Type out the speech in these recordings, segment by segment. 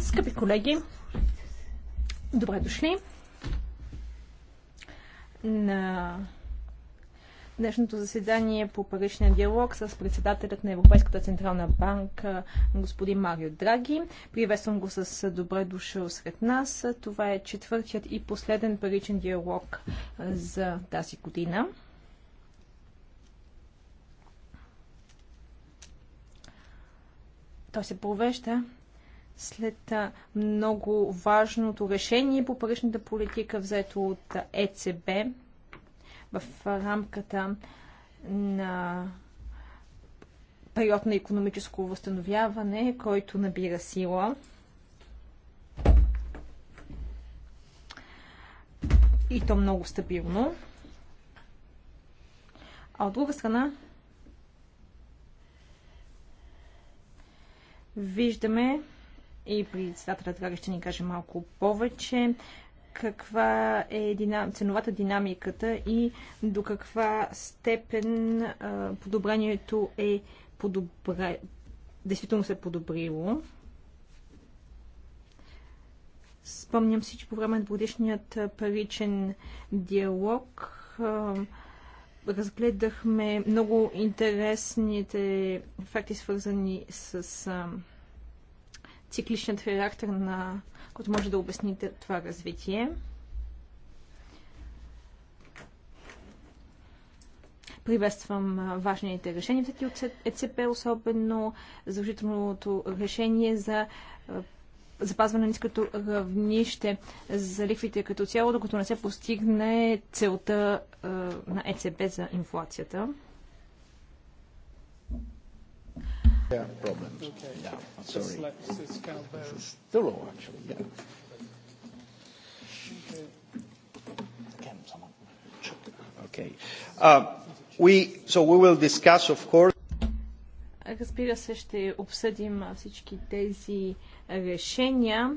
Скъпи колеги, добре дошли на днешното заседание по паричния диалог с председателят на Европейската централна банка господин Марио Драги. Приветствам го с добре дошъл сред нас. Това е четвъртият и последен паричен диалог за тази година. Той се провежда след много важното решение по паричната политика, взето от ЕЦБ в рамката на период на економическо възстановяване, който набира сила. И то много стабилно. А от друга страна, Виждаме и председателят тогава ще ни каже малко повече каква е динам... ценовата динамиката и до каква степен а, подобрението е подобра... действително се е подобрило. Спомням си, че по време на годишният паричен диалог а, разгледахме много интересните факти, свързани с а, цикличният характер на който може да обясните това развитие. Приветствам важните решения, взети от ЕЦП, особено задължителното решение за запазване на ниското равнище за лихвите като цяло, докато не се постигне целта на ЕЦП за инфлацията. repair problems. Okay. Yeah, sorry. This is Calvary. The law, actually, yeah. Can someone check? Okay. Uh, we, so we will discuss, of course. Разбира се, ще обсъдим всички тези решения.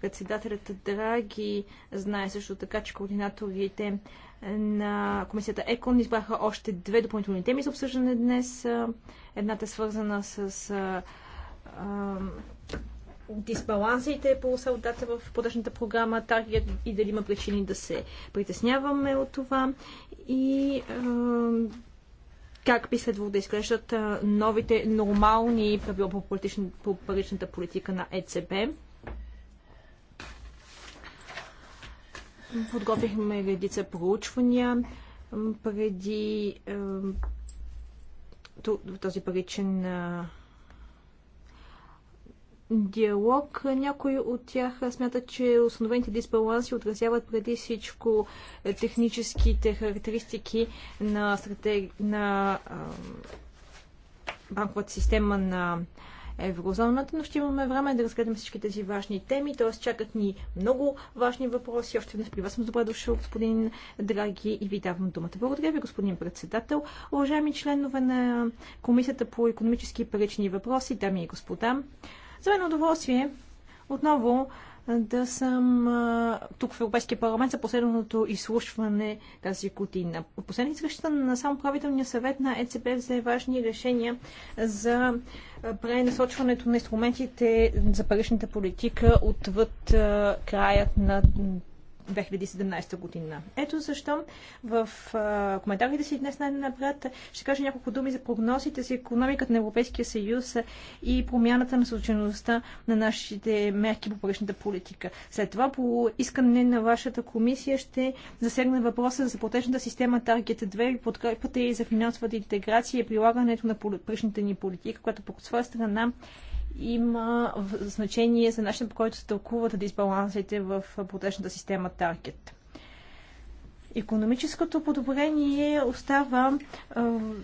Председателят Драги знае също така, че координаторите на комисията ЕКОН избраха още две допълнителни теми за обсъждане днес. Едната е свързана с а, а, дисбалансите по солдата в подъчната програма Таргет и дали има причини да се притесняваме от това и а, как би следвало да изглеждат новите нормални правила по, по паричната политика на ЕЦБ. Подготвихме редица проучвания преди този паричен диалог. Някои от тях смятат, че основените дисбаланси отразяват преди всичко е, техническите характеристики на, стратег... на банковата система на еврозоната, но ще имаме време да разгледаме всички тези важни теми, т.е. чакат ни много важни въпроси. Още днес при вас съм добре дошъл, господин Драги, и ви давам думата. Благодаря ви, господин председател. Уважаеми членове на Комисията по економически и парични въпроси, дами и господа, за мен е удоволствие отново да съм тук в Европейския парламент за последното изслушване тази година. От последните среща на само правителния съвет на ЕЦБ взе важни решения за пренасочването на инструментите за паричната политика отвъд краят на 2017 година. Ето защо в а, коментарите си днес най-напред ще кажа няколко думи за прогнозите за економиката на Европейския съюз и промяната на случайността на нашите мерки по паричната политика. След това по искане на вашата комисия ще засегна въпроса за платежната система Target 2 и подкрепата и за финансовата интеграция и прилагането на паричната ни политика, която по своя страна има значение за начинът по който се тълкуват дисбалансите в платежната система Таркет. Економическото подобрение остава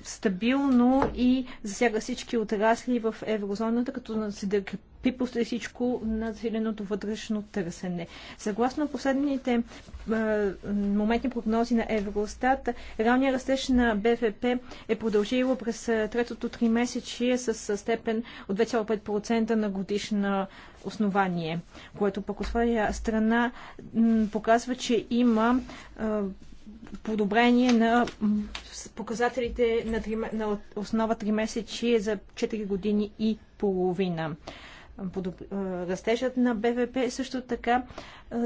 стабилно и засяга всички отрасли в еврозоната, като се при всичко на вътрешно търсене. Съгласно последните е, моментни прогнози на Евростат, реалният растеж на БФП е продължило през третото три месечи с степен от 2,5% на годишна основание, което пък от своя страна показва, че има е, подобрение на показателите на, на основа 3 месечи за 4 години и половина. Растежът на БВП също така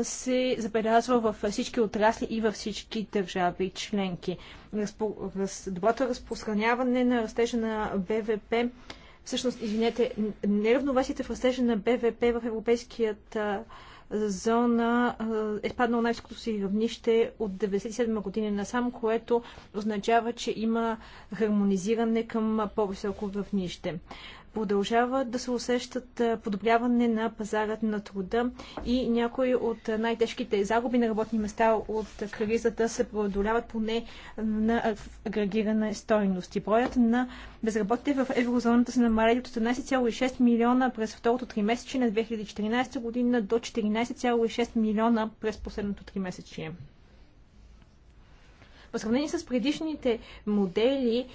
се забелязва във всички отрасли и във всички държави членки. Доброто разпространяване на растежа на БВП всъщност, извинете, неравновесите в растежа на БВП в европейският зона е спаднал най ското си равнище от 1997 година насам, което означава, че има хармонизиране към по-високо равнище продължават да се усещат подобряване на пазарът на труда и някои от най-тежките загуби на работни места от кризата се преодоляват поне на агрегирана стойност. И броят на безработните в еврозоната се намаляли от 17,6 милиона през второто три месече на 2014 година до 14,6 милиона през последното три месече. В сравнение с предишните модели, е,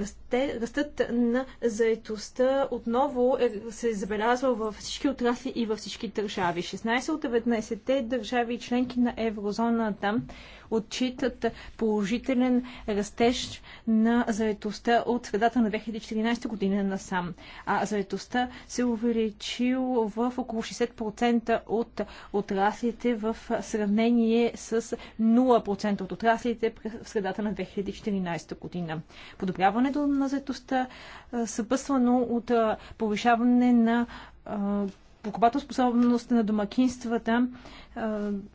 расте, растът на заетостта отново е, се е забелязва във всички отрасли и във всички държави. 16 от 19-те държави членки на еврозоната отчитат положителен растеж на заетостта от средата на 2014 година насам. А заетостта се увеличил в около 60% от отраслите в сравнение с 0% от отраслите в средата на 2014 година. Подобряването на заетостта съпъсвано от повишаване на покупателна на домакинствата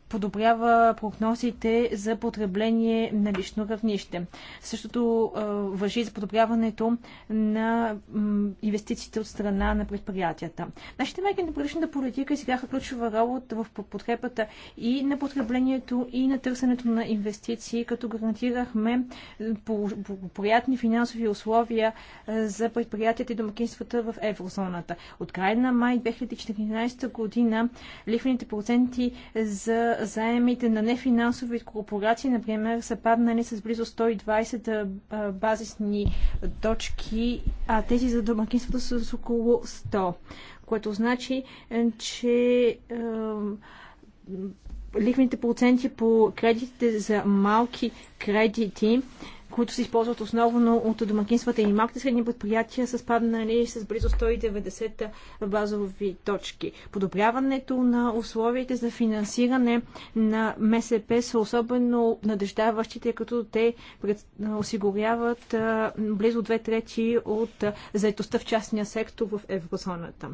подобрява прогнозите за потребление на лично равнище. Същото въжи за подобряването на инвестициите от страна на предприятията. Нашите мерки на предишната политика изиграха ключова работа в подкрепата и на потреблението, и на търсенето на инвестиции, като гарантирахме благоприятни финансови условия за предприятията и домакинствата в еврозоната. От края на май 2014 година лихвените проценти за заемите на нефинансови корпорации, например, са паднали с близо 120 базисни точки, а тези за домакинството са с около 100, което значи, е, че е, лихвените проценти по кредитите за малки кредити които се използват основно от домакинствата и малките средни предприятия, са спаднали с близо 190 базови точки. Подобряването на условията за финансиране на МСП са особено надеждаващите, като те осигуряват близо две трети от заетостта в частния сектор в еврозоната.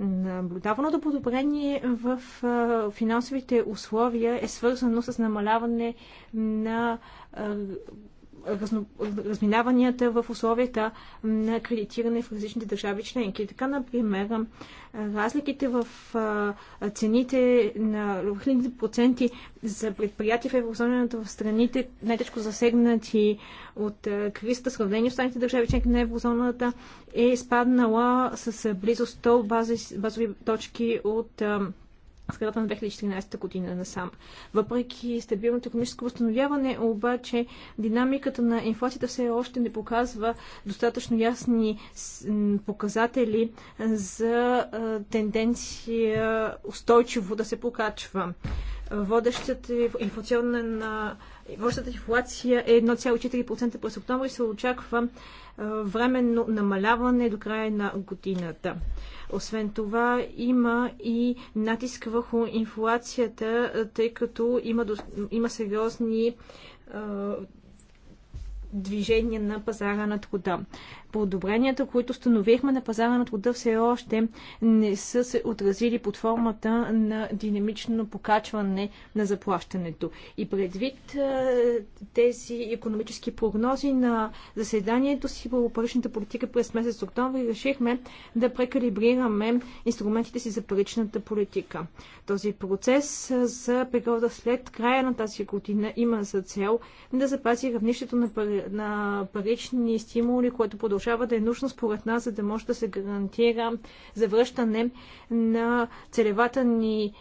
Наблюдаваното подобрение в финансовите условия е свързано с намаляване на разминаванията в условията на кредитиране в различните държави членки. Така, например, разликите в цените на лихвените проценти за предприятия в еврозоната в страните, най-тежко засегнати от кризата, сравнение с останалите държави членки на еврозоната, е спаднала с близо 100 базови точки от средата на 2014 година насам. Въпреки стабилното економическо възстановяване, обаче динамиката на инфлацията все още не показва достатъчно ясни показатели за тенденция устойчиво да се покачва. Водещата инфлационна Вършата инфлация е 1,4% през октомври се очаква временно намаляване до края на годината. Освен това има и натиск върху инфлацията, тъй като има, има сериозни движения на пазара на труда подобренията, които установихме на пазара на труда, все още не са се отразили под формата на динамично покачване на заплащането. И предвид тези економически прогнози на заседанието си по паричната политика през месец октомври, решихме да прекалибрираме инструментите си за паричната политика. Този процес за периода след края на тази година има за цел да запази равнището на парични стимули, което продължава продължава да е нужно според нас, за да може да се гарантира завръщане на целевата ни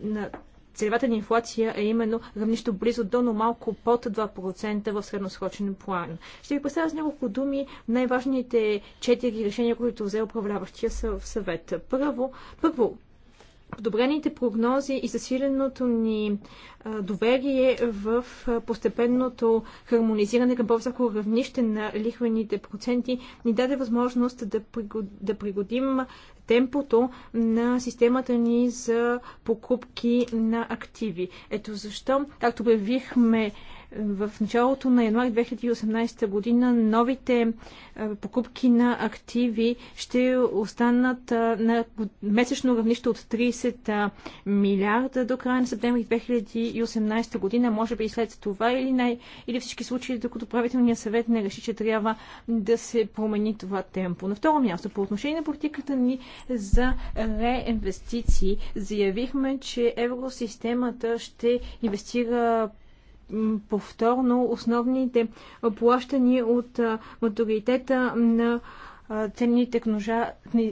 на целевата ни инфлация е именно равнищо близо до, но малко под 2% в средносрочен план. Ще ви представя с няколко думи най-важните четири решения, които взе управляващия съвет. Първо, първо подобрените прогнози и засиленото ни доверие в постепенното хармонизиране към по-високо равнище на лихвените проценти ни даде възможност да, да пригодим темпото на системата ни за покупки на активи. Ето защо, както обявихме в началото на януари 2018 година новите покупки на активи ще останат на месечно равнище от 30 милиарда до края на септември 2018 година, може би и след това или, най- или всички случаи, докато правителният съвет не реши, че трябва да се промени това темпо. На второ място, по отношение на политиката ни за реинвестиции, заявихме, че евросистемата ще инвестира повторно основните плащания от матуритета на ценните книжа,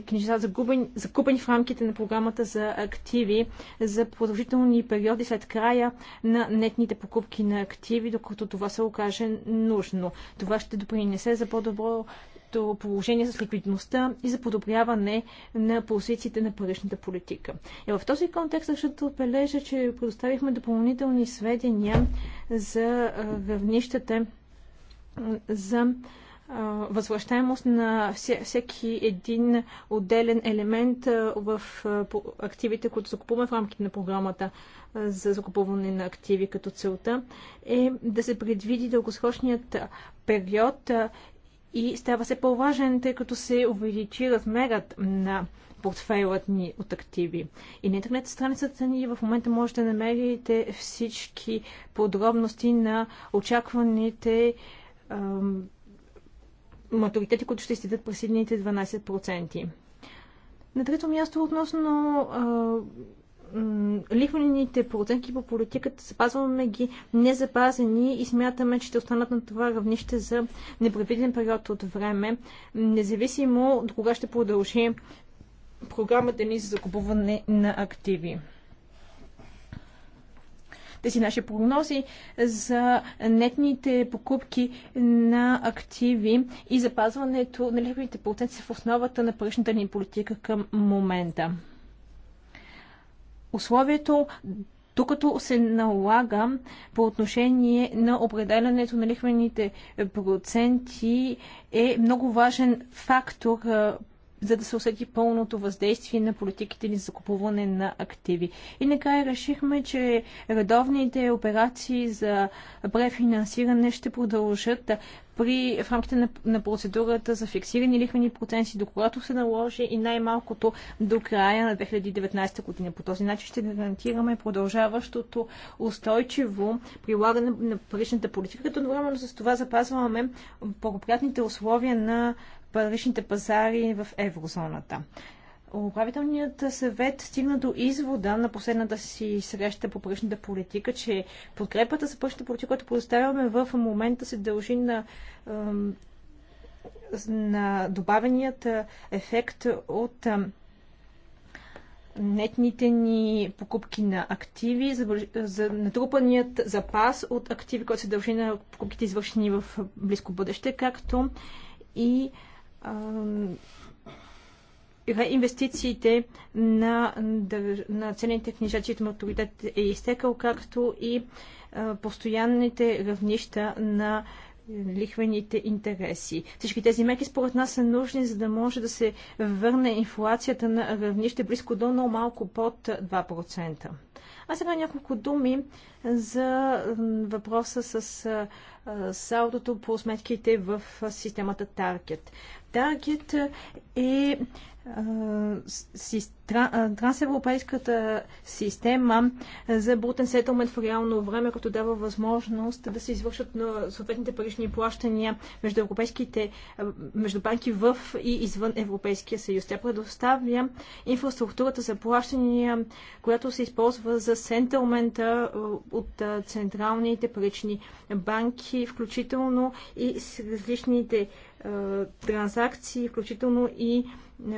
книжа загубени, закупени в рамките на програмата за активи за продължителни периоди след края на нетните покупки на активи, докато това се окаже нужно. Това ще допринесе за по-добро общото положение с ликвидността и за подобряване на позициите на паричната политика. И е, в този контекст също отбележа, че предоставихме допълнителни сведения за равнищата за възвръщаемост на всеки един отделен елемент в активите, които закупуваме в рамките на програмата за закупуване на активи като целта е да се предвиди дългосрочният период и става се по-важен, тъй като се увеличи размерът на портфейлът ни от активи. И на интернет страницата ни в момента можете да намерите всички подробности на очакваните ем, матуритети, които ще изтидат през следните 12%. На трето място относно лихвените процентки по политиката запазваме ги незапазени и смятаме, че ще останат на това равнище за непредвиден период от време, независимо до кога ще продължи програмата ни за закупуване на активи тези наши прогнози за нетните покупки на активи и запазването на лихвените проценти в основата на паричната ни политика към момента условието докато се налага по отношение на определянето на лихвените проценти е много важен фактор за да се усети пълното въздействие на политиките ни за купуване на активи. И накрая решихме, че редовните операции за префинансиране ще продължат при, в рамките на, на процедурата за фиксирани лихвени проценти, до когато се наложи и най-малкото до края на 2019 година. По този начин ще гарантираме продължаващото устойчиво прилагане на паричната политика, като едновременно с това запазваме благоприятните условия на първичните пазари в еврозоната. Управителният съвет стигна до извода на последната си среща по пръчната политика, че подкрепата за пръчната политика, която предоставяме в момента, се дължи на, на добавеният ефект от нетните ни покупки на активи, за, за натрупаният запас от активи, който се дължи на покупките, извършени в близко бъдеще, както и реинвестициите на, на ценните книжа, чието авторитет е изтекал, както и постоянните равнища на е, лихвените интереси. Всички тези мерки според нас са нужни, за да може да се върне инфлацията на равнище близко до, но малко под 2%. А сега няколко думи за въпроса с салдото по сметките в системата Target. Target е трансевропейската система за брутен сетълмент в реално време, като дава възможност да се извършат на съответните парични плащания между европейските между банки в и извън Европейския съюз. Тя предоставя инфраструктурата за плащания, която се използва за сентълмента от централните парични банки, включително и с различните транзакции, включително и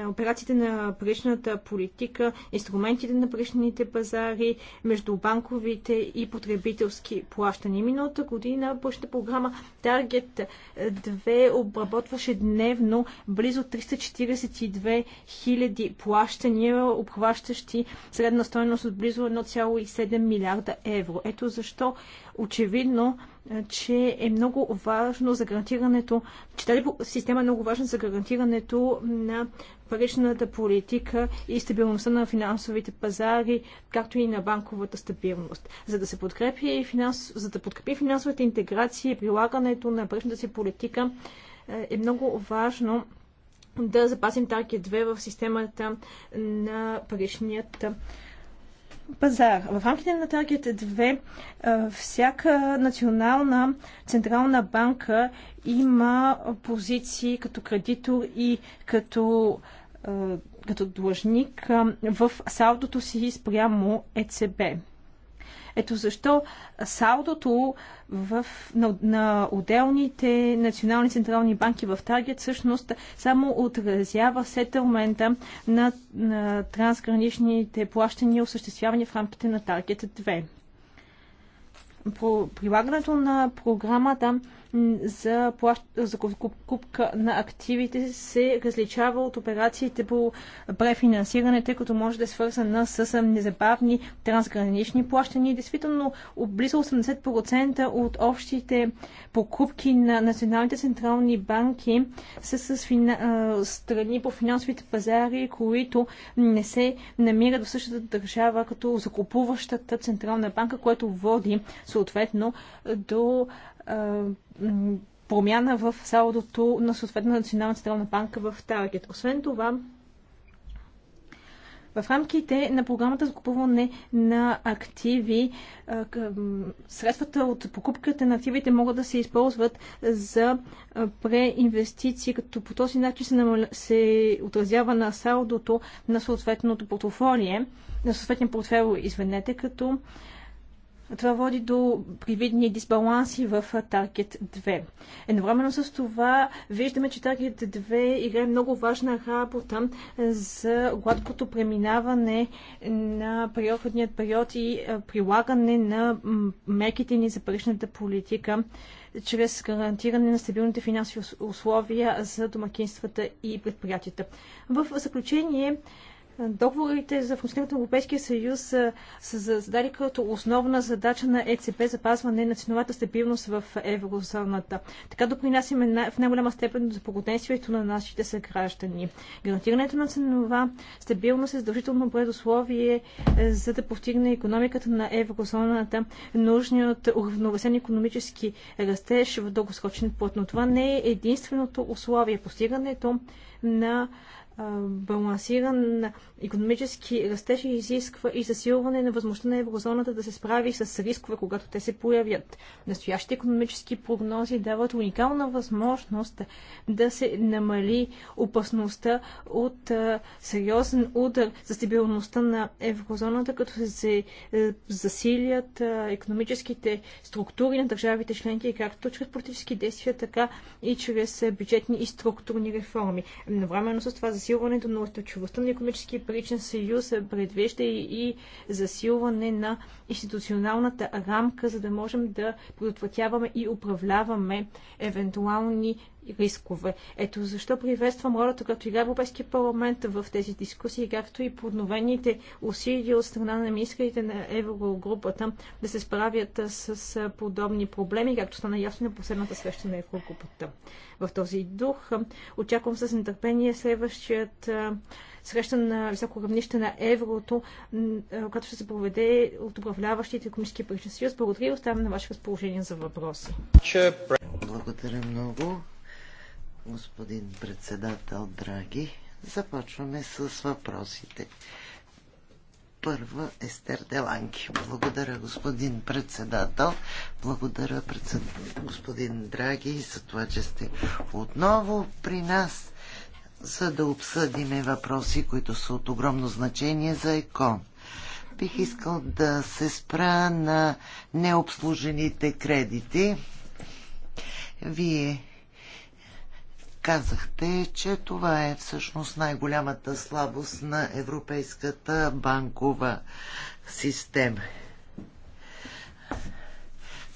операциите на паричната политика, инструментите на паричните пазари, между банковите и потребителски плащания. Миналата година бъдещата програма Target 2 обработваше дневно близо 342 000 плащания, обхващащи средна стоеност от близо 1,7 милиарда евро. Ето защо очевидно че е много важно за гарантирането, че тази система е много важна за гарантирането на паричната политика и стабилността на финансовите пазари, както и на банковата стабилност. За да се подкрепи, финанс... за да подкрепи финансовата интеграция и прилагането на паричната си политика, е много важно да запазим Таргет 2 в системата на паричният пазар. В рамките на Target 2 е, всяка национална централна банка има позиции като кредитор и като е, като длъжник е, в салдото си спрямо ЕЦБ. Ето защо салдото в, на, на отделните национални централни банки в Таргет всъщност само отразява сетълмента на, на трансграничните плащания, осъществявани в рамките на Таргет 2. По прилагането на програмата за, плащ... за купка на активите се различава от операциите по префинансиране, тъй като може да е свързана с незабавни трансгранични плащания. Действително, близо 80% от общите покупки на националните централни банки са с фина... страни по финансовите пазари, които не се намират в същата държава като закупуващата централна банка, което води съответно до промяна в салдото на съответна Национална централна банка в Таргет. Освен това, в рамките на програмата за купуване на активи, средствата от покупката на активите могат да се използват за преинвестиции, като по този начин се, намал... се отразява на салдото на съответното портфолио, на съответния портфел, извинете, като това води до привидни дисбаланси в Target 2. Едновременно с това виждаме, че Target 2 играе много важна работа за гладкото преминаване на периодният период и е, прилагане на меките ни за паричната политика чрез гарантиране на стабилните финансови условия за домакинствата и предприятията. В заключение, Договорите за функционирането на Европейския съюз са, са задали като основна задача на ЕЦП запазване на ценовата стабилност в еврозоната. Така допринасяме в най-голяма степен за благоденствието на нашите съграждани. Гарантирането на ценова стабилност е задължително предусловие е, за да постигне економиката на еврозоната от уравновесен економически растеж в дългосрочен плът. Но това не е единственото условие. Постигането на балансиран економически растеж изисква и засилване на възможността на еврозоната да се справи с рискове, когато те се появят. Настоящите економически прогнози дават уникална възможност да се намали опасността от сериозен удар за стабилността на еврозоната, като се е, засилят економическите структури на държавите членки, както чрез политически действия, така и чрез бюджетни и структурни реформи. Навременно с това засилването на устойчивостта на економическия паричен съюз е, предвижда и засилване на институционалната рамка, за да можем да предотвратяваме и управляваме евентуални рискове. Ето защо приветствам ролята, като игра Европейския парламент в тези дискусии, както и подновените усилия от страна на министрите на Еврогрупата да се справят с подобни проблеми, както стана ясно на последната среща на Еврогрупата. В този дух очаквам с нетърпение следващият среща на високо равнище на еврото, която ще се проведе от управляващите економически паричен съюз. Благодаря и оставям на ваше разположение за въпроси. Благодаря много господин председател, драги. Започваме с въпросите. Първа Естер Деланки. Благодаря, господин председател. Благодаря, председ... господин Драги, за това, че сте отново при нас, за да обсъдиме въпроси, които са от огромно значение за ЕКОН. Бих искал да се спра на необслужените кредити. Вие Казахте, че това е всъщност най-голямата слабост на Европейската банкова система.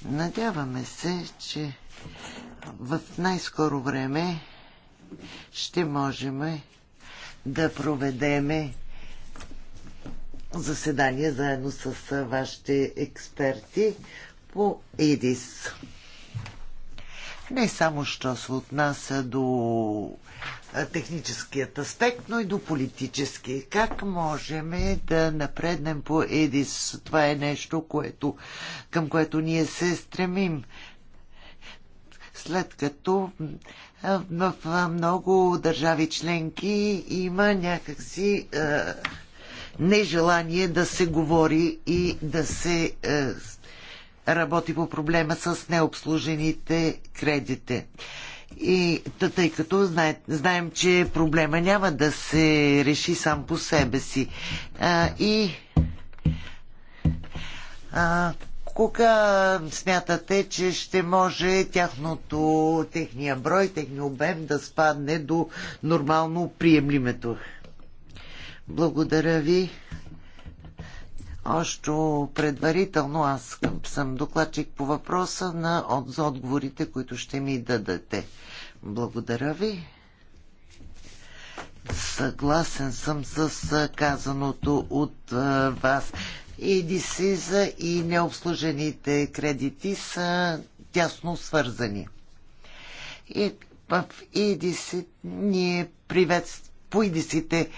Надяваме се, че в най-скоро време ще можем да проведеме заседание заедно с вашите експерти по ЕДИС не само що се отнася до техническият аспект, но и до политически. Как можем да напреднем по ЕДИС? Това е нещо, което, към което ние се стремим. След като в много държави членки има някакси нежелание да се говори и да се работи по проблема с необслужените кредите. И тъй като знаем, че проблема няма да се реши сам по себе си. А, и а, кога смятате, че ще може тяхното, техния брой, техния обем да спадне до нормално приемлимето? Благодаря ви още предварително, аз съм докладчик по въпроса на от, за отговорите, които ще ми дадете. Благодаря ви. Съгласен съм с казаното от а, вас. ИДСИЗа и необслужените кредити са тясно свързани. И в ИДСИ ние приветстваме по идисите.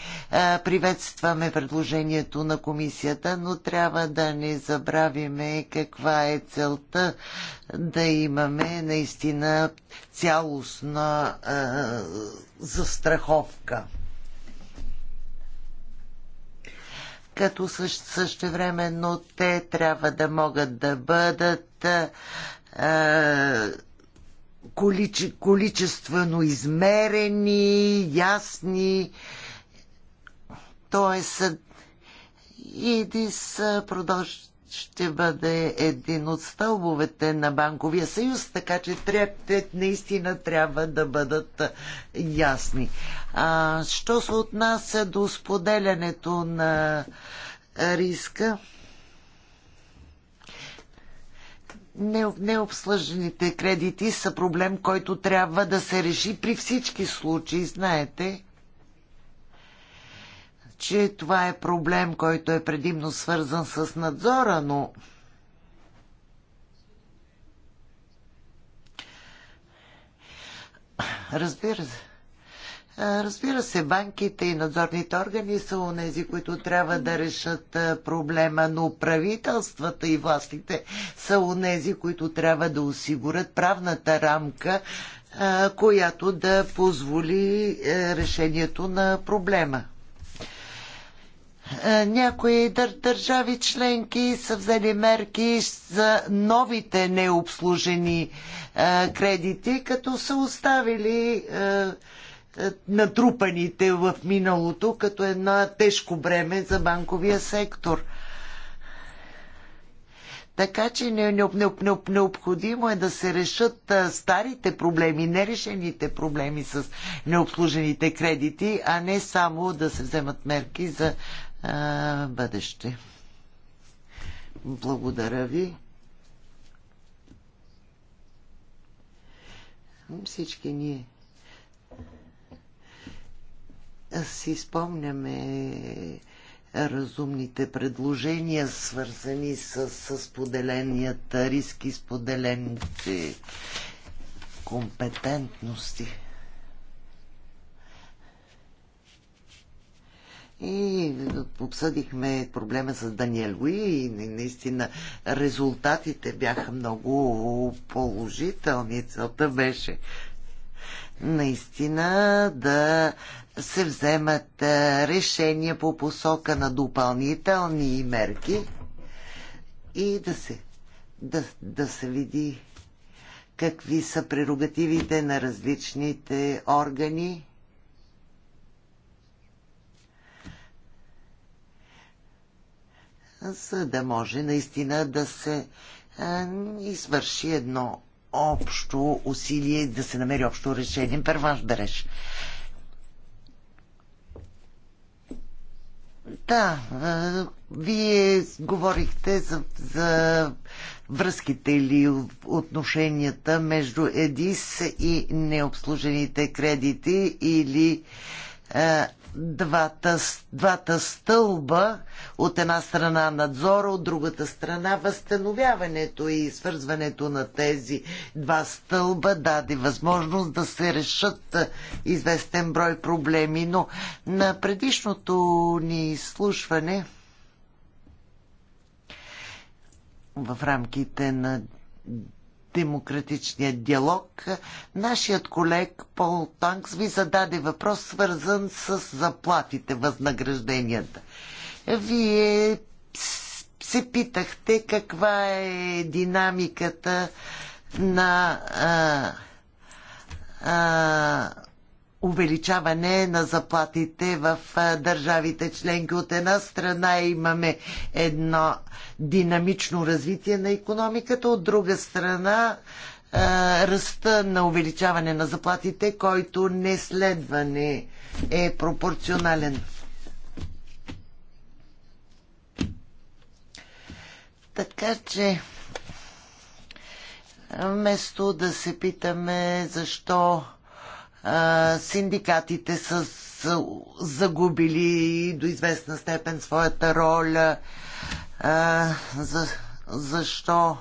Приветстваме предложението на комисията, но трябва да не забравиме каква е целта да имаме наистина цялостна застраховка. като същевременно те трябва да могат да бъдат количе, количествено измерени, ясни. Тоест, ИДИС продълж ще бъде един от стълбовете на Банковия съюз, така че трябва, наистина трябва да бъдат ясни. А, що се отнася до споделянето на риска? необслъжените кредити са проблем, който трябва да се реши при всички случаи. Знаете, че това е проблем, който е предимно свързан с надзора, но Разбира се. Разбира се, банките и надзорните органи са онези, които трябва да решат проблема, но правителствата и властите са онези, които трябва да осигурят правната рамка, която да позволи решението на проблема. Някои държави членки са взели мерки за новите необслужени кредити, като са оставили е, натрупаните в миналото като едно тежко бреме за банковия сектор. Така че не, не, не, не, необходимо е да се решат а, е, старите проблеми, нерешените проблеми с необслужените кредити, а не само да се вземат мерки за а, е, бъдеще. Благодаря ви. Всички ние си спомняме разумните предложения, свързани с, с споделенията, риски, споделените компетентности. И обсъдихме проблема с Даниел Луи и наистина резултатите бяха много положителни. Целта беше наистина да се вземат решения по посока на допълнителни мерки и да се, да, да се види какви са прерогативите на различните органи. за да може наистина да се е, извърши едно общо усилие и да се намери общо решение. да Береш. Да, вие говорихте за, за връзките или отношенията между ЕДИС и необслужените кредити или двата, двата стълба, от една страна надзора, от другата страна възстановяването и свързването на тези два стълба даде възможност да се решат известен брой проблеми, но на предишното ни изслушване в рамките на демократичния диалог. Нашият колег Пол Танкс ви зададе въпрос, свързан с заплатите, възнагражденията. Вие се питахте каква е динамиката на а, а, увеличаване на заплатите в държавите членки. От една страна имаме едно динамично развитие на економиката, от друга страна ръста на увеличаване на заплатите, който не следва не е пропорционален. Така че вместо да се питаме защо синдикатите са загубили до известна степен своята роля. За, защо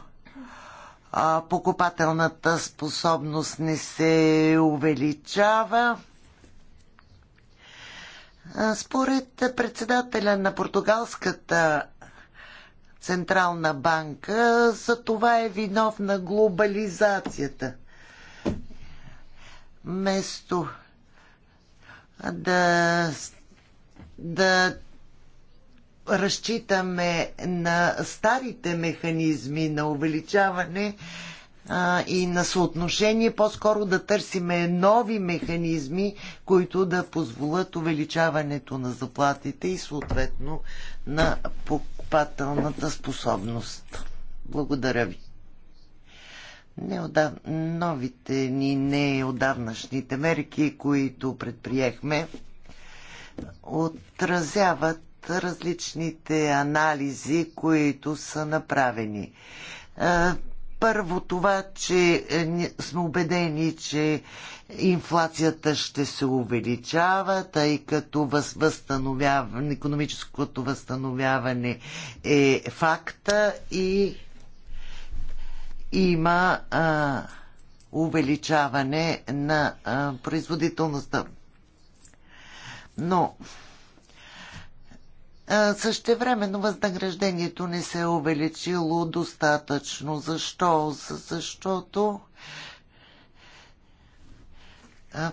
покупателната способност не се увеличава? Според председателя на португалската Централна банка, за това е виновна глобализацията – вместо да, да разчитаме на старите механизми на увеличаване а, и на съотношение, по-скоро да търсиме нови механизми, които да позволят увеличаването на заплатите и съответно на покупателната способност. Благодаря ви неодав... новите ни неодавнашните мерки, които предприехме, отразяват различните анализи, които са направени. Е, първо това, че е, сме убедени, че инфлацията ще се увеличава, тъй като възстановяване, економическото възстановяване е факта и има а, увеличаване на а, производителността. Но Същевременно възнаграждението не се е увеличило достатъчно. Защо? Защото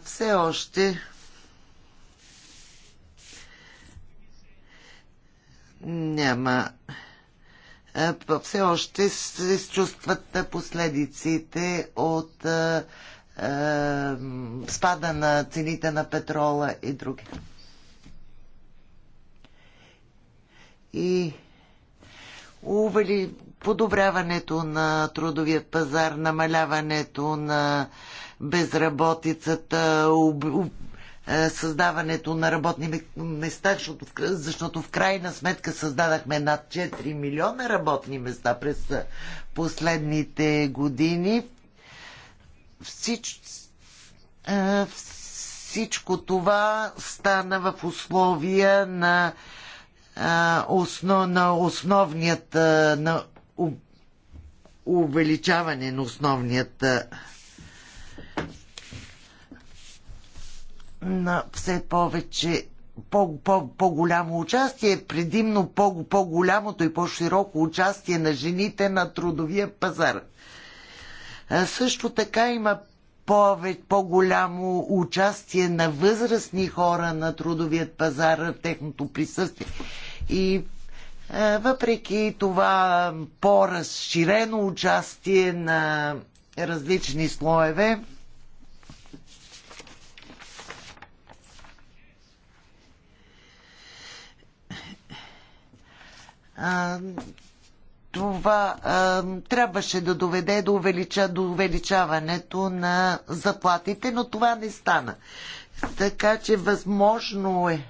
все още няма все още се чувстват последиците от спада на цените на петрола и други. И ували подобряването на трудовия пазар, намаляването на безработицата, е, създаването на работни места, защото, защото в крайна сметка създадахме над 4 милиона работни места през е, последните години. Всич, е, всичко това стана в условия на, основ, на основният на увеличаване на основният на все повече по-голямо -по -по участие, предимно по-голямото -по и по-широко участие на жените на трудовия пазар. Също така има по-голямо участие на възрастни хора на трудовият пазар, в техното присъствие. И въпреки това по-разширено участие на различни слоеве, това а, трябваше да доведе до, увелича, до увеличаването на заплатите, но това не стана. Така че възможно е.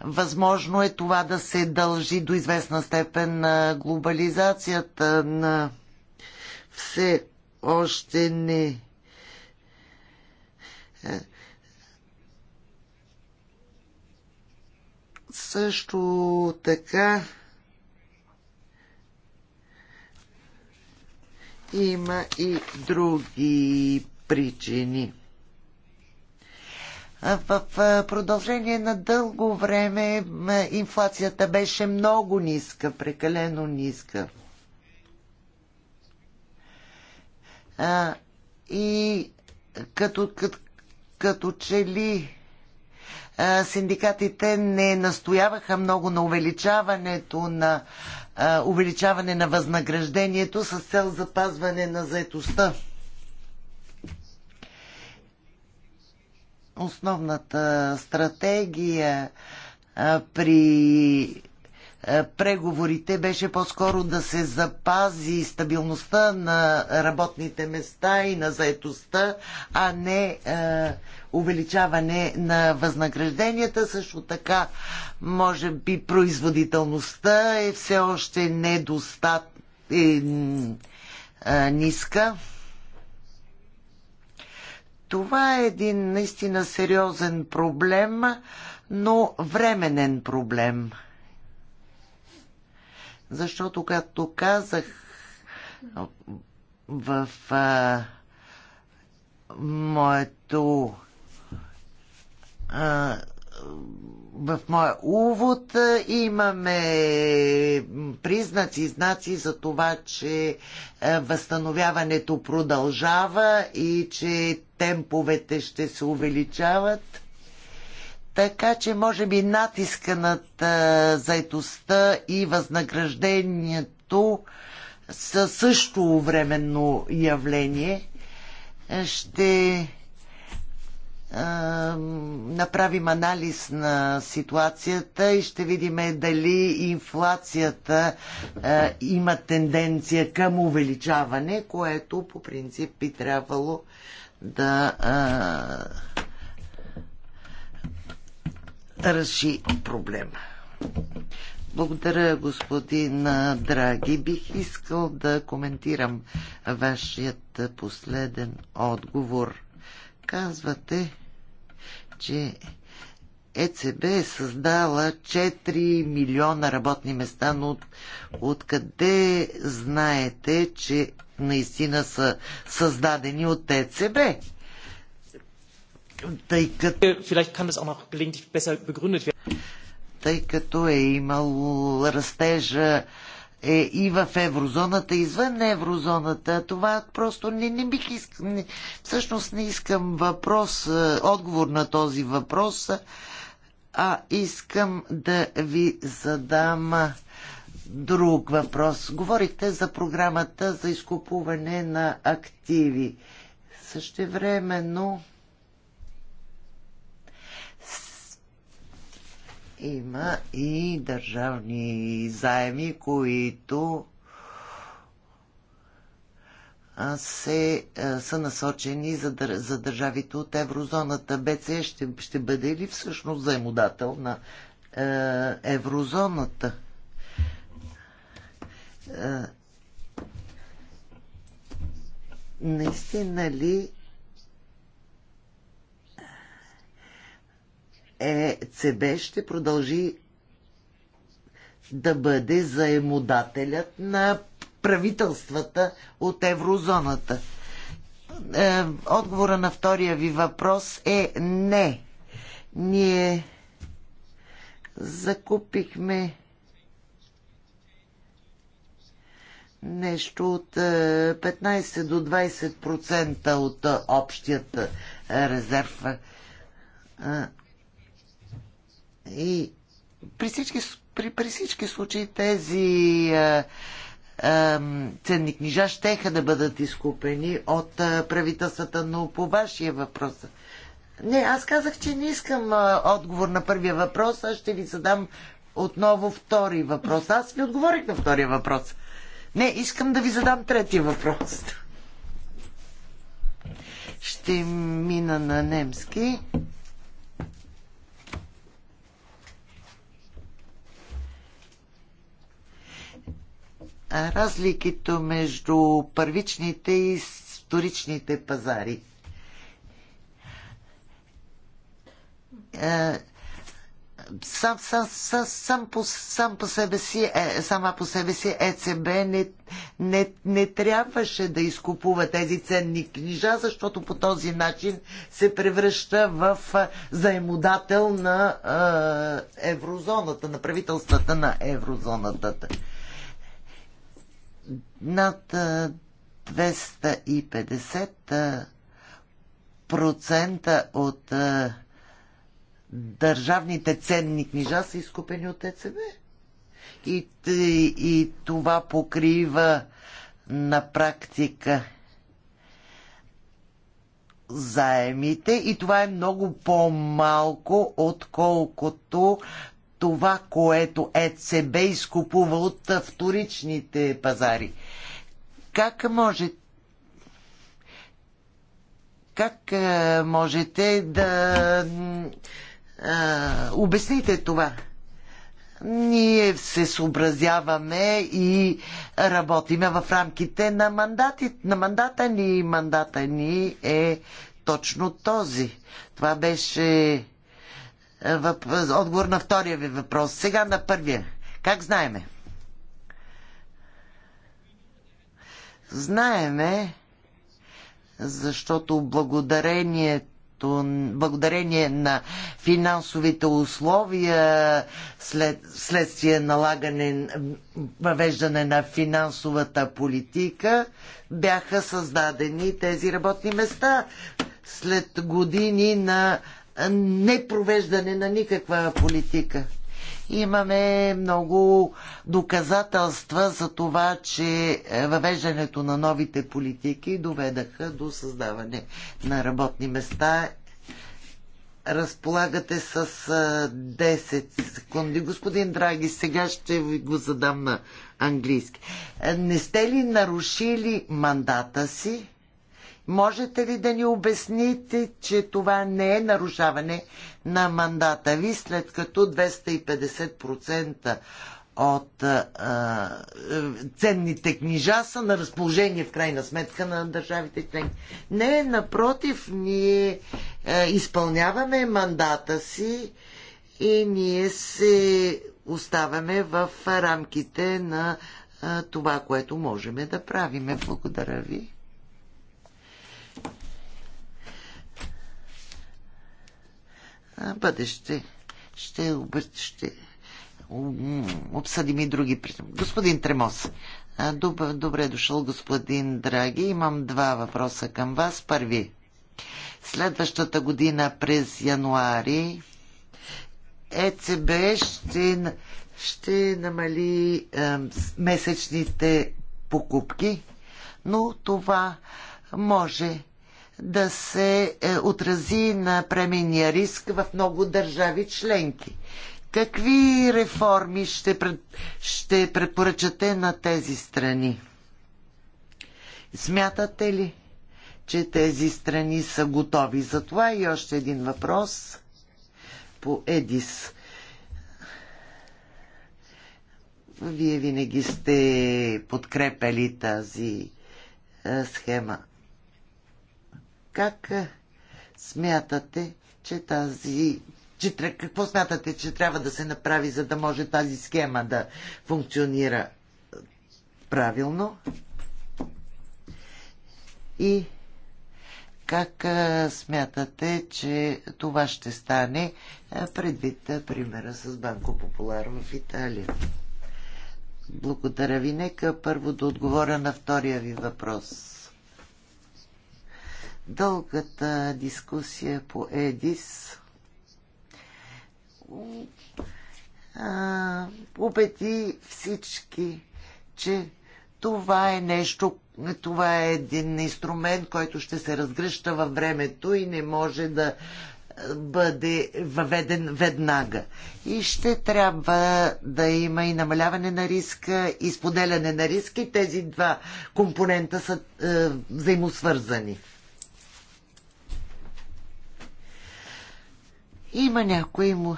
Възможно е това да се дължи до известна степен на глобализацията, на все още не. Също така има и други причини. В продължение на дълго време инфлацията беше много ниска, прекалено ниска. И като, като, като че ли синдикатите не настояваха много на увеличаването на увеличаване на възнаграждението с цел запазване на заетостта. Основната стратегия при е, преговорите беше по-скоро да се запази стабилността на работните места и на заетостта, а не е, увеличаване на възнагражденията. Също така, може би, производителността е все още недостатъчно е, ниска. Това е един наистина сериозен проблем, но временен проблем – защото, както казах, в а, моето а, в моя увод имаме признаци, знаци за това, че възстановяването продължава и че темповете ще се увеличават. Така че, може би, натиска над а, заедостта и възнаграждението са също временно явление. Ще направим анализ на ситуацията и ще видим дали инфлацията има тенденция към увеличаване, което по принцип би трябвало да реши проблема. Благодаря, господин Драги. Бих искал да коментирам вашият последен отговор. Казвате, че ЕЦБ е създала 4 милиона работни места, но от, откъде знаете, че наистина са създадени от ЕЦБ? тъй като... Äh, тъй като е имало растежа е и в еврозоната, извън еврозоната. Това просто не, не бих искал. Не, всъщност не искам въпрос, э, отговор на този въпрос, а искам да ви задам э, друг въпрос. Говорихте за програмата за изкупуване на активи. Същевременно времено има и държавни заеми, които се, са насочени за, за държавите от еврозоната. БЦ ще, ще бъде ли всъщност заемодател на е, еврозоната? Е, наистина ли ЕЦБ ще продължи да бъде заемодателят на правителствата от еврозоната. Е, отговора на втория ви въпрос е не. Ние закупихме нещо от 15 е, до 20% от е, общият резерв. И при всички, при, при всички случаи тези а, а, ценни книжа щеха да бъдат изкупени от а, правителствата, но по вашия въпрос. Не, аз казах, че не искам а, отговор на първия въпрос, а ще ви задам отново втори въпрос. Аз ви отговорих на втория въпрос. Не, искам да ви задам третия въпрос. Ще мина на немски. разликите между първичните и вторичните пазари. Е, сам, сам, сам, сам, по, сам по себе си, е, сама по себе си ЕЦБ не, не, не трябваше да изкупува тези ценни книжа, защото по този начин се превръща в е, заемодател на е, еврозоната, на правителствата на еврозоната над 250 процента от държавните ценни книжа са изкупени от ЕЦБ. И, и, и това покрива на практика заемите и това е много по-малко, отколкото това, което ЕЦБ изкупува от вторичните пазари как може как е, можете да а, е, обясните това? Ние се съобразяваме и работиме в рамките на, мандати, на мандата ни. Мандата ни е точно този. Това беше е, въп... отговор на втория ви въпрос. Сега на първия. Как знаеме? Знаеме, защото благодарението благодарение на финансовите условия, след, следствие налагане, въвеждане на финансовата политика, бяха създадени тези работни места след години на непровеждане на никаква политика. Имаме много доказателства за това, че е, въвеждането на новите политики доведаха до създаване на работни места. Разполагате с 10 е, секунди. Господин Драги, сега ще ви го задам на английски. Е, не сте ли нарушили мандата си? Можете ли да ни обясните, че това не е нарушаване на мандата ви, след като 250% от а, ценните книжа са на разположение в крайна сметка на държавите членки. Не, напротив, ние а, изпълняваме мандата си и ние се оставаме в рамките на а, това, което можем да правиме. Благодаря ви. бъдеще ще, ще обсъдим и други Господин Тремос, добре е дошъл господин Драги. Имам два въпроса към вас. Първи. Следващата година през януари ЕЦБ ще, ще намали е, месечните покупки, но това може да се е, отрази на пременния риск в много държави членки. Какви реформи ще, пред, ще препоръчате на тези страни? Смятате ли, че тези страни са готови за това? И още един въпрос по ЕДИС. Вие винаги сте подкрепали тази е, схема. Как смятате, че тази че, какво смятате, че трябва да се направи, за да може тази схема да функционира правилно? И как смятате, че това ще стане предвид примера с Банко Популар в Италия? Благодаря ви. Нека първо да отговоря на втория ви въпрос дългата дискусия по ЕДИС убеди всички, че това е нещо, това е един инструмент, който ще се разгръща във времето и не може да бъде въведен веднага. И ще трябва да има и намаляване на риска и споделяне на риски. Тези два компонента са е, взаимосвързани. Има някои му,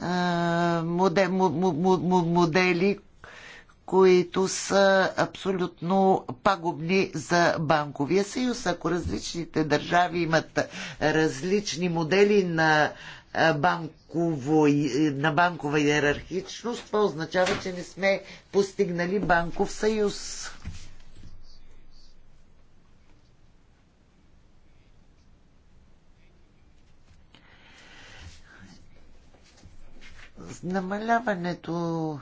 а, модели, модели, които са абсолютно пагубни за банковия съюз. Ако различните държави имат различни модели на банково, на банкова иерархичност, това означава, че не сме постигнали банков съюз. намаляването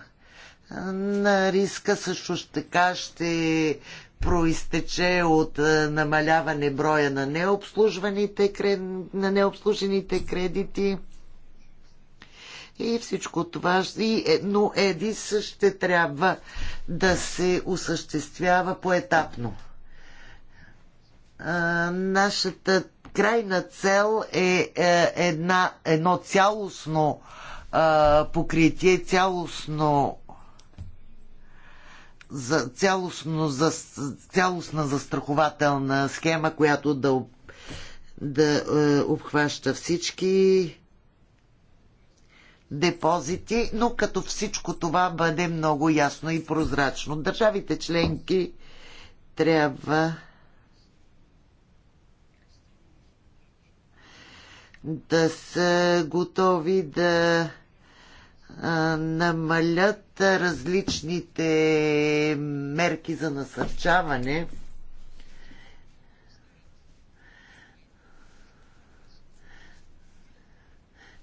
на риска също ще така ще проистече от намаляване броя на необслужваните, на необслужените кредити. И всичко това, е, но ЕДИС ще трябва да се осъществява поетапно. Нашата крайна цел е, е една, едно цялостно а, покритие, цялостно за цялостно, за, цялостна застрахователна схема, която да, да е, обхваща всички депозити, но като всичко това бъде много ясно и прозрачно. Държавите членки трябва да са готови да намалят различните мерки за насърчаване.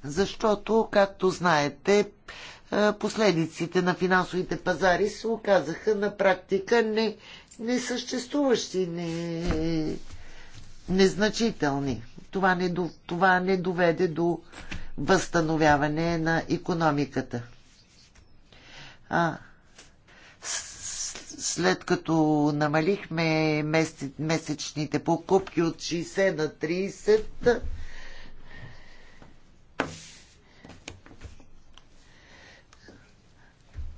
Защото, както знаете, последиците на финансовите пазари се оказаха на практика не, несъществуващи, не, незначителни това не, това не доведе до възстановяване на економиката. А, след като намалихме месечните покупки от 60 на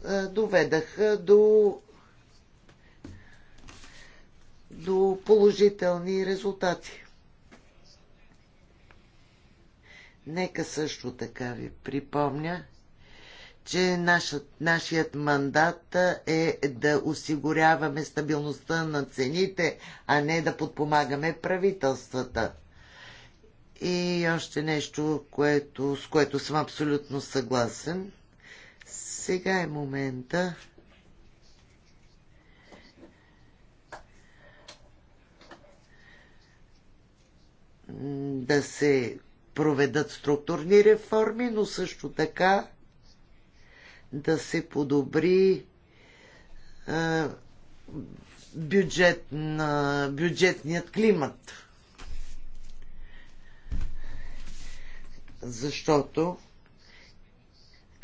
30, доведаха до до положителни резултати. Нека също така ви припомня, че нашът, нашият мандат е да осигуряваме стабилността на цените, а не да подпомагаме правителствата. И още нещо, което, с което съм абсолютно съгласен. Сега е момента да се проведат структурни реформи, но също така да се подобри а, бюджет на, бюджетният климат. Защото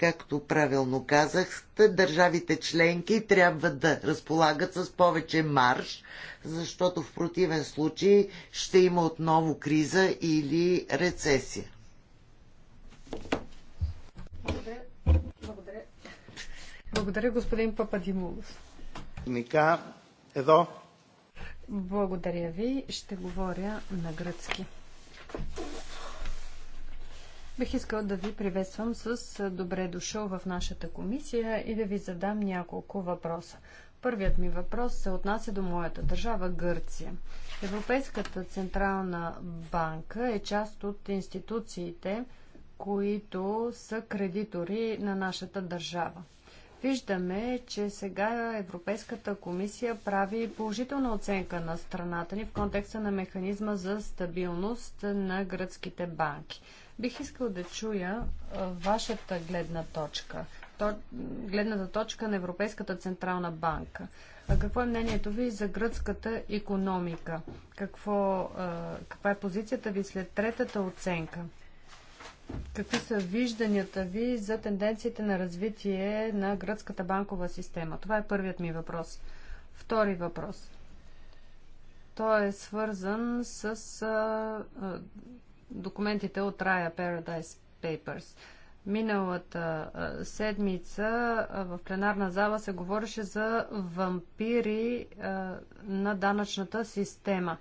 Както правилно казахте, държавите членки трябва да разполагат с повече марш, защото в противен случай ще има отново криза или рецесия. Благодаря. Благодаря. господин Пападимулов. Ника, едо. Благодаря ви. Ще говоря на гръцки. Бих искал да ви приветствам с добре дошъл в нашата комисия и да ви задам няколко въпроса. Първият ми въпрос се отнася до моята държава Гърция. Европейската централна банка е част от институциите, които са кредитори на нашата държава. Виждаме, че сега Европейската комисия прави положителна оценка на страната ни в контекста на механизма за стабилност на гръцките банки. Бих искал да чуя вашата гледна точка, то, гледната точка на Европейската централна банка. А какво е мнението ви за гръцката економика? Какво, каква е позицията ви след третата оценка? Какви са вижданията ви за тенденциите на развитие на гръцката банкова система? Това е първият ми въпрос. Втори въпрос. Той е свързан с а, а, документите от Рая Paradise Papers. Миналата седмица в пленарна зала се говореше за вампири на данъчната система.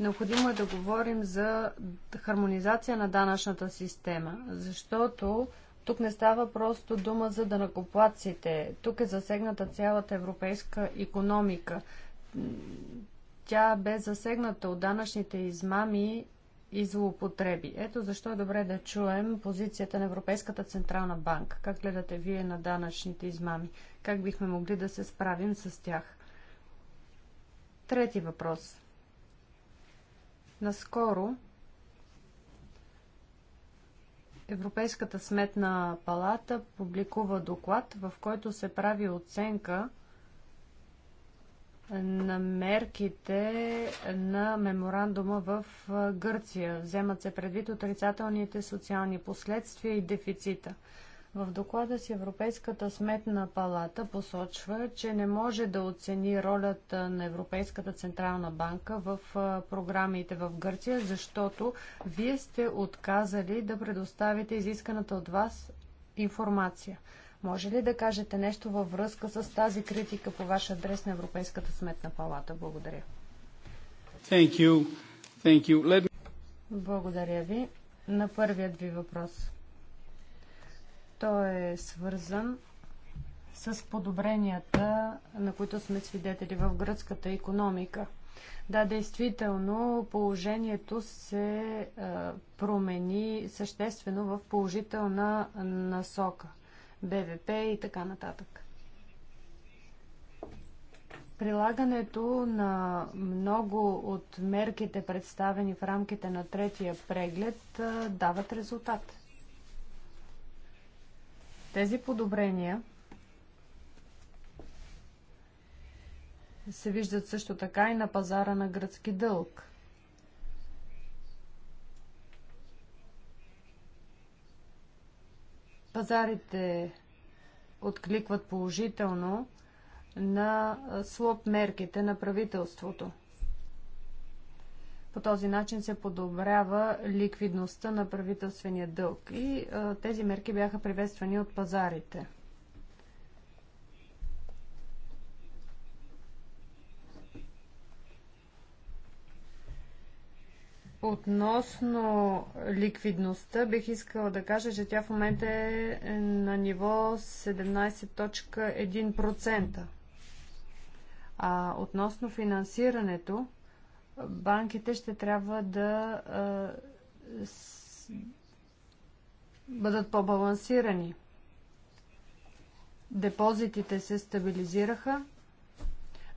Необходимо е да говорим за хармонизация на данъчната система, защото тук не става просто дума за данакоплаците. Тук е засегната цялата европейска економика. Тя бе засегната от данъчните измами и злоупотреби. Ето защо е добре да чуем позицията на Европейската Централна банка. Как гледате вие на данъчните измами? Как бихме могли да се справим с тях? Трети въпрос. Наскоро Европейската сметна палата публикува доклад, в който се прави оценка – на мерките на меморандума в Гърция. Вземат се предвид отрицателните социални последствия и дефицита. В доклада си Европейската сметна палата посочва, че не може да оцени ролята на Европейската централна банка в програмите в Гърция, защото вие сте отказали да предоставите изисканата от вас информация. Може ли да кажете нещо във връзка с тази критика по ваш адрес на Европейската сметна палата? Благодаря. Thank you. Thank you. Let me... Благодаря ви. На първият ви въпрос. Той е свързан с подобренията, на които сме свидетели в гръцката економика. Да, действително положението се промени съществено в положителна насока – БВП и така нататък. Прилагането на много от мерките, представени в рамките на третия преглед, дават резултат. Тези подобрения се виждат също така и на пазара на гръцки дълг – пазарите откликват положително на слоп мерките на правителството. По този начин се подобрява ликвидността на правителствения дълг и а, тези мерки бяха приветствани от пазарите. Относно ликвидността, бих искала да кажа, че тя в момента е на ниво 17.1%. А относно финансирането, банките ще трябва да бъдат по-балансирани. Депозитите се стабилизираха,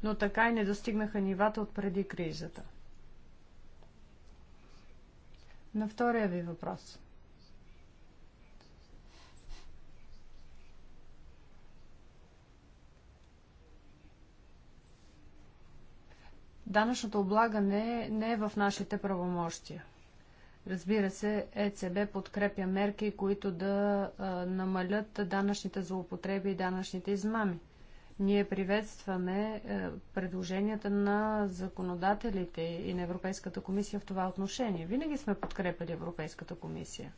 но така и не достигнаха нивата от преди кризата. На втория ви въпрос. Данъчното облагане не е в нашите правомощия. Разбира се, ЕЦБ подкрепя мерки, които да намалят данъчните злоупотреби и данъчните измами. Ние приветстваме е, предложенията на законодателите и на Европейската комисия в това отношение. Винаги сме подкрепили Европейската комисия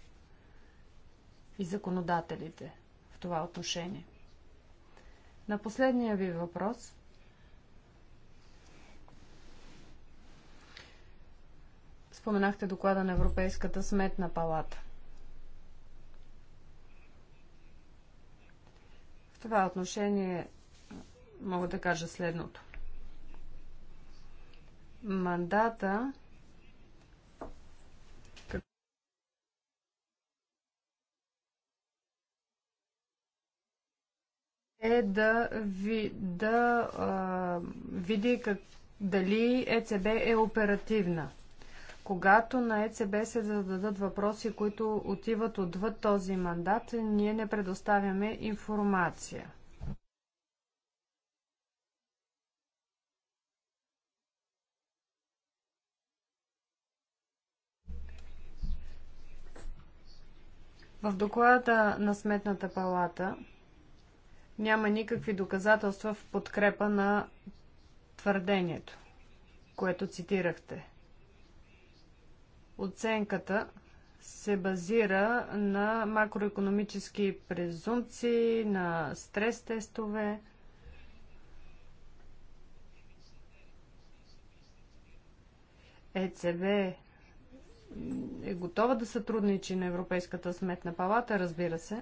и законодателите в това отношение. На последния ви въпрос. Споменахте доклада на Европейската сметна палата. В това отношение мога да кажа следното. Мандата е да, ви, да а, види как, дали ЕЦБ е оперативна. Когато на ЕЦБ се зададат въпроси, които отиват отвъд този мандат, ние не предоставяме информация. В доклада на Сметната палата няма никакви доказателства в подкрепа на твърдението, което цитирахте. Оценката се базира на макроекономически презумпции, на стрес тестове. ЕЦВ е готова да сътрудничи на Европейската сметна палата, разбира се.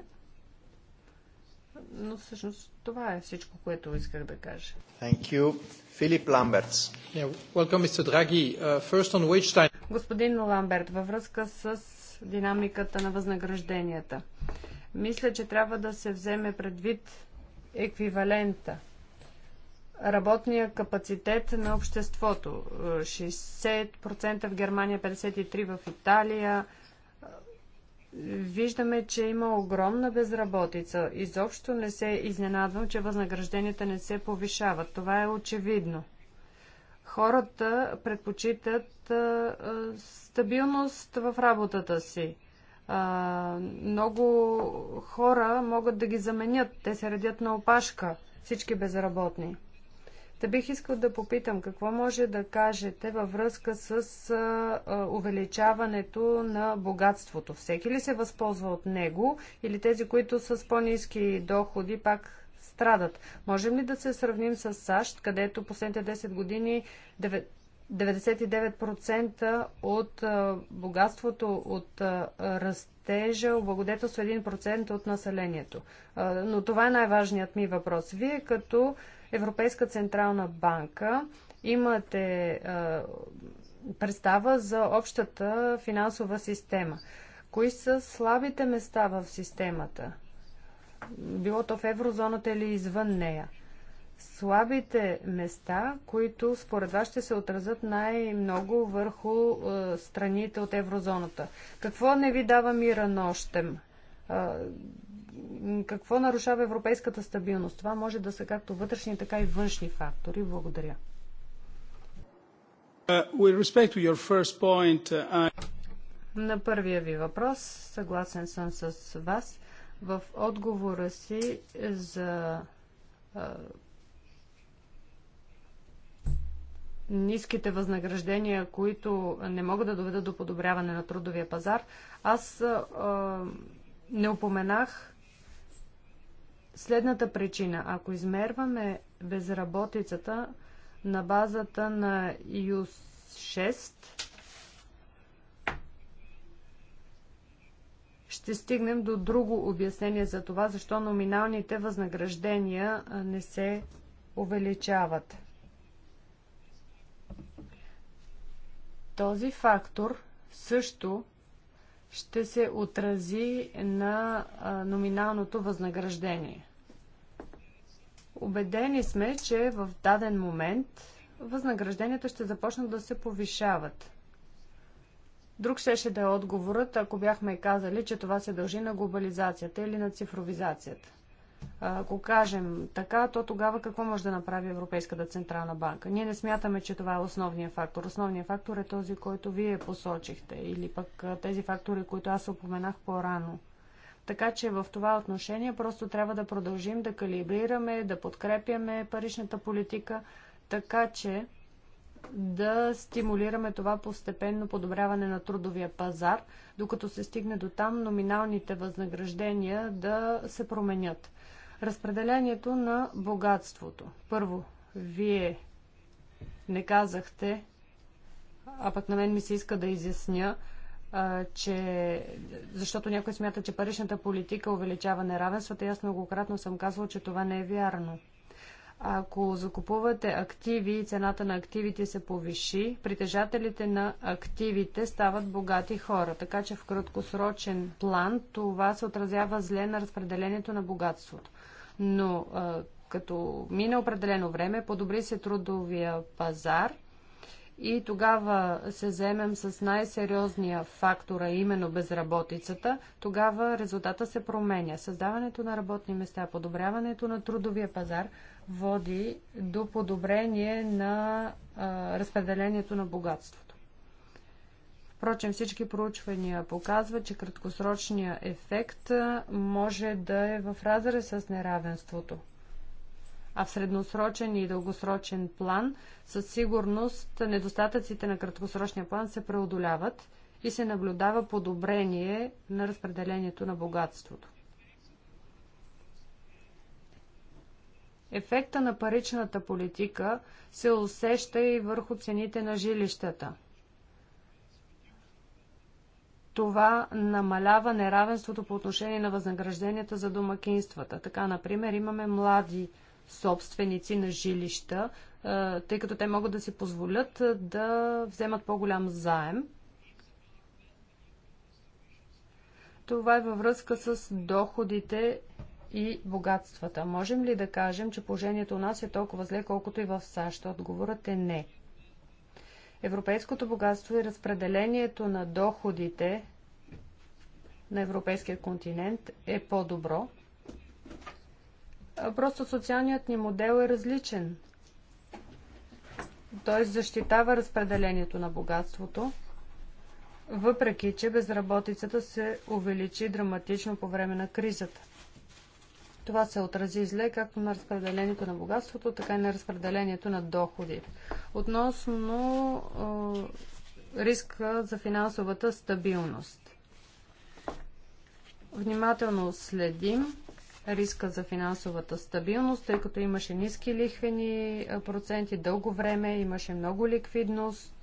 Но всъщност това е всичко, което исках да кажа. Thank you. Филип Ламбертс. Yeah, welcome, Mr. Draghi. Uh, first on wage time. Господин Ламберт, във връзка с динамиката на възнагражденията. Мисля, че трябва да се вземе предвид еквивалента – работния капацитет на обществото. 60% в Германия, 53% в Италия. Виждаме, че има огромна безработица. Изобщо не се изненадвам, че възнагражденията не се повишават. Това е очевидно. Хората предпочитат стабилност в работата си. много хора могат да ги заменят. Те се редят на опашка, всички безработни. Та бих искал да попитам какво може да кажете във връзка с увеличаването на богатството. Всеки ли се възползва от него или тези, които са с по-низки доходи, пак страдат. Можем ли да се сравним с САЩ, където последните 10 години 99% от богатството от растежа облагодетелство 1% от населението? Но това е най-важният ми въпрос. Вие като Европейска централна банка. Имате е, представа за общата финансова система. Кои са слабите места в системата? Било то в еврозоната или извън нея? Слабите места, които според вас ще се отразят най-много върху е, страните от еврозоната. Какво не ви дава мира нощем? какво нарушава европейската стабилност? Това може да са както вътрешни, така и външни фактори. Благодаря. Uh, uh, на първия ви въпрос, съгласен съм с вас. В отговора си за ниските възнаграждения, които не могат да доведат до подобряване на трудовия пазар, аз не упоменах следната причина. Ако измерваме безработицата на базата на ЮС-6, ще стигнем до друго обяснение за това, защо номиналните възнаграждения не се увеличават. Този фактор също ще се отрази на номиналното възнаграждение. Обедени сме, че в даден момент възнагражденията ще започнат да се повишават. Друг щеше да е отговорът, ако бяхме казали, че това се дължи на глобализацията или на цифровизацията. Ако кажем така, то тогава какво може да направи Европейската Централна банка? Ние не смятаме, че това е основният фактор. Основният фактор е този, който вие посочихте или пък тези фактори, които аз упоменах по-рано. Така че в това отношение просто трябва да продължим да калибрираме, да подкрепяме паричната политика, така че да стимулираме това постепенно подобряване на трудовия пазар, докато се стигне до там номиналните възнаграждения да се променят. Разпределението на богатството. Първо, вие не казахте, а пък на мен ми се иска да изясня, че защото някой смята, че паричната политика увеличава неравенствата, аз многократно съм казвал, че това не е вярно. Ако закупувате активи и цената на активите се повиши, притежателите на активите стават богати хора, така че в краткосрочен план това се отразява зле на разпределението на богатството. Но като мине определено време, подобри се трудовия пазар и тогава се заемем с най-сериозния фактор, а именно безработицата, тогава резултата се променя. Създаването на работни места, подобряването на трудовия пазар – води до подобрение на а, разпределението на богатството. Впрочем, всички проучвания показват, че краткосрочният ефект може да е в разрез с неравенството. А в средносрочен и дългосрочен план със сигурност недостатъците на краткосрочния план се преодоляват и се наблюдава подобрение на разпределението на богатството. Ефекта на паричната политика се усеща и върху цените на жилищата. Това намалява неравенството по отношение на възнагражденията за домакинствата. Така, например, имаме млади собственици на жилища, е, тъй като те могат да си позволят е, да вземат по-голям заем. Това е във връзка с доходите и богатствата. Можем ли да кажем, че положението у нас е толкова зле, колкото и в САЩ? Отговорът е не. Европейското богатство и разпределението на доходите на европейския континент е по-добро. Просто социалният ни модел е различен. Той защитава разпределението на богатството, въпреки че безработицата се увеличи драматично по време на кризата. Това се отрази зле както на разпределението на богатството, така и на разпределението на доходи. Относно е, риска за финансовата стабилност. Внимателно следим риска за финансовата стабилност, тъй като имаше ниски лихвени проценти дълго време, имаше много ликвидност.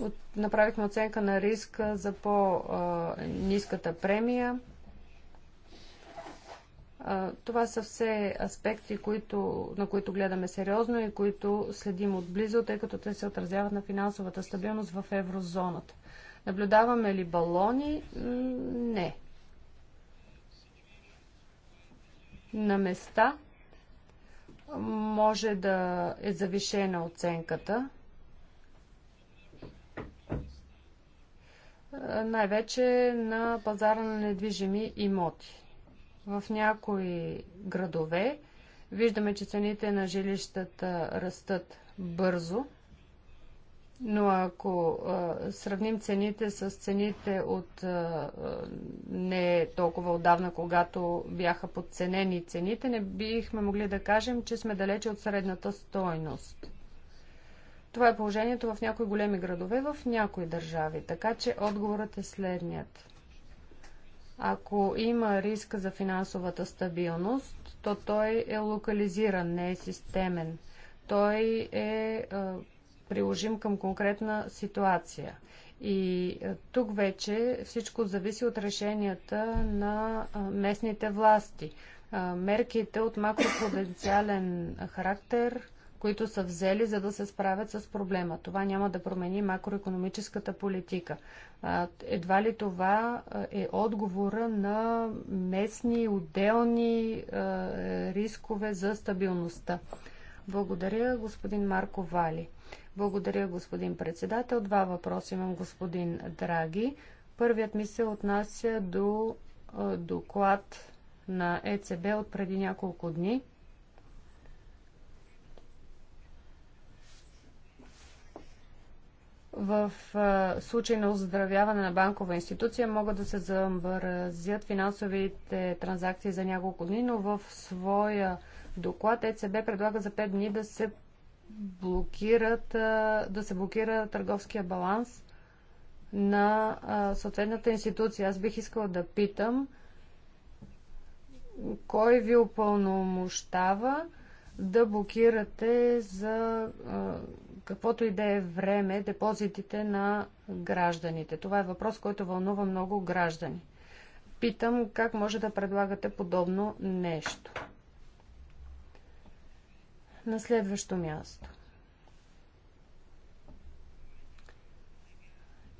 От, направихме оценка на риска за по-низката премия. Това са все аспекти, които, на които гледаме сериозно и които следим отблизо, тъй като те се отразяват на финансовата стабилност в еврозоната. Наблюдаваме ли балони? Не. На места може да е завишена оценката. Най-вече на пазара на недвижими имоти. В някои градове виждаме, че цените на жилищата растат бързо, но ако а, сравним цените с цените от а, не толкова отдавна, когато бяха подценени цените, не бихме могли да кажем, че сме далече от средната стойност. Това е положението в някои големи градове, в някои държави. Така че отговорът е следният. Ако има риск за финансовата стабилност, то той е локализиран, не е системен. Той е, е приложим към конкретна ситуация. И е, тук вече всичко зависи от решенията на е, местните власти. Мерките от макропруденциален характер които са взели, за да се справят с проблема. Това няма да промени макроекономическата политика. Едва ли това е отговора на местни, отделни рискове за стабилността. Благодаря, господин Марко Вали. Благодаря, господин председател. Два въпроса имам, господин Драги. Първият ми се отнася до доклад на ЕЦБ от преди няколко дни – в случай на оздравяване на банкова институция могат да се замразят финансовите транзакции за няколко дни, но в своя доклад ЕЦБ предлага за 5 дни да се блокират, да се блокира търговския баланс на съответната институция. Аз бих искала да питам кой ви опълномощава да блокирате за каквото и да е време, депозитите на гражданите. Това е въпрос, който вълнува много граждани. Питам как може да предлагате подобно нещо. На следващо място.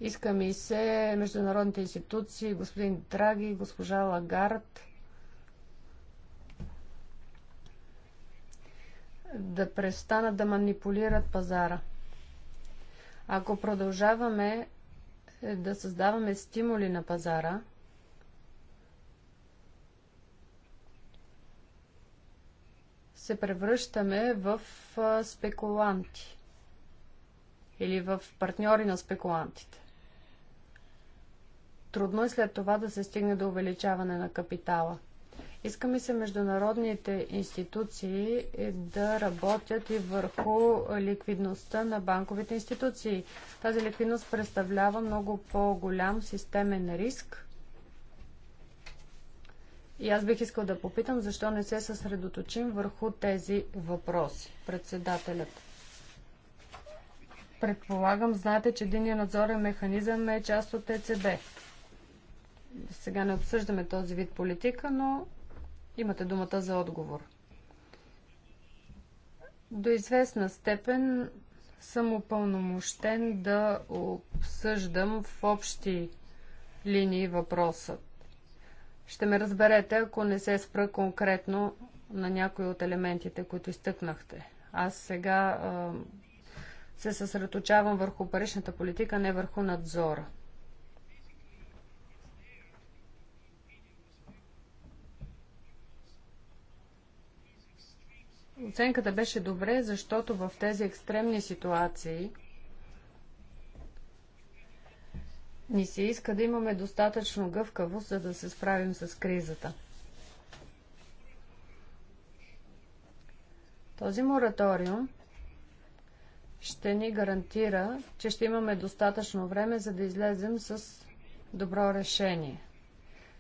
Искам и се международните институции, господин Драги, госпожа Лагард да престанат да манипулират пазара. Ако продължаваме е, да създаваме стимули на пазара, се превръщаме в спекуланти или в партньори на спекулантите. Трудно е след това да се стигне до увеличаване на капитала – Искаме се международните институции е да работят и върху ликвидността на банковите институции. Тази ликвидност представлява много по-голям системен риск. И аз бих искал да попитам, защо не се съсредоточим върху тези въпроси. Председателят. Предполагам, знаете, че единия надзорен механизъм е част от ЕЦБ. Сега не обсъждаме този вид политика, но Имате думата за отговор. До известна степен съм упълномощен да обсъждам в общи линии въпросът. Ще ме разберете, ако не се спра конкретно на някои от елементите, които изтъкнахте. Аз сега а, се съсредоточавам върху паричната политика, не върху надзора. Оценката беше добре, защото в тези екстремни ситуации ни се иска да имаме достатъчно гъвкавост, за да се справим с кризата. Този мораториум ще ни гарантира, че ще имаме достатъчно време, за да излезем с добро решение.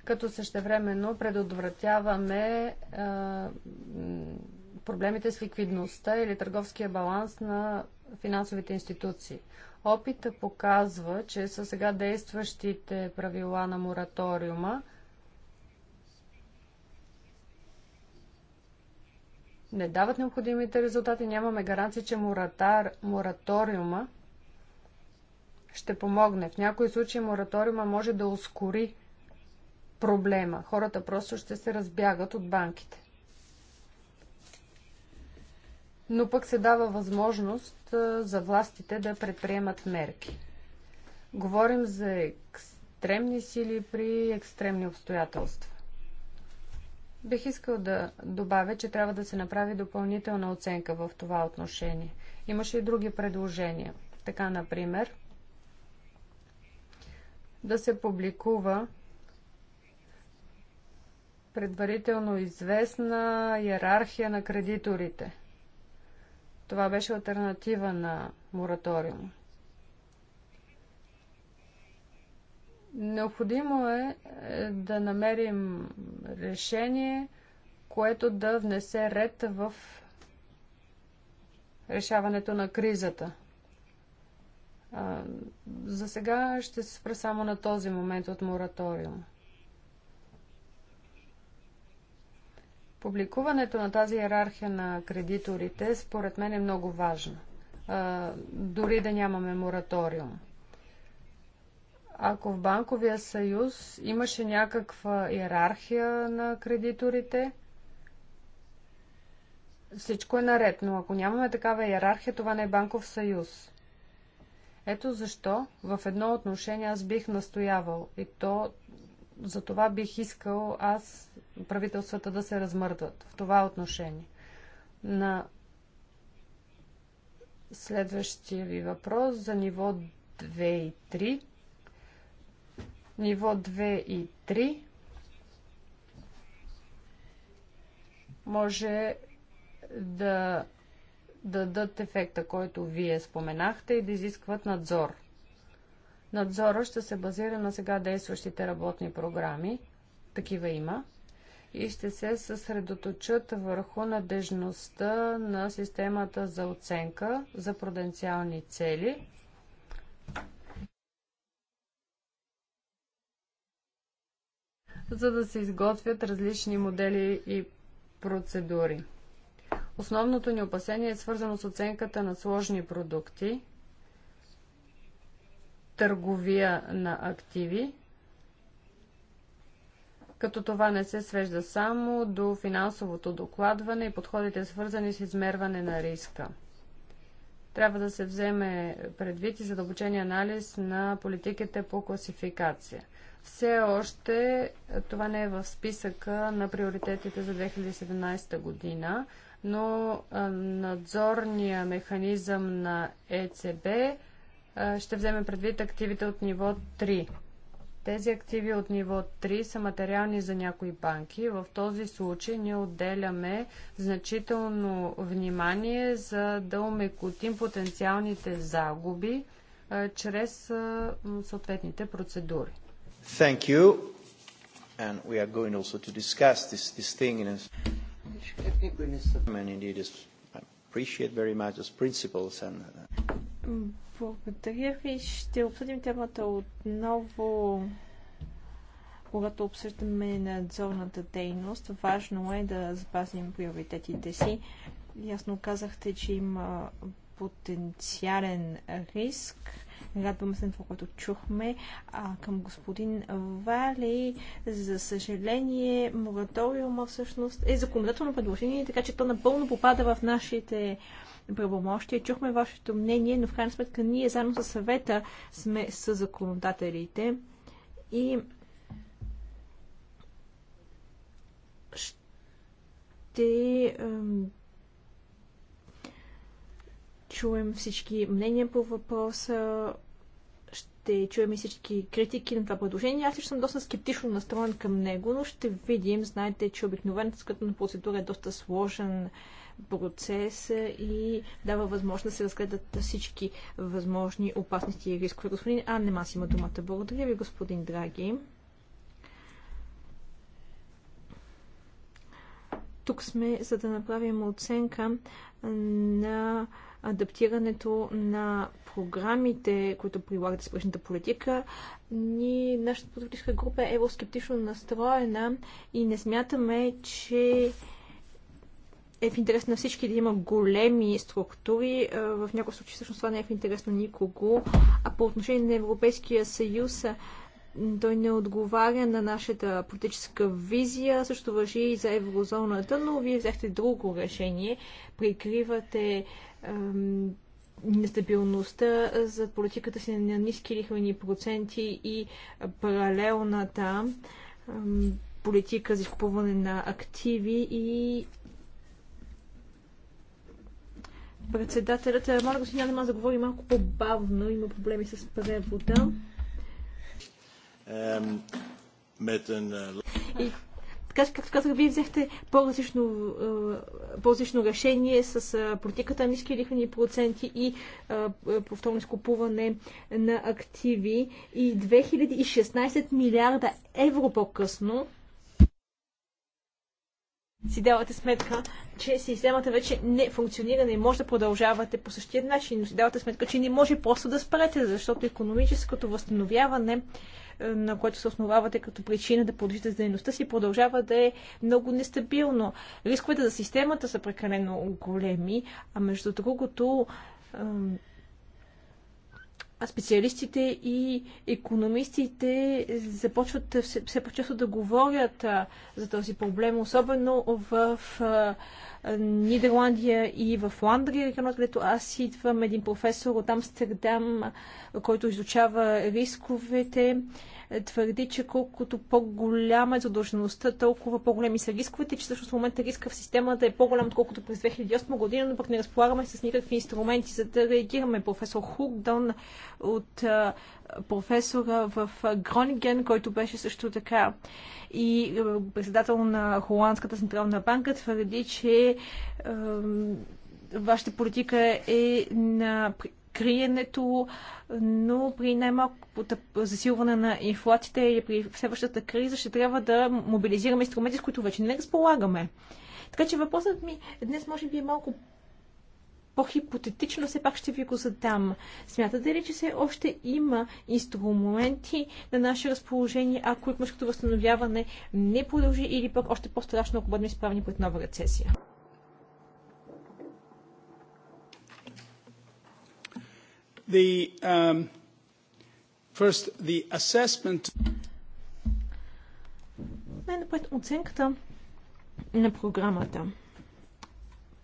Като същевременно предотвратяваме а, проблемите с ликвидността или търговския баланс на финансовите институции. Опита показва, че със сега действащите правила на мораториума не дават необходимите резултати. Нямаме гаранции, че моратар, мораториума ще помогне. В някои случаи мораториума може да ускори проблема. Хората просто ще се разбягат от банките но пък се дава възможност за властите да предприемат мерки. Говорим за екстремни сили при екстремни обстоятелства. Бих искал да добавя, че трябва да се направи допълнителна оценка в това отношение. Имаше и други предложения. Така, например, да се публикува предварително известна иерархия на кредиторите. Това беше альтернатива на мораториум. Необходимо е, е да намерим решение, което да внесе ред в решаването на кризата. За сега ще се спра само на този момент от мораториума. Публикуването на тази иерархия на кредиторите според мен е много важно. Дори да нямаме мораториум. Ако в Банковия съюз имаше някаква иерархия на кредиторите, всичко е наред, но ако нямаме такава иерархия, това не е банков съюз. Ето защо в едно отношение аз бих настоявал и то за това бих искал аз правителствата да се размърдват в това отношение. На следващия ви въпрос за ниво 2 и 3. Ниво 2 и 3 може да дадат ефекта, който вие споменахте и да изискват надзор. Надзора ще се базира на сега действащите работни програми. Такива има и ще се съсредоточат върху надежността на системата за оценка за пруденциални цели. за да се изготвят различни модели и процедури. Основното ни опасение е свързано с оценката на сложни продукти, търговия на активи като това не се свежда само до финансовото докладване и подходите свързани с измерване на риска. Трябва да се вземе предвид и задълбочен анализ на политиките по класификация. Все още това не е в списъка на приоритетите за 2017 година, но надзорния механизъм на ЕЦБ ще вземе предвид активите от ниво 3. Тези активи от ниво 3 са материални за някои банки. В този случай ние отделяме значително внимание за да умекотим потенциалните загуби а, чрез а, съответните процедури. Thank you. And we are going also to discuss this, this thing in a... And indeed, I appreciate very much those principles and... Uh, благодаря ви. Ще обсъдим темата отново, когато обсъждаме надзорната дейност. Важно е да запазим приоритетите си. Ясно казахте, че има потенциален риск. Радвам се на това, което чухме. А към господин Вали, за съжаление, мораториума всъщност е законодателно предложение, така че то напълно попада в нашите правомощия. Чухме вашето мнение, но в крайна сметка ние заедно със съвета сме с законодателите и ще чуем всички мнения по въпроса, ще чуем и всички критики на това предложение. Аз лично съм доста скептично настроен към него, но ще видим. Знаете, че обикновената скътна процедура е доста сложен процес и дава възможност да се разгледат всички възможни опасности и рискове. Господин Аннемас има думата. Благодаря ви, господин Драги. Тук сме, за да направим оценка на адаптирането на програмите, които прилагат спешната политика, ни, нашата политическа група е евроскептично настроена и не смятаме, че е в интерес на всички да има големи структури. Е, в някои случаи всъщност това не е в интерес на никого. А по отношение на Европейския съюз, е, той не отговаря на нашата политическа визия, също въжи и за еврозоната, но вие взехте друго решение. Прикривате нестабилността за политиката си на ниски лихвени проценти и паралелната политика за изкупуване на активи и Председателят, е, моля господин Адеман да говори малко по-бавно, има проблеми с превода. Е, и, така, както казах, вие взехте по-различно, е, по-различно решение с политиката на ниски лихвени проценти и повторно изкупуване на активи. И 2016 милиарда евро по-късно си давате сметка, че системата вече не функционира, не може да продължавате по същия начин, но си давате сметка, че не може просто да спрете, защото економическото възстановяване, е, на което се основавате като причина да продължите дейността си, продължава да е много нестабилно. Рисковете за системата са прекалено големи, а между другото специалистите и економистите започват все, все по-често да говорят а, за този проблем, особено в а, Нидерландия и в Фландрия, регион, където аз идвам един професор от Амстердам, който изучава рисковете твърди, че колкото по-голяма е задължеността, толкова по-големи са рисковете, че всъщност в момента риска в системата е по-голям, отколкото през 2008 година, но пък не разполагаме с никакви инструменти, за да реагираме. Професор Хукдон от професора в Гронинген, който беше също така и председател на Холандската централна банка, твърди, че вашата политика е на криенето, но при най малко засилване на инфлацията или при следващата криза ще трябва да мобилизираме инструменти, с които вече не разполагаме. Така че въпросът ми днес може би е малко по-хипотетично, все пак ще ви го задам. Смятате ли, че все още има инструменти на наше разположение, ако економическото възстановяване не продължи или пък още по-страшно, ако бъдем изправени пред нова рецесия? the um, first the assessment. Най-напред оценката на програмата.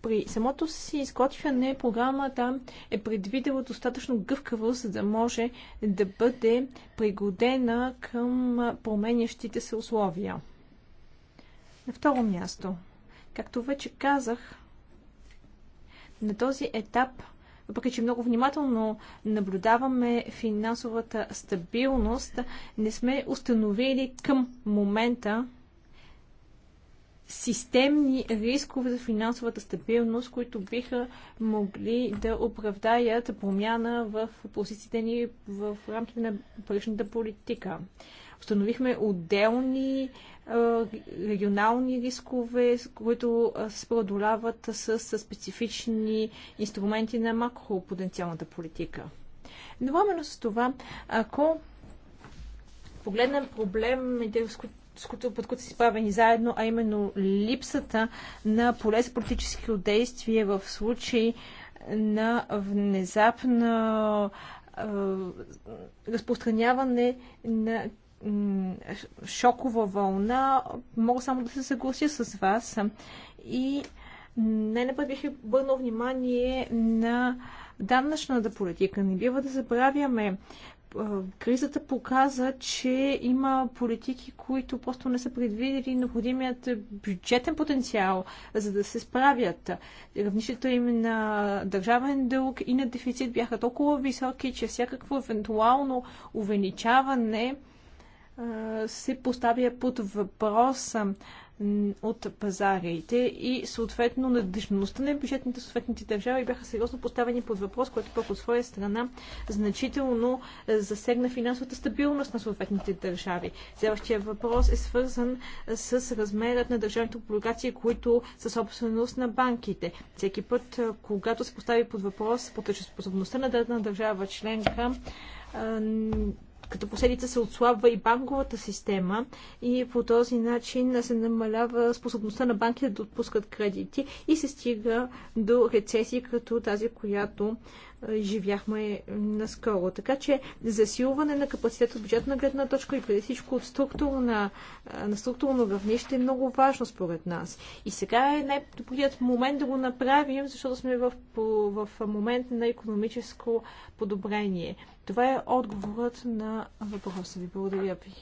При самото си изготвяне програмата е предвидела достатъчно гъвкаво, за да може да бъде пригодена към променящите се условия. На второ място, както вече казах, на този етап – въпреки че много внимателно наблюдаваме финансовата стабилност, не сме установили към момента системни рискове за финансовата стабилност, които биха могли да оправдаят промяна в позициите ни в рамките на паричната политика установихме отделни регионални рискове, които се преодоляват с специфични инструменти на макропотенциалната политика. Едновременно с това, ако погледнем проблемите, с които под които са изправени заедно, а именно липсата на поле за политически действия в случай на внезапно разпространяване на шокова вълна, мога само да се съглася с вас. И най-напред бих обърнал внимание на данъчната политика. Не бива да забравяме. Кризата показа, че има политики, които просто не са предвидели необходимият бюджетен потенциал, за да се справят. Равнището им на държавен дълг и на дефицит бяха толкова високи, че всякакво евентуално увеличаване се поставя под въпрос от пазарите и съответно надежността на бюджетните съответните държави бяха сериозно поставени под въпрос, което пък от своя страна значително е, засегна финансовата стабилност на съответните държави. Следващия въпрос е свързан е, с размерът на държавните облигации, които са собственост на банките. Всеки път, е, когато се постави под въпрос платежоспособността на дадена държава членка, като последица се отслабва и банковата система и по този начин се намалява способността на банките да отпускат кредити и се стига до рецесии като тази, която живяхме наскоро. Така че засилване на капацитет от бюджетна гледна точка и преди всичко от структурна, на структурно равнище е много важно според нас. И сега е най-добрият момент да го направим, защото сме в, в момент на економическо подобрение. Това е отговорът на въпроса ви. Благодаря ви.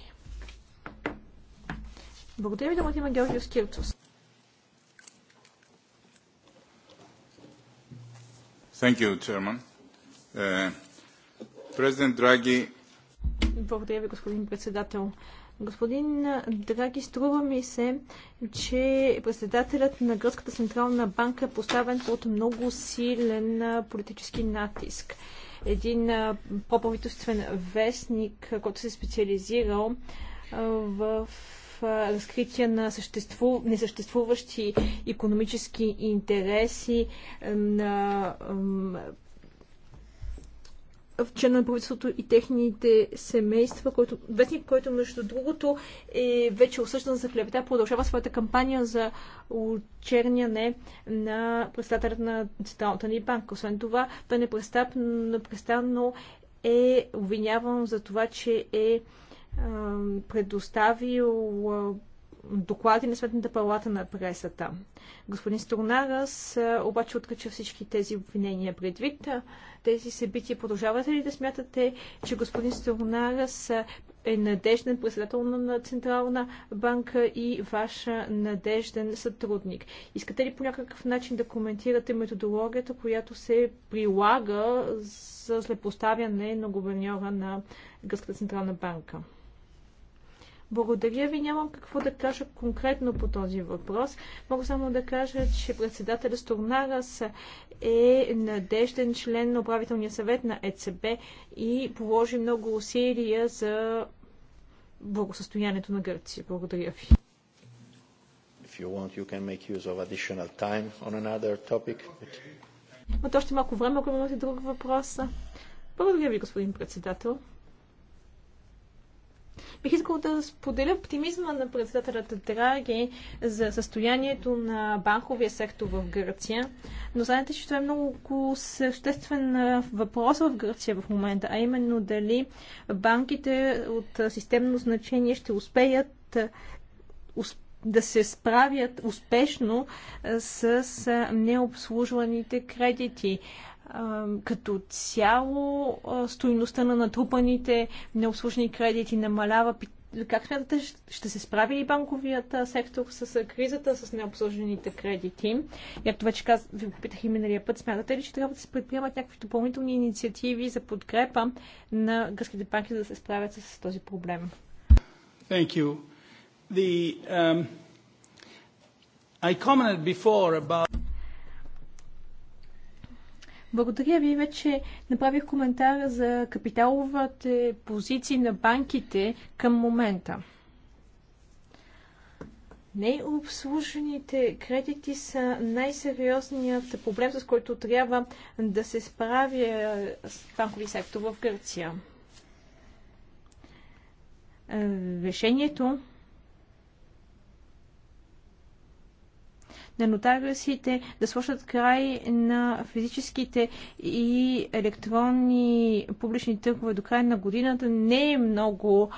Благодаря ви, да Георгиев Скиртус. Thank you, Chairman. Uh, President Draghi... Благодаря ви, господин председател. Господин Драги, струва ми се, че председателят на Гръцката централна банка е поставен под много силен политически натиск. Един по-правителствен вестник, който се е специализирал в разкритие на съществу... несъществуващи економически интереси, на член на правителството и техните семейства, който, вестник, който между другото е вече осъждан за клевета, продължава своята кампания за очерняне на председателят на Централната ни банка. Освен това, той непрестанно, е обвиняван за това, че е предоставил доклади на Сметната палата на пресата. Господин Струнарас обаче откача всички тези обвинения предвид. Тези събития продължавате ли да смятате, че господин Струнарас е надежден председател на Централна банка и ваш надежден сътрудник? Искате ли по някакъв начин да коментирате методологията, която се прилага за злепоставяне на губерньора на Гръцката Централна банка? Благодаря ви. Нямам какво да кажа конкретно по този въпрос. Мога само да кажа, че председателя Стурнарас е надежден член на управителния съвет на ЕЦБ и положи много усилия за благосъстоянието на Гърция. Благодаря ви. If you want, you can make use of additional time on another topic. But... още малко време, ако имате друг въпрос. Благодаря ви, господин председател. Бих искал да споделя оптимизма на председателята Драги за състоянието на банковия сектор в Гърция, но знаете, че това е много съществен въпрос в Гърция в момента, а именно дали банките от системно значение ще успеят е, да се справят успешно е, с е, необслужваните кредити като цяло стоиността на натрупаните необслужени кредити намалява. Как смятате, ще се справи ли банковият сектор с кризата с необслужените кредити? Както вече каз... ви попитах и миналия път, смятате ли, че трябва да се предприемат някакви допълнителни инициативи за подкрепа на гръцките банки за да се справят с този проблем? Thank you. The, um, I commented before about благодаря ви. Вече направих коментар за капиталовите позиции на банките към момента. Необслужените кредити са най-сериозният проблем, с който трябва да се справя с банкови сектор в Гърция. Решението на нотариусите да сложат край на физическите и електронни публични търгове до края на годината не е много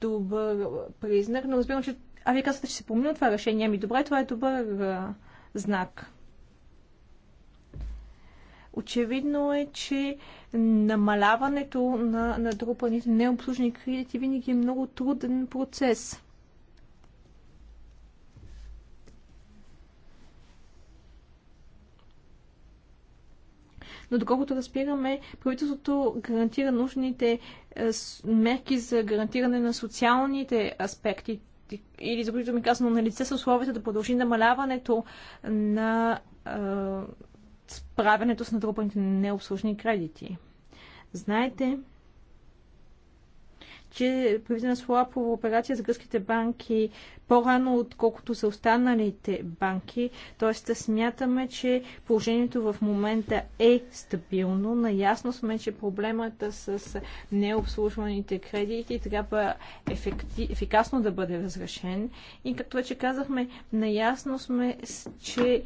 добър признак, но разбирам, че а вие казвате, че се помня това решение. Ами добре, това е добър а, знак. Очевидно е, че намаляването на натрупаните необслужени кредити винаги е много труден процес. но доколкото разбираме, правителството гарантира нужните е, мерки за гарантиране на социалните аспекти или за които ми казано на лице с условията да продължи намаляването на е, справянето с натрупаните необслужени кредити. Знаете, че проведена слапова операция за гръцките банки по-рано, отколкото са останалите банки. Тоест, смятаме, че положението в момента е стабилно. Наясно сме, че проблемата с необслужваните кредити трябва ефекти, ефикасно да бъде разрешен. И като вече казахме, наясно сме, че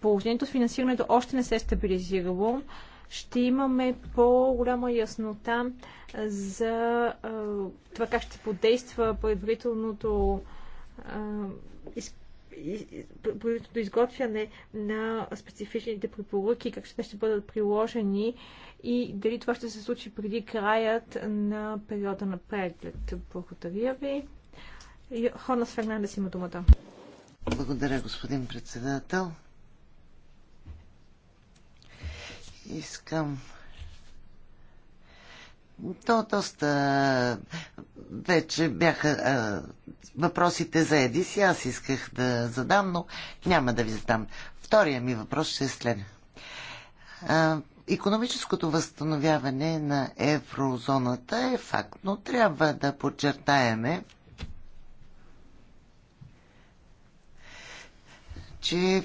положението с финансирането още не се е стабилизирало ще имаме по-голяма яснота за това как ще подейства предварителното предварителното изготвяне на специфичните препоръки, как ще, ще бъдат приложени и дали това ще се случи преди краят на периода на преглед. Благодаря ви. Хонас Фернандес има думата. Благодаря, господин председател. Искам. То доста вече бяха а, въпросите за Едис и аз исках да задам, но няма да ви задам. Втория ми въпрос ще е след. А, економическото възстановяване на еврозоната е факт, но трябва да подчертаеме, че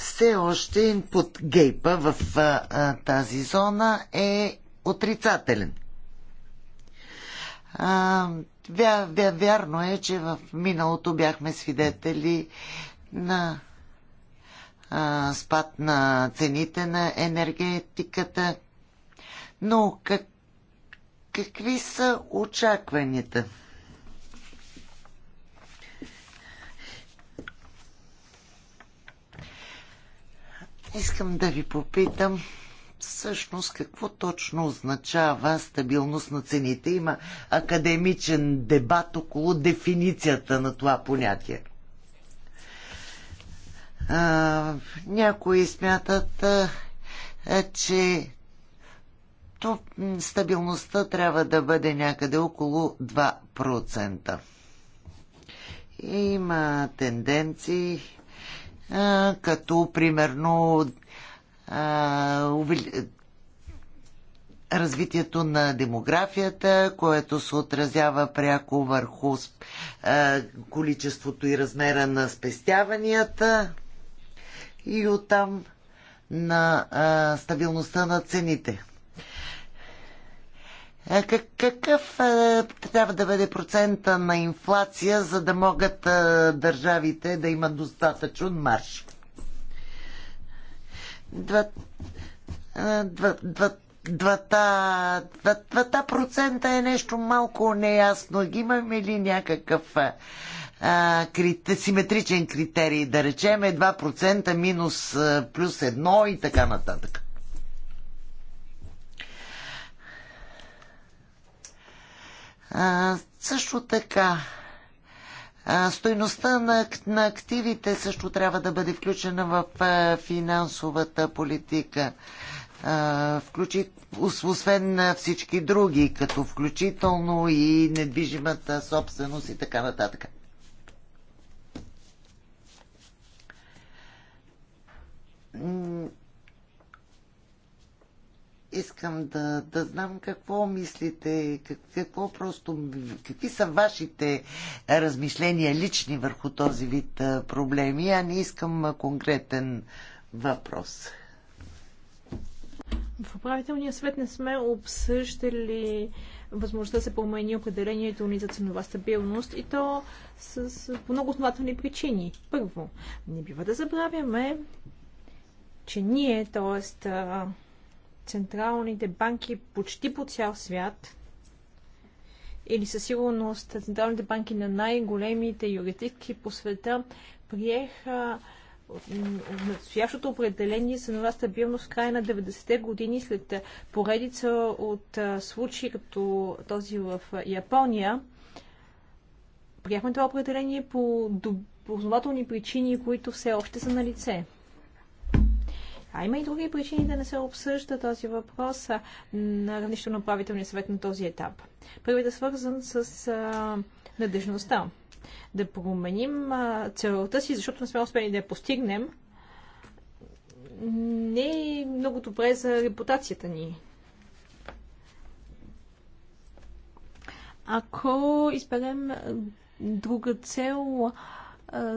все още под гейпа в а, а, тази зона е отрицателен. А, вя, вя, вярно е, че в миналото бяхме свидетели на а, спад на цените на енергетиката, но как, какви са очакванията? Искам да ви попитам всъщност какво точно означава стабилност на цените. Има академичен дебат около дефиницията на това понятие. А, някои смятат, а, е, че то стабилността трябва да бъде някъде около 2%. Има тенденции като примерно развитието на демографията, което се отразява пряко върху количеството и размера на спестяванията и оттам на стабилността на цените. Е, как, какъв е, трябва да бъде процента на инфлация, за да могат е, държавите да имат достатъчен марш? двата, двата процента е нещо малко неясно. Имаме ли някакъв а, крит, симетричен критерий, да речем, 2% минус плюс 1 и така нататък? също така, стойността на, на активите също трябва да бъде включена в финансовата политика. включи, освен на всички други, като включително и недвижимата собственост и така нататък. Искам да, да знам какво мислите, какво просто, какви са вашите размишления лични върху този вид проблеми, а не искам конкретен въпрос. В управителния свет не сме обсъждали възможността да се промени определението ни за ценова стабилност и то с, с по много основателни причини. Първо, не бива да забравяме, че ние, т.е централните банки почти по цял свят или със сигурност централните банки на най-големите юридически по света приеха настоящото определение за нова стабилност в края на 90-те години след поредица от случаи като този в Япония. Приехме това определение по основателни причини, които все още са на лице. А има и други причини да не се обсъжда този въпрос на равнището на управителния съвет на този етап. Първият е свързан с а, надежността. Да променим а, целта си, защото не сме успели да я постигнем, не е много добре за репутацията ни. Ако изберем друга цел,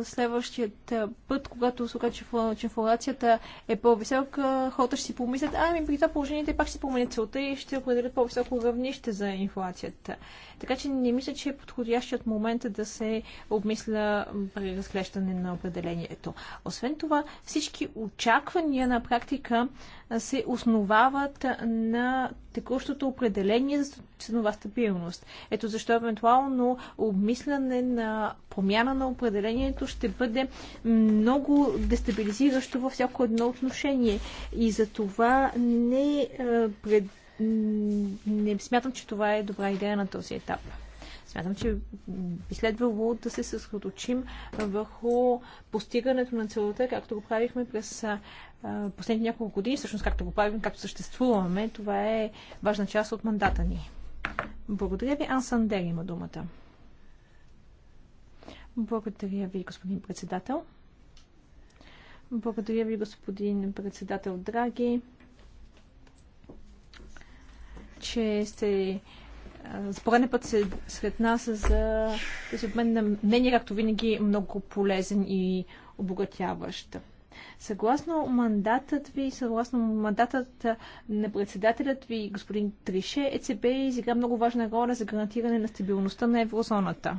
следващият път, когато се окаже, че инфлацията е по-висока, хората ще си помислят, ами при това положение те пак ще променят целта и ще определят по-високо равнище за инфлацията. Така че не мисля, че е подходящият момент да се обмисля при разглеждане на определението. Освен това, всички очаквания на практика се основават на текущото определение за ценова стабилност. Ето защо евентуално обмисляне на промяна на определението ще бъде много дестабилизиращо във всяко едно отношение. И за това не, е, пред... не смятам, че това е добра идея на този етап. Смятам, че би следвало да се съсредоточим върху постигането на целта, както го правихме през последните няколко години, всъщност както го правим, както съществуваме. Това е важна част от мандата ни. Благодаря ви. Ансандер има думата. Благодаря ви, господин председател. Благодаря ви, господин председател Драги, че сте е, за пореден път се, сред нас е за този обмен на мнение, както винаги, много полезен и обогатяващ. Съгласно мандатът ви, съгласно мандатът на председателят ви, господин Трише, ЕЦБ изигра много важна роля за гарантиране на стабилността на еврозоната.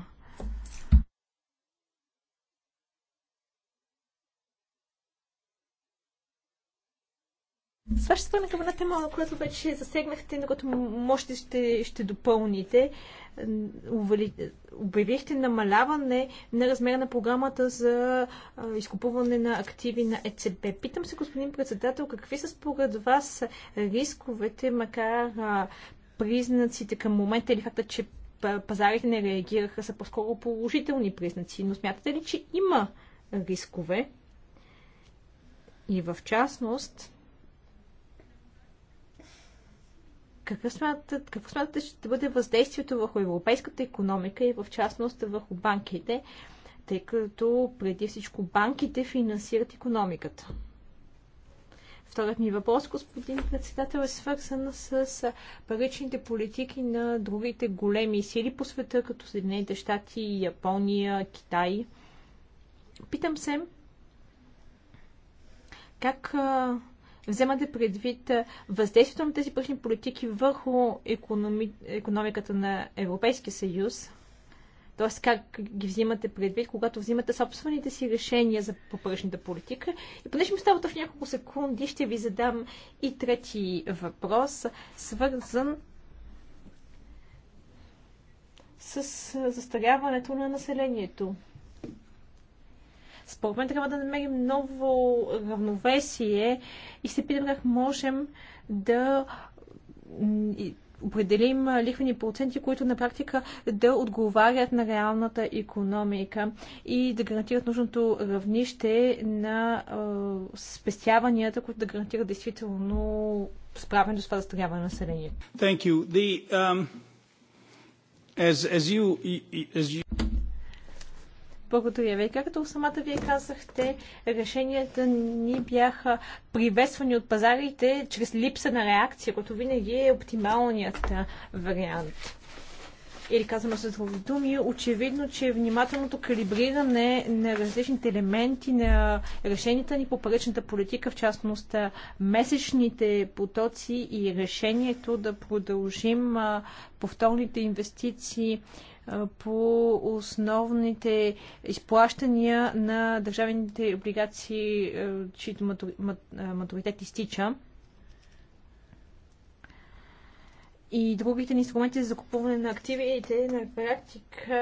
С ваша страна към една тема, която вече засегнахте, на която можете ще, ще допълните. Ували... Обявихте намаляване на размера на програмата за изкупуване на активи на ЕЦБ. Питам се, господин председател, какви са според вас рисковете, макар признаците към момента или факта, че пазарите не реагираха, са по-скоро положителни признаци, но смятате ли, че има рискове? И в частност, Какъв смятате, какво смятате ще бъде въздействието върху европейската економика и в частност върху банките, тъй като преди всичко банките финансират економиката? Вторият ми въпрос, господин председател, е свързан с паричните политики на другите големи сили по света, като Съединените щати, Япония, Китай. Питам се, как вземате предвид въздействието на тези парични политики върху економи... економиката на Европейския съюз? т.е. как ги взимате предвид, когато взимате собствените си решения за попръчната политика. И понеже ми остават точно няколко секунди, ще ви задам и трети въпрос, свързан с застаряването на населението. Според мен трябва да намерим ново равновесие и се питам как можем да определим лихвени проценти, които на практика да отговарят на реалната економика и да гарантират нужното равнище на е, спестяванията, които да гарантират действително справен до това застаряване на населението. Thank you. The, um, as, as you, as you... Благодаря ви. Както самата вие казахте, решенията ни бяха приветствани от пазарите чрез липса на реакция, което винаги е оптималният вариант или казваме с други думи, очевидно, че внимателното калибриране на различните елементи на решенията ни по паричната политика, в частност месечните потоци и решението да продължим повторните инвестиции по основните изплащания на държавните облигации, чието матуритет изтича. И другите инструменти за закупуване на активите на практика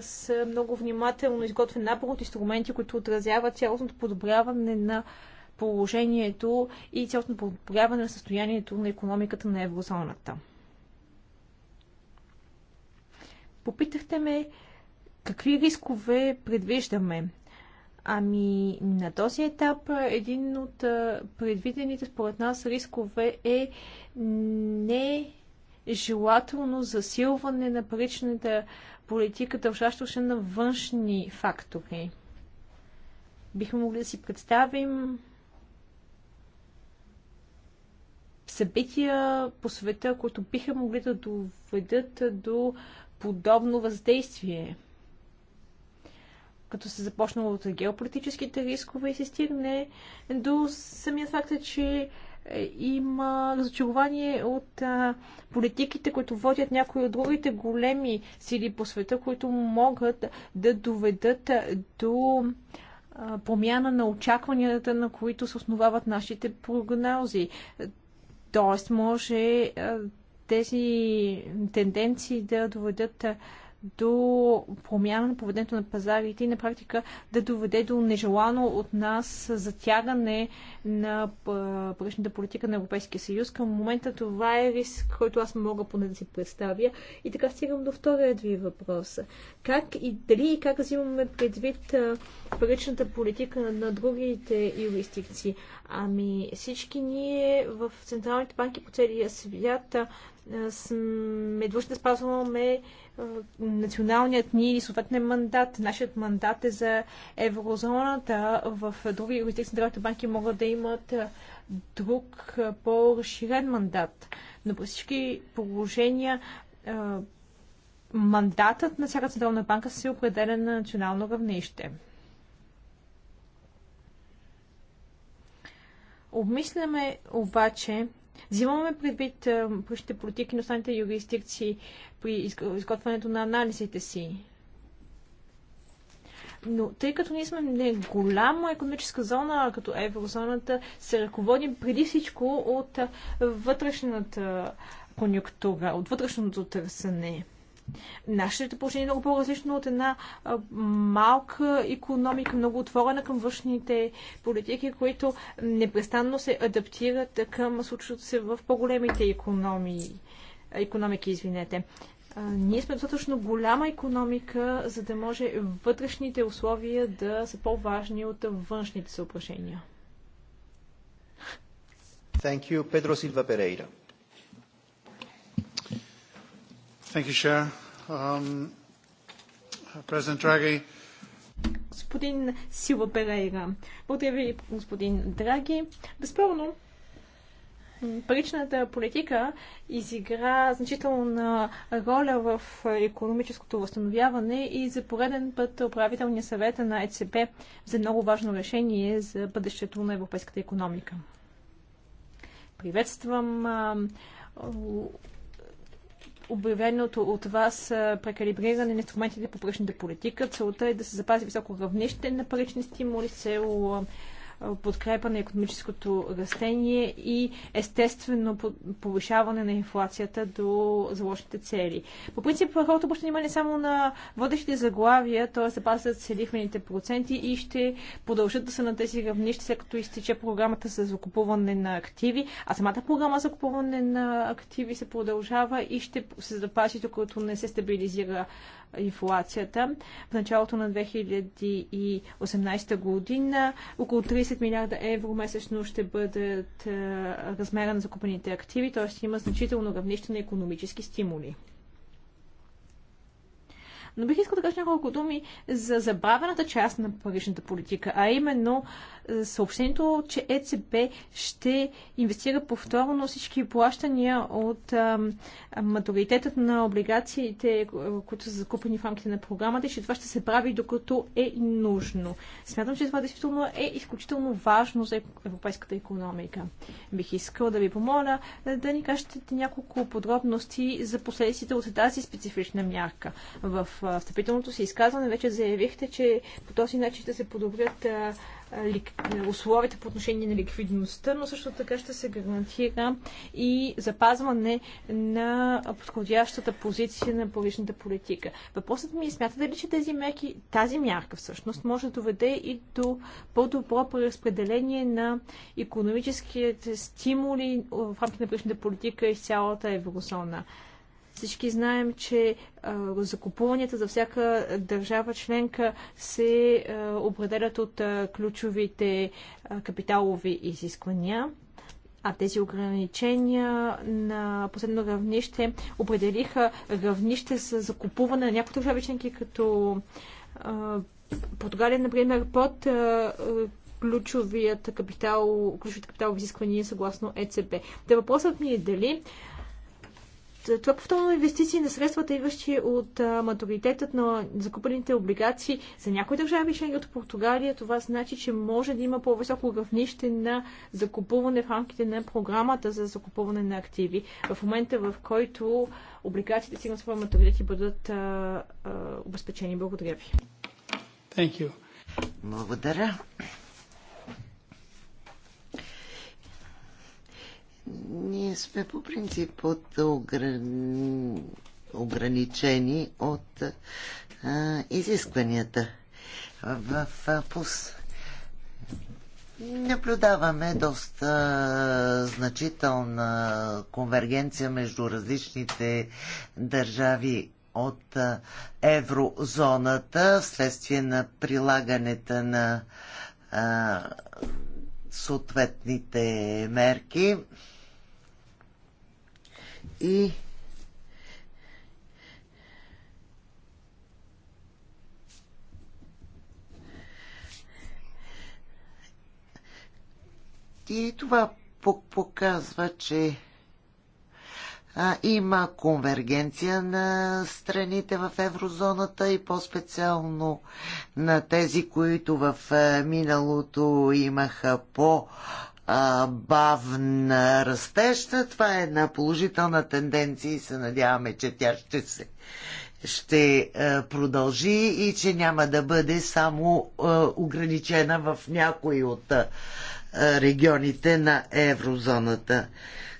са много внимателно изготвен набор от инструменти, които отразяват цялостното подобряване на положението и цялостното подобряване на състоянието на економиката на еврозоната. Попитахте ме какви рискове предвиждаме. Ами на този етап един от предвидените според нас рискове е не желателно засилване на паричната политика, дължащо се на външни фактори. Бихме могли да си представим събития по света, които биха могли да доведат до подобно въздействие. Като се започнало от геополитическите рискове и се стигне до самия факт, че е, има разочарование от а, политиките, които водят някои от другите големи сили по света, които могат да доведат до а, промяна на очакванията, на които се основават нашите прогнози. Тоест, може а, тези тенденции да доведат до промяна на поведението на пазарите и на практика да доведе до нежелано от нас затягане на паричната политика на Европейския съюз. Към момента това е риск, който аз мога поне да си представя. И така стигам до втория ви въпрос. Как и дали и как взимаме предвид паричната политика на другите юрисдикции? Ами всички ние в централните банки по целия свят е, сме длъжни да спазваме е, националният ни или съответния мандат. Нашият мандат е за еврозоната. В други юридически централните банки могат да имат е, друг по-разширен мандат. Но при всички положения мандатът на всяка централна банка се определя на национално равнище. Обмисляме обаче Взимаме предвид е, бъдещите политики на останалите юрисдикции при изготвянето на анализите си. Но тъй като ние сме не голяма економическа зона, като еврозоната, се ръководим преди всичко от вътрешната конъюнктура, от вътрешното търсене. Нашето положение е много по-различно от една малка економика, много отворена към външните политики, които непрестанно се адаптират към случващото се в по-големите економии, економики. Извинете ние сме достатъчно голяма економика, за да може вътрешните условия да са по-важни от външните съображения. Thank you, Pedro Silva Pereira. Thank you, Chair. Um, President Draghi, господин Сила Перейра. Благодаря ви, господин Драги. Безспорно, паричната политика изигра значителна роля в економическото възстановяване и за пореден път управителния съвет на ЕЦП за много важно решение за бъдещето на европейската економика. Приветствам обявеното от вас прекалибриране на инструментите по пръчната политика. Целта е да се запази високо равнище на парични стимули с цел подкрепа на економическото растение и естествено повишаване на инфлацията до заложните цели. По принцип, хората обръщат внимание само на водещите заглавия, т.е. запазят се лихвените проценти и ще продължат да са на тези равнища, след като изтече програмата за закупуване на активи, а самата програма за купуване на активи се продължава и ще се запази, докато не се стабилизира инфлацията. В началото на 2018 година около 30 милиарда евро месечно ще бъдат размера на закупените активи, т.е. има значително равнище на економически стимули. Но бих искал да кажа няколко думи за забавената част на паричната политика, а именно е, съобщението, че ЕЦБ ще инвестира повторно всички плащания от матуритетът на облигациите, е, които са закупени в рамките на програмата и че това ще се прави докато е нужно. Смятам, че това действително е изключително важно за европейската економика. Бих искал да ви помоля е, да ни кажете няколко подробности за последиците от тази специфична мярка. В встъпителното си изказване вече заявихте, че по този начин ще се подобрят условията по отношение на ликвидността, но също така ще се гарантира и запазване на подходящата позиция на публичната политика. Въпросът ми е, смятате ли, че тези мерки, тази мярка всъщност може да доведе и до по-добро преразпределение на економическите стимули в рамките на публичната политика и цялата еврозона? Всички знаем, че закупуванията за всяка държава членка се определят от ключовите капиталови изисквания. А тези ограничения на последно равнище определиха равнище за закупуване на някои държави членки, като Португалия, например, под ключовият капитал, ключовите капиталови изисквания съгласно ЕЦБ. Те въпросът ми е дали това повторно инвестиции на средствата, идващи от матуритетът на закупените облигации за някои държави, членки от Португалия, това значи, че може да има по-високо равнище на закупуване в рамките на програмата за закупуване на активи. В момента, в който облигациите си на своя матуритет и бъдат а, а, обезпечени. Благодаря ви. Thank you. Благодаря. Ние сме по принцип от ограни... ограничени от а, изискванията. В пус наблюдаваме доста значителна конвергенция между различните държави от еврозоната вследствие на прилагането на а, съответните мерки и И това показва, че а, има конвергенция на страните в еврозоната и по-специално на тези, които в миналото имаха по бавна растеща. Това е една положителна тенденция и се надяваме, че тя ще се ще продължи и че няма да бъде само ограничена в някои от регионите на еврозоната.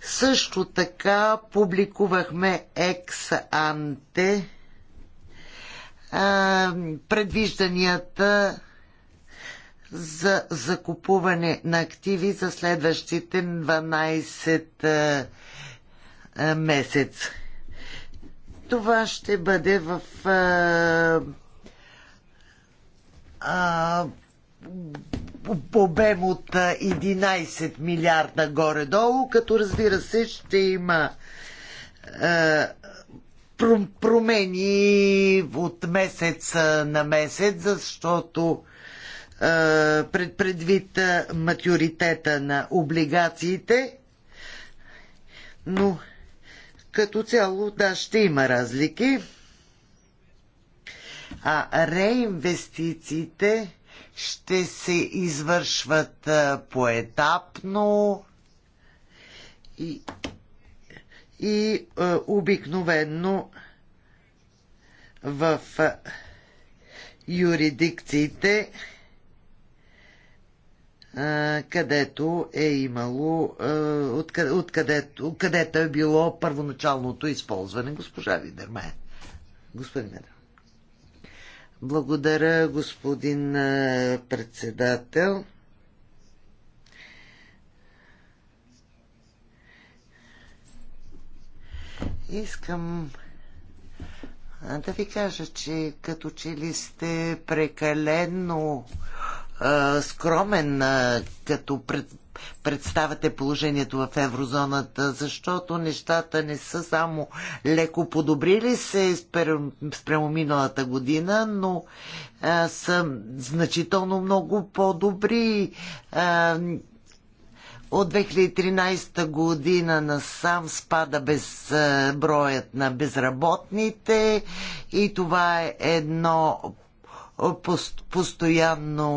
Също така публикувахме екс-анте предвижданията за закупуване на активи за следващите 12 е, е, месец. Това ще бъде в а, е, а, обем от 11 милиарда горе-долу, като разбира се ще има а, промени от месец на месец, защото е, пред, предвид е, матюритета на облигациите, но като цяло, да, ще има разлики. А реинвестициите ще се извършват е, поетапно и, и обикновенно в юридикциите където е имало, откъдето, където е било първоначалното използване. Госпожа Видерме. Господин Медер. Благодаря, господин председател. Искам да ви кажа, че като че ли сте прекалено скромен а, като пред, представяте положението в еврозоната, защото нещата не са само леко подобрили се спрямо миналата година, но а, са значително много по-добри. От 2013 година насам спада без броят на безработните и това е едно постоянно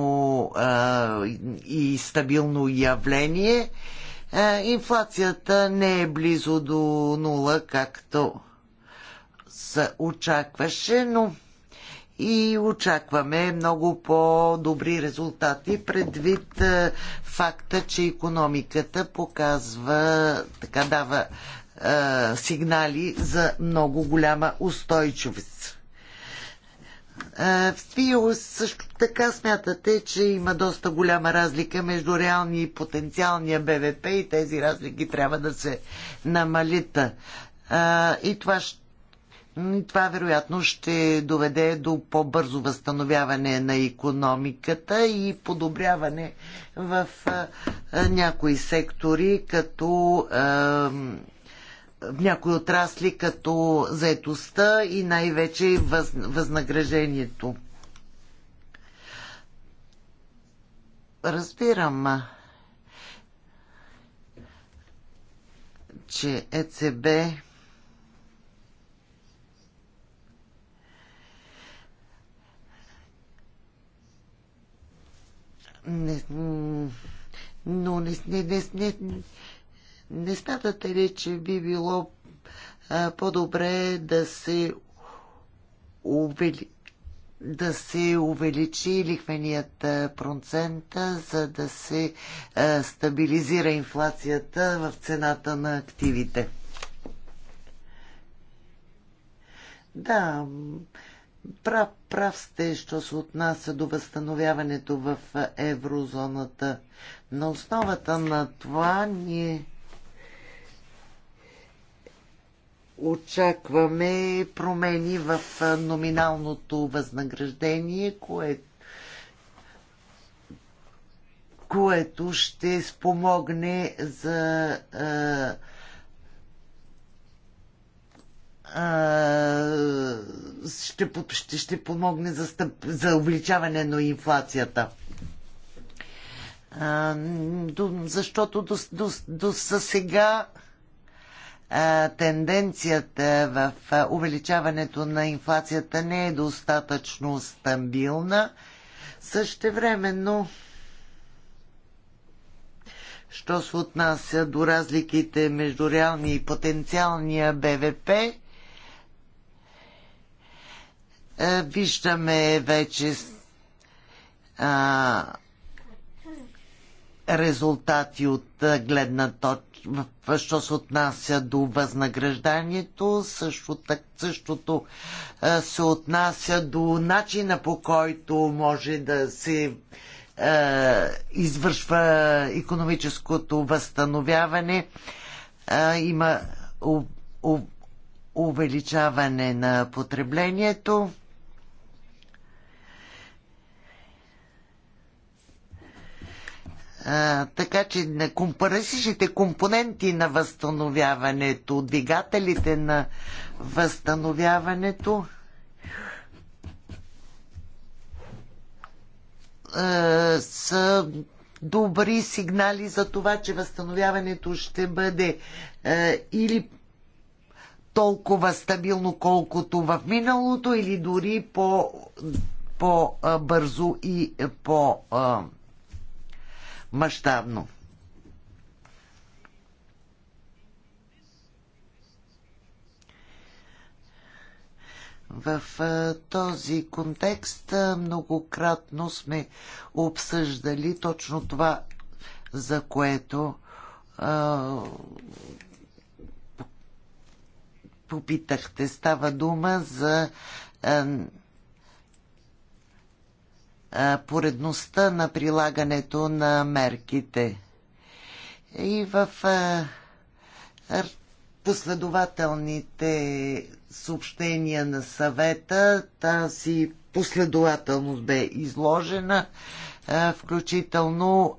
и стабилно явление. Инфлацията не е близо до нула, както се очакваше, но и очакваме много по-добри резултати предвид факта, че економиката показва, така дава сигнали за много голяма устойчивост. Вие също така смятате, че има доста голяма разлика между реалния и потенциалния БВП и тези разлики трябва да се намалят. И това, това вероятно ще доведе до по-бързо възстановяване на економиката и подобряване в някои сектори, като в някои отрасли, като заетостта и най-вече въз, възнаграждението. Разбирам, че ЕЦБ не, но не, не, не, не, не смятате ли, че би било по-добре да се увели, да се увеличи лихвеният процент, за да се стабилизира инфлацията в цената на активите? Да, прав, прав сте, що се отнася до възстановяването в еврозоната. На основата на това ние очакваме промени в номиналното възнаграждение, което което ще спомогне за а, а, ще, ще, ще помогне за, стъп, за увеличаване на инфлацията. А, до, защото до, до, до, сега тенденцията в увеличаването на инфлацията не е достатъчно стабилна. Същевременно, що се отнася до разликите между реалния и потенциалния БВП, виждаме вече а, резултати от гледна точка, що се отнася до възнаграждението, също так, същото се отнася до начина по който може да се е, извършва економическото възстановяване. Е, има у, у, увеличаване на потреблението. така че компарисичните компоненти на възстановяването, двигателите на възстановяването а, са добри сигнали за това, че възстановяването ще бъде а, или толкова стабилно, колкото в миналото, или дори по, по-бързо и по- е, мащабно. В този контекст многократно сме обсъждали точно това, за което а, попитахте. Става дума за а, поредността на прилагането на мерките. И в последователните съобщения на съвета тази последователност бе изложена, включително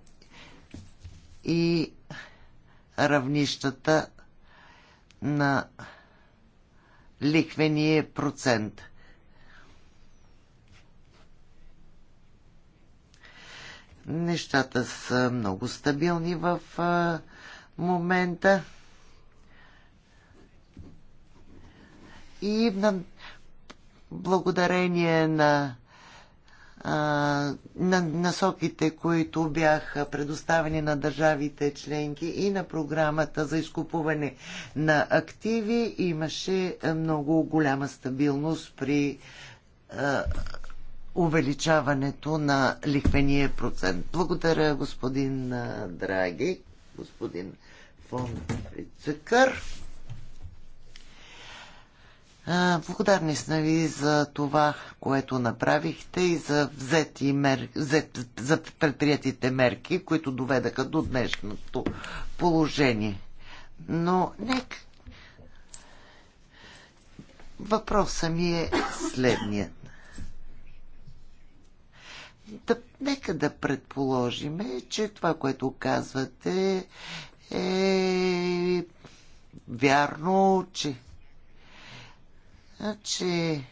и равнищата на лихвения процент. Нещата са много стабилни в момента. И на, благодарение на на насоките, които бяха предоставени на държавите членки и на програмата за изкупуване на активи, имаше много голяма стабилност при увеличаването на лихвения процент. Благодаря, господин Драги, господин фон Фрицекър. Благодарни сме ви за това, което направихте и за, взети мер... за предприятите мерки, които доведаха до днешното положение. Но нека. Въпросът ми е следният да, нека да предположиме, че това, което казвате е вярно, че, че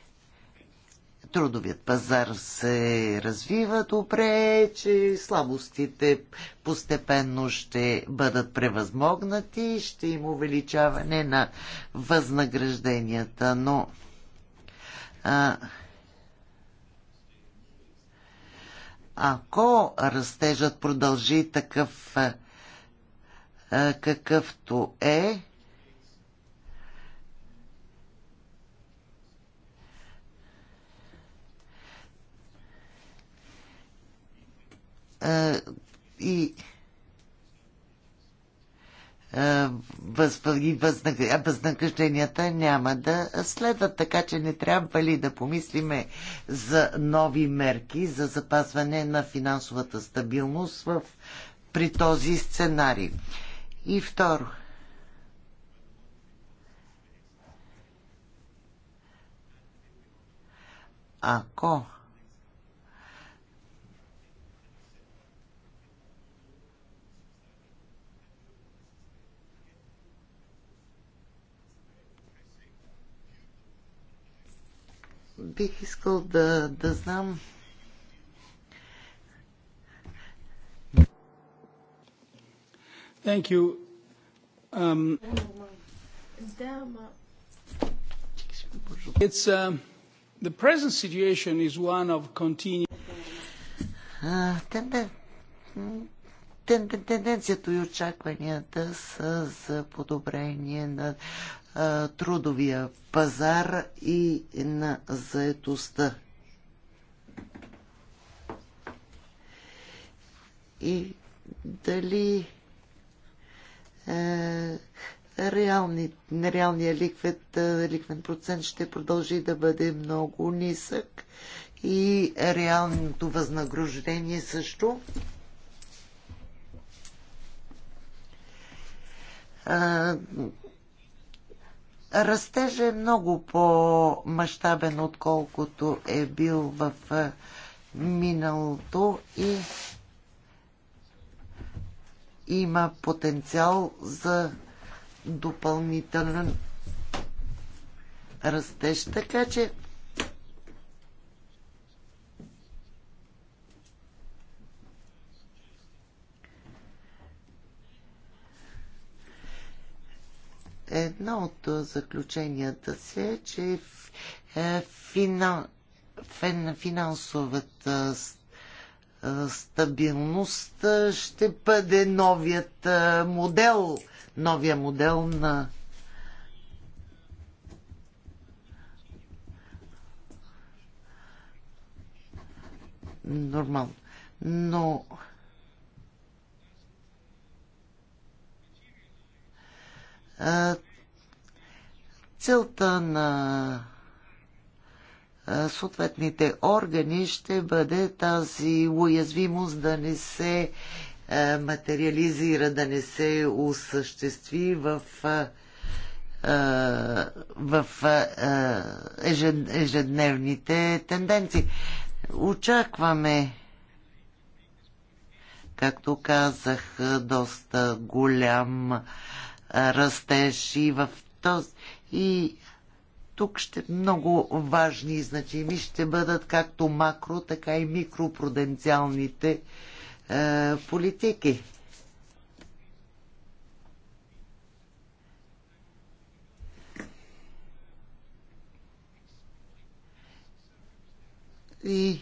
трудовият пазар се развива добре, че слабостите постепенно ще бъдат превъзмогнати, ще има увеличаване на възнагражденията, но а, Ако растежът продължи такъв е, е, какъвто е, е и е, въз, възнагражденията няма да следват. Така че не трябва ли да помислиме за нови мерки за запазване на финансовата стабилност в, при този сценарий? И второ, ако бих искал да, да знам. Thank you. Um, it's, uh, the present situation is one of continuing. тенденцията и очакванията са за подобрение на трудовия пазар и на заетостта. И дали е, реални, нереалният ликвет, ликвен процент ще продължи да бъде много нисък и реалното възнаграждение също. А, Растежа е много по-мащабен, отколкото е бил в миналото и има потенциал за допълнителен растеж. Така че Едно от заключенията си е, че е, финал, финансовата е, стабилност ще бъде новият е, модел, новия модел на нормално. Но Целта на съответните органи ще бъде тази уязвимост да не се материализира, да не се осъществи в, в ежедневните тенденции. Очакваме, както казах, доста голям растеж и в този... И тук ще много важни и значими ще бъдат както макро, така и микропроденциалните е, политики. И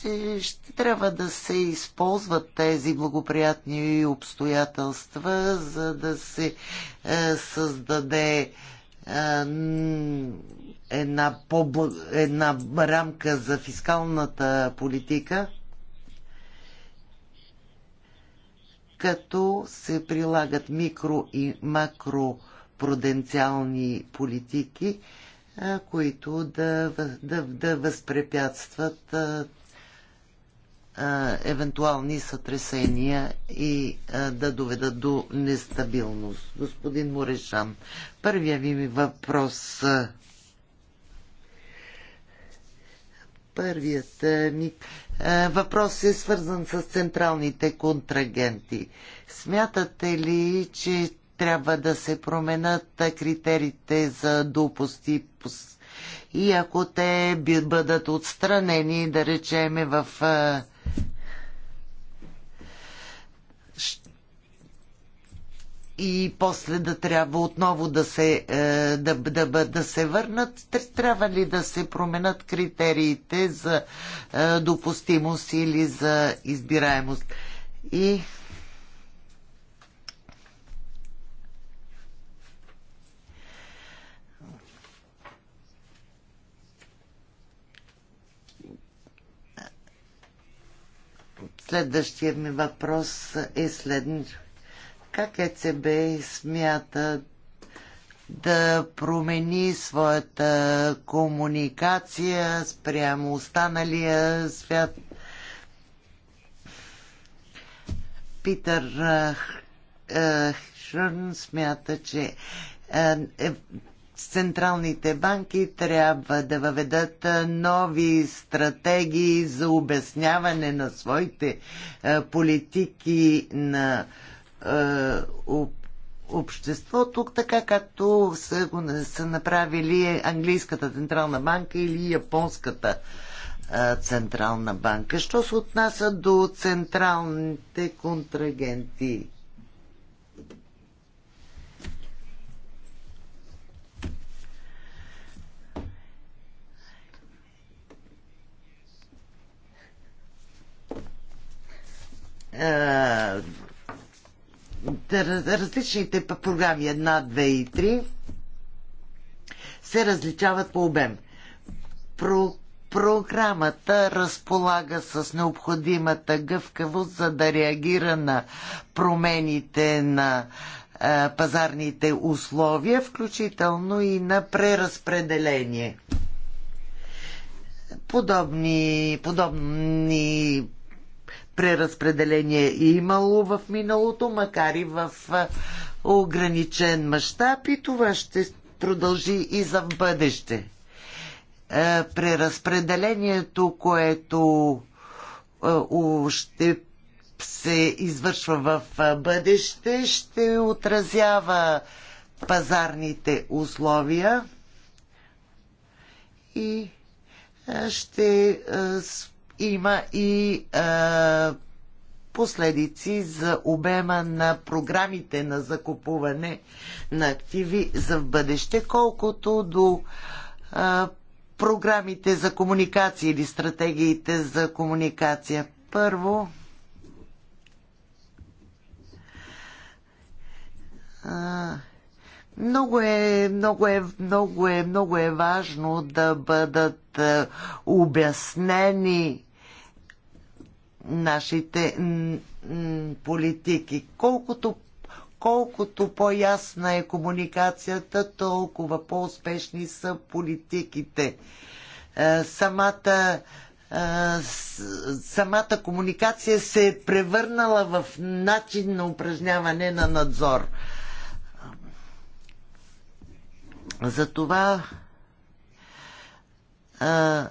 ще, ще трябва да се използват тези благоприятни обстоятелства, за да се е, създаде е, една, по една рамка за фискалната политика, като се прилагат микро и макро пруденциални политики, е, които да, да, да възпрепятстват е, евентуални сътресения и да доведат до нестабилност. Господин Морешан, първия ви ми въпрос. Първият ми въпрос е свързан с централните контрагенти. Смятате ли, че трябва да се променят критериите за допусти и ако те бъдат отстранени, да речеме, в и после да трябва отново да се, е, да, да, да се върнат? Трябва ли да се променят критериите за е, допустимост или за избираемост? И Следващия ми въпрос е следният. Как ЕЦБ смята да промени своята комуникация спрямо останалия свят? Питър Шърн смята, че е, централните банки трябва да въведат нови стратегии за обясняване на своите политики на обществото, така както са, го, са направили Английската централна банка или Японската централна банка. Що се отнася до централните контрагенти? Е, различните програми 1, 2 и 3 се различават по обем. Про, програмата разполага с необходимата гъвкавост, за да реагира на промените на е, пазарните условия, включително и на преразпределение. Подобни, подобни преразпределение е имало в миналото, макар и в ограничен мащаб и това ще продължи и за в бъдеще. Е, преразпределението, което е, ще се извършва в бъдеще, ще отразява пазарните условия и ще има и а, последици за обема на програмите на закупуване на активи за в бъдеще, колкото до а, програмите за комуникация или стратегиите за комуникация. Първо, много е, много е, много е, много е важно да бъдат обяснени нашите политики. Колкото колкото по-ясна е комуникацията, толкова по-успешни са политиките. Е, самата, е, самата комуникация се е превърнала в начин на упражняване на надзор. Затова е,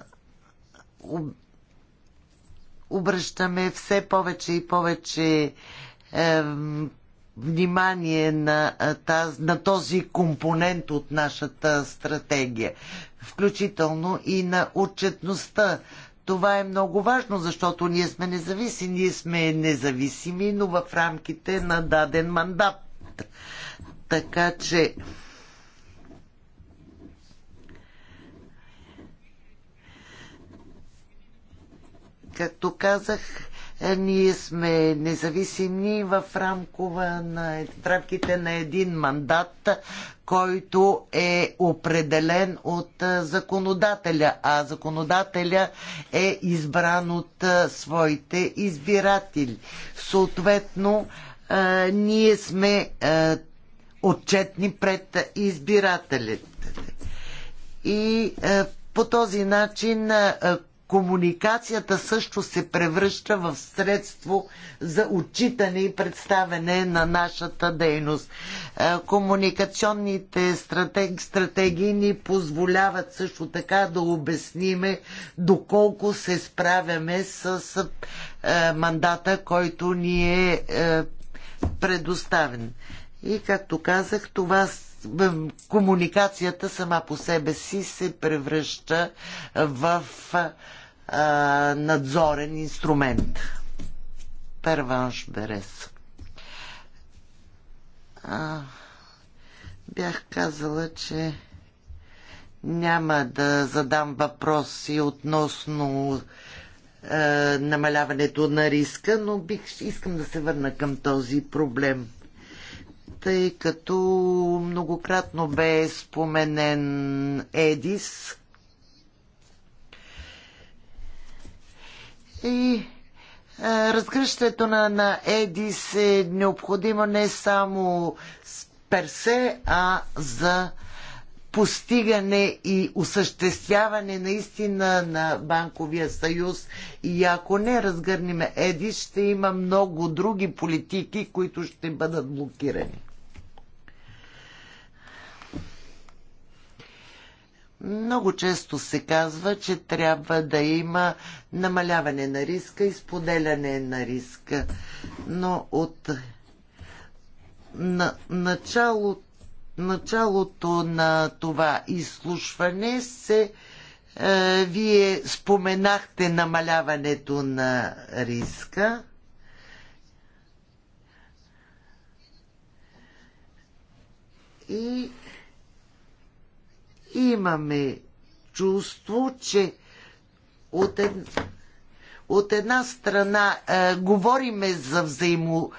обръщаме все повече и повече е, внимание на, е, таз, на този компонент от нашата стратегия, включително и на отчетността. Това е много важно, защото ние сме независими, ние сме независими, но в рамките на даден мандат. Така че Както казах, е, ние сме независими в, рамкова на, в рамките на един мандат, който е определен от е, законодателя, а законодателя е избран от е, своите избиратели. Съответно, ние сме отчетни пред избирателите. И по този начин комуникацията също се превръща в средство за отчитане и представяне на нашата дейност. Е, комуникационните стратегии ни позволяват също така да обясниме доколко се справяме с е, мандата, който ни е, е предоставен. И както казах, това комуникацията сама по себе си се превръща в надзорен инструмент. Перванш Берес. А, бях казала, че няма да задам въпроси относно а, намаляването на риска, но бих, искам да се върна към този проблем. Тъй като многократно бе споменен Едис, И е, разгръщането на, на ЕДИС е необходимо не само с персе, а за постигане и осъществяване наистина на банковия съюз. И ако не разгърнем ЕДИС, ще има много други политики, които ще бъдат блокирани. Много често се казва, че трябва да има намаляване на риска и споделяне на риска. Но от на, начало, началото на това изслушване се е, вие споменахте намаляването на риска. И имаме чувство, че от, ед... от една страна е, говориме за взаимо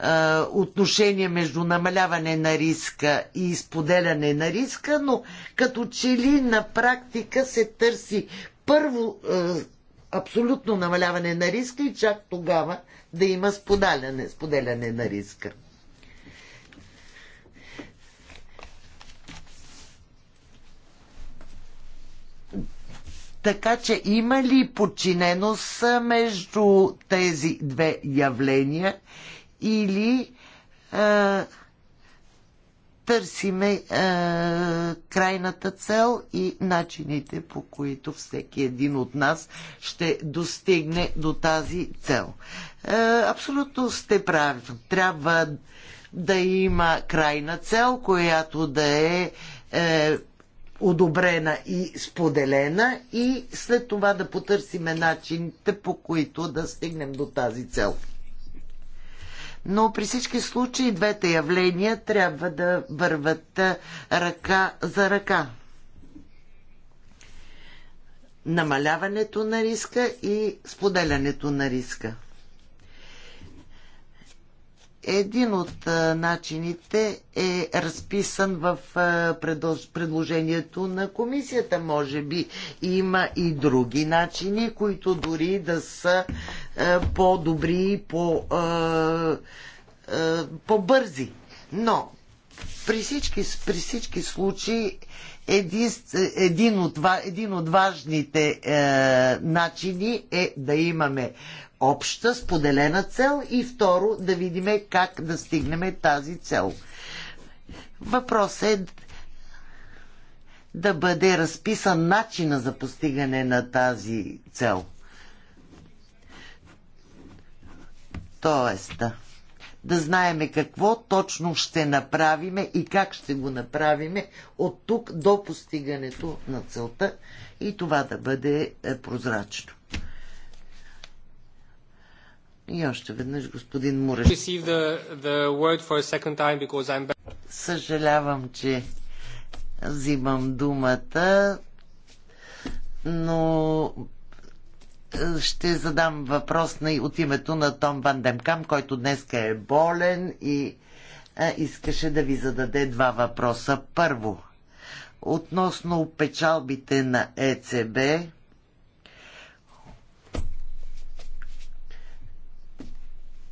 е, отношение между намаляване на риска и изподеляне на риска, но като че ли на практика се търси първо е, абсолютно намаляване на риска и чак тогава да има споделяне, споделяне на риска. Така че има ли подчиненост между тези две явления или а, търсиме а, крайната цел и начините по които всеки един от нас ще достигне до тази цел? А, абсолютно сте прави. Трябва да има крайна цел, която да е, е одобрена и споделена и след това да потърсиме начините по които да стигнем до тази цел. Но при всички случаи двете явления трябва да върват ръка за ръка. Намаляването на риска и споделянето на риска. Един от начините е разписан в предложението на комисията. Може би има и други начини, които дори да са по-добри, и по-бързи. Но при всички, при всички случаи един, един, от, един от важните е, начини е да имаме обща, споделена цел и второ да видиме как да стигнем тази цел. Въпросът е да бъде разписан начина за постигане на тази цел. Тоест, да знаеме какво точно ще направиме и как ще го направиме от тук до постигането на целта и това да бъде е, прозрачно. И още веднъж господин Муреш. Съжалявам, че взимам думата, но е, ще задам въпрос на, от името на Том Ван Демкам, който днес е болен и а, е, искаше да ви зададе два въпроса. Първо, относно печалбите на ЕЦБ,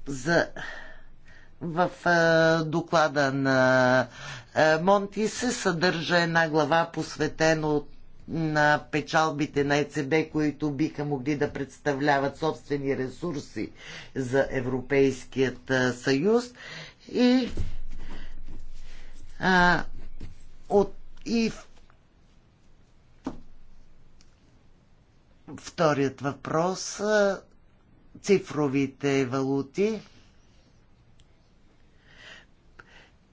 за в а, доклада на а, Монти се съдържа една глава посветена на печалбите на ЕЦБ, които биха могли да представляват собствени ресурси за Европейският съюз и а, от и вторият въпрос а, цифровите валути.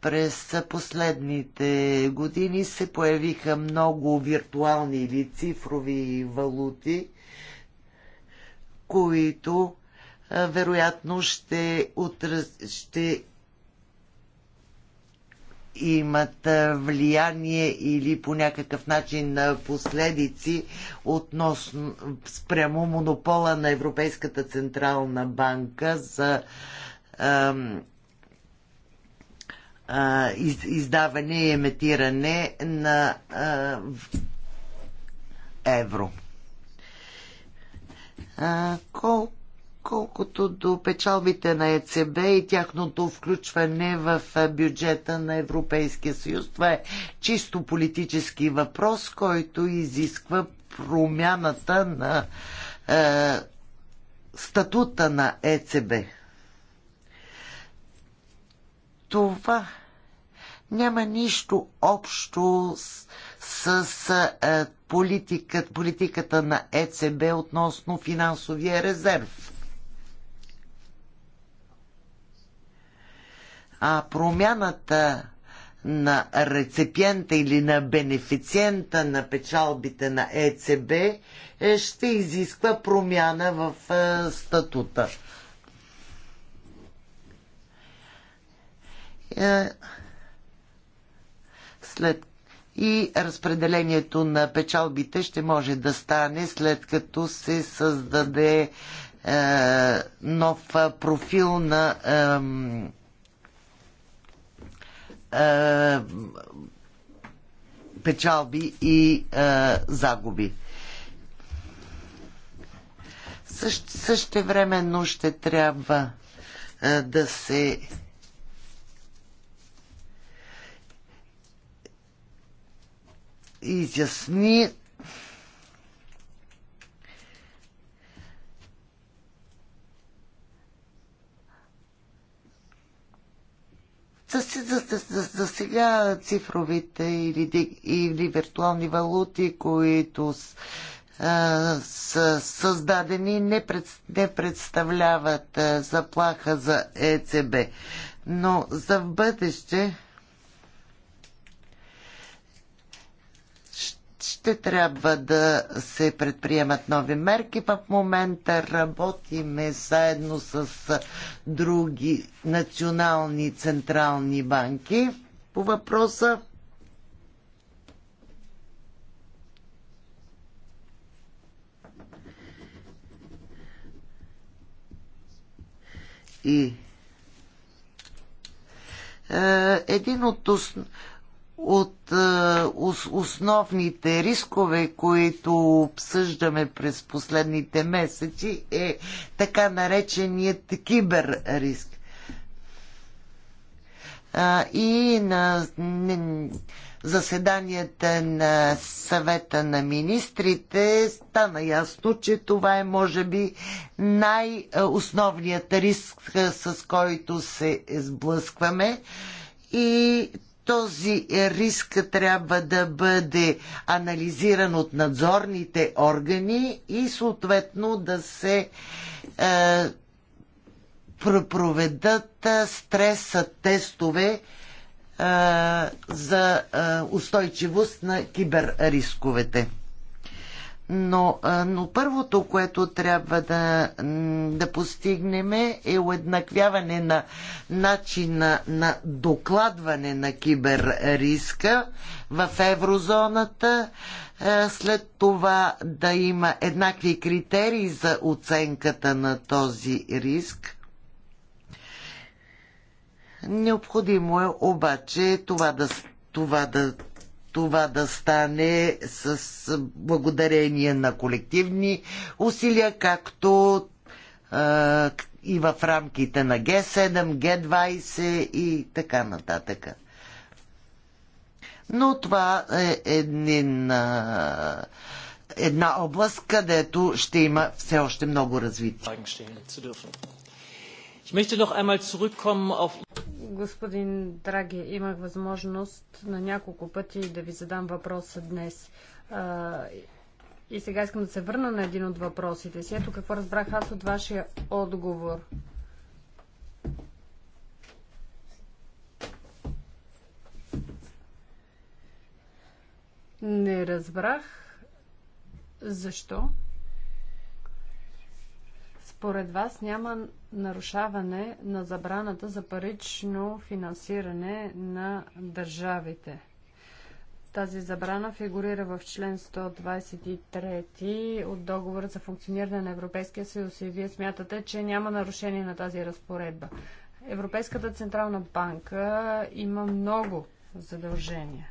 През последните години се появиха много виртуални или цифрови валути, които вероятно ще, отраз... ще имат влияние или по някакъв начин последици относно спрямо монопола на Европейската централна банка за издаване и емитиране на евро. колко Колкото до печалбите на ЕЦБ и тяхното включване в бюджета на Европейския съюз, това е чисто политически въпрос, който изисква промяната на е, статута на ЕЦБ. Това няма нищо общо с, с, с е, политика, политиката на ЕЦБ относно финансовия резерв. а промяната на реципиента или на бенефициента на печалбите на ЕЦБ е, ще изисква промяна в е, статута. Е, след и разпределението на печалбите ще може да стане след като се създаде е, нов профил на е, е, печалби и е, загуби. Също, същевременно ще трябва е, да се изясни За, за, за, за, за сега цифровите или, или виртуални валути, които с, а, са създадени, не, пред, не представляват а, заплаха за ЕЦБ. Но за в бъдеще ще трябва да се предприемат нови мерки. В момента работиме заедно с други национални централни банки по въпроса. И е, един от основ от е, основните рискове, които обсъждаме през последните месеци, е така нареченият киберриск. И на заседанията на съвета на министрите стана ясно, че това е може би най-основният риск, с който се сблъскваме. И този риск трябва да бъде анализиран от надзорните органи и съответно да се е, проведат е, стрес е, тестове е, за е, устойчивост на киберрисковете. Но, но първото, което трябва да, да постигнем е уеднаквяване на начина на докладване на киберриска в еврозоната, след това да има еднакви критерии за оценката на този риск. Необходимо е обаче това да, това да това да стане с благодарение на колективни усилия, както и в рамките на Г7, Г20 и така нататък. Но това е един, една област, където ще има все още много развитие. Господин Драги, имах възможност на няколко пъти да ви задам въпроса днес. И сега искам да се върна на един от въпросите си. Ето какво разбрах аз от вашия отговор. Не разбрах защо. Според вас няма нарушаване на забраната за парично финансиране на държавите. Тази забрана фигурира в член 123 от договора за функциониране на Европейския съюз и вие смятате, че няма нарушение на тази разпоредба. Европейската централна банка има много задължения.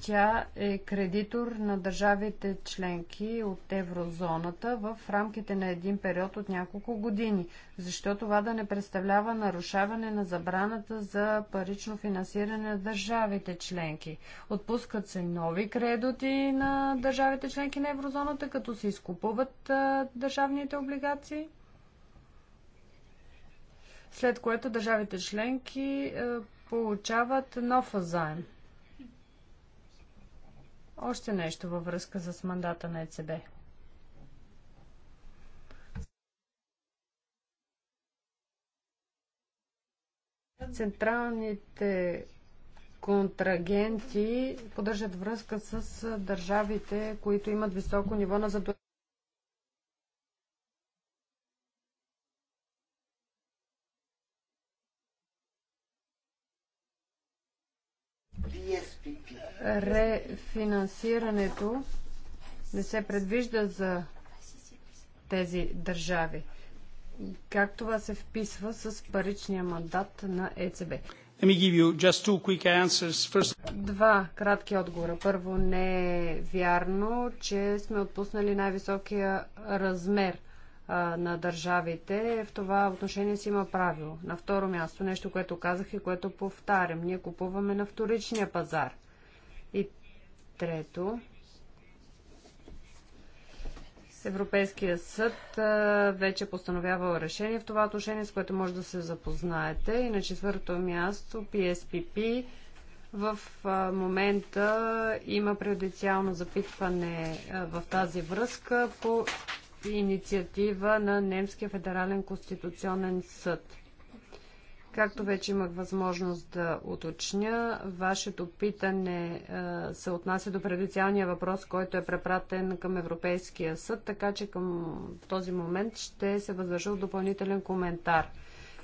Тя е кредитор на държавите членки от еврозоната в рамките на един период от няколко години. Защо това да не представлява нарушаване на забраната за парично финансиране на държавите членки? Отпускат се нови кредити на държавите членки на еврозоната, като се изкупуват държавните облигации? След което държавите членки получават нов заем. Още нещо във връзка с мандата на ЕЦБ. Централните контрагенти поддържат връзка с държавите, които имат високо ниво на задължение. рефинансирането не се предвижда за тези държави. Как това се вписва с паричния мандат на ЕЦБ? Два кратки отговора. Първо, не е вярно, че сме отпуснали най-високия размер а, на държавите. В това отношение си има правило. На второ място, нещо, което казах и което повтарям. Ние купуваме на вторичния пазар – и трето, Европейския съд вече постановява е постановявал решение в това отношение, с което може да се запознаете. И на четвърто място PSPP. В момента има преодициално запитване в тази връзка по инициатива на Немския федерален конституционен съд. Както вече имах възможност да уточня, вашето питане е, се отнася до предициалния въпрос, който е препратен към Европейския съд, така че към този момент ще се въздържа от допълнителен коментар.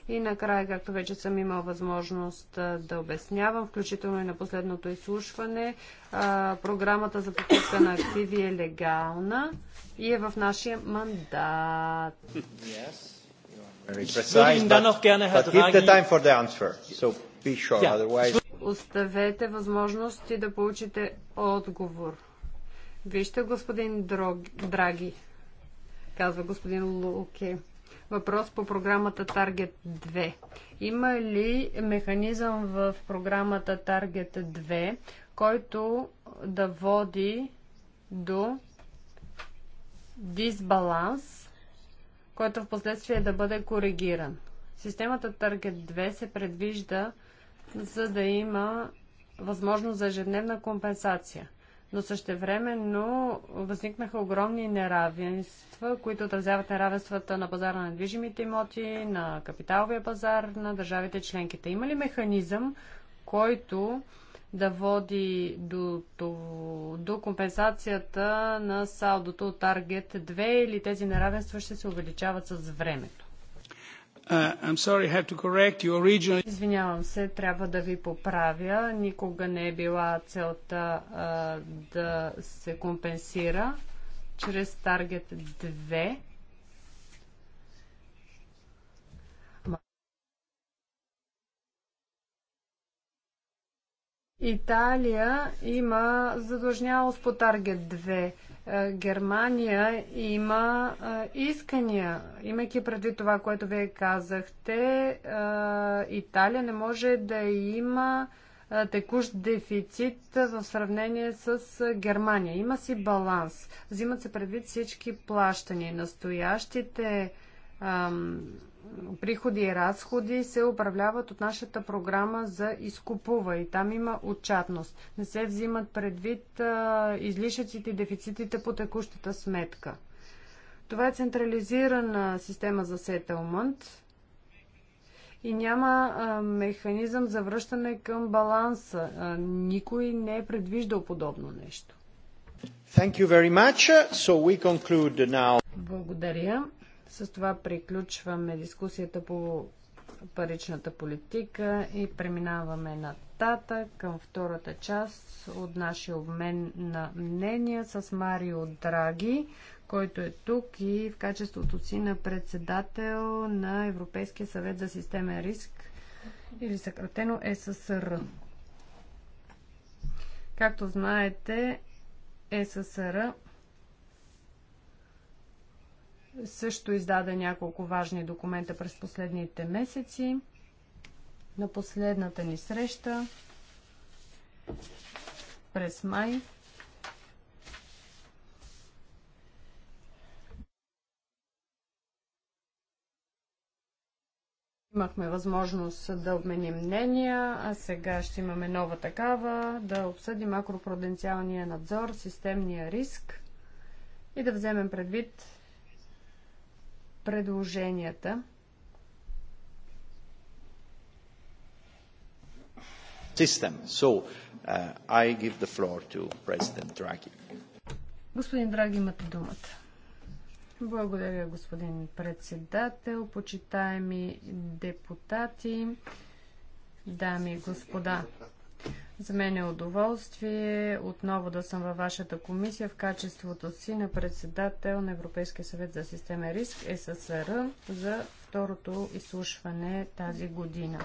И накрая, както вече съм имал възможност е, да обяснявам, включително и на последното изслушване, е, програмата за покупка на активи е легална и е в нашия мандат. Yes. Оставете възможност и да получите отговор. Вижте, господин Драги, казва господин Луке. Въпрос по програмата Target 2. Има ли механизъм в програмата Target 2, който да води до дисбаланс който в последствие да бъде коригиран. Системата Target 2 се предвижда за да има възможност за ежедневна компенсация. Но същевременно възникнаха огромни неравенства, които отразяват неравенствата на пазара на недвижимите имоти, на капиталовия пазар, на държавите членките. Има ли механизъм, който да води до, до, до компенсацията на салдото от Target 2 или тези неравенства ще се увеличават с времето? Uh, sorry, original... Извинявам се, трябва да ви поправя. Никога не е била целта uh, да се компенсира чрез Target 2. Италия има задлъжнялост по Таргет 2. Е, Германия има е, искания. Имайки преди това, което вие казахте, е, Италия не може да има текущ дефицит в сравнение с Германия. Има си баланс. Взимат се предвид всички плащания. Настоящите ам, приходи и разходи се управляват от нашата програма за изкупува и там има отчатност. Не се взимат предвид а, излишъците и дефицитите по текущата сметка. Това е централизирана система за сетълмент и няма а, механизъм за връщане към баланса. А, никой не е предвиждал подобно нещо. Thank you very much. So we conclude now. Благодаря. С това приключваме дискусията по паричната политика и преминаваме нататък към втората част от нашия обмен на мнения с Марио Драги, който е тук и в качеството си на председател на Европейския съвет за системен риск или съкратено е ССР. Както знаете, е ССР също издаде няколко важни документа през последните месеци. На последната ни среща през май Имахме възможност да обменим мнения, а сега ще имаме нова такава, да обсъдим макропруденциалния надзор, системния риск и да вземем предвид предложенията. System. So, uh, I give the floor to President Draghi. Господин Драги, имате думата. Благодаря, господин председател, почитаеми депутати, дами и господа. За мен е удоволствие отново да съм във вашата комисия в качеството си на председател на Европейския съвет за системен риск ССР за второто изслушване тази година.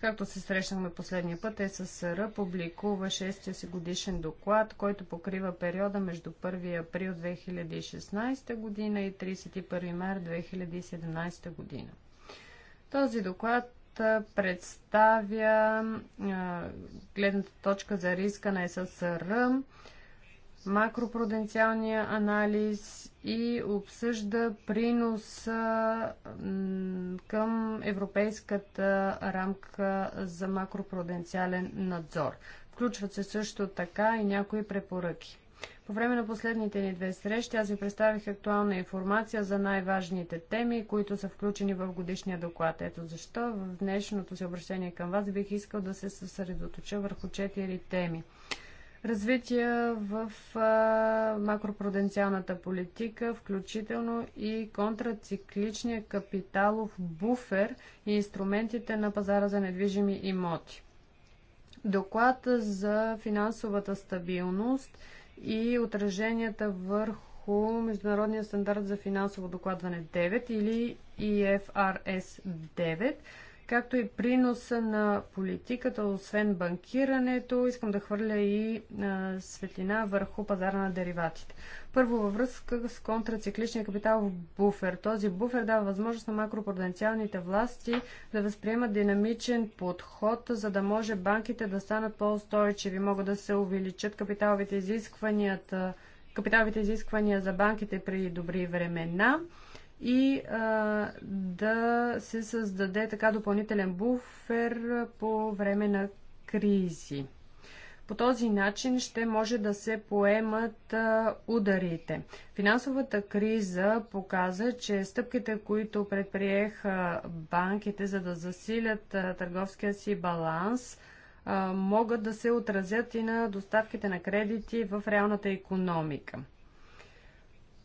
Както се срещнахме последния път, ССР публикува 6-я си годишен доклад, който покрива периода между 1 април 2016 година и 31 март 2017 година. Този доклад представя гледната точка за риска на ССР, макропруденциалния анализ и обсъжда приноса към европейската рамка за макропруденциален надзор. Включват се също така и някои препоръки. По време на последните ни две срещи аз ви представих актуална информация за най-важните теми, които са включени в годишния доклад. Ето защо в днешното си обращение към вас бих искал да се съсредоточа върху четири теми. Развитие в а, макропруденциалната политика, включително и контрацикличния капиталов буфер и инструментите на пазара за недвижими имоти. Доклад за финансовата стабилност – и отраженията върху Международния стандарт за финансово докладване 9 или IFRS 9 както и приноса на политиката, освен банкирането. Искам да хвърля и а, светлина върху пазара на дериватите. Първо във връзка с контрацикличния капитал в буфер. Този буфер дава възможност на макропруденциалните власти да възприемат динамичен подход, за да може банките да станат по-устойчиви, могат да се увеличат капиталовите изискванията, капиталовите изисквания за банките при добри времена и а, да се създаде така допълнителен буфер по време на кризи. По този начин ще може да се поемат а, ударите. Финансовата криза показа, че стъпките, които предприеха банките, за да засилят а, търговския си баланс, а, могат да се отразят и на доставките на кредити в реалната економика.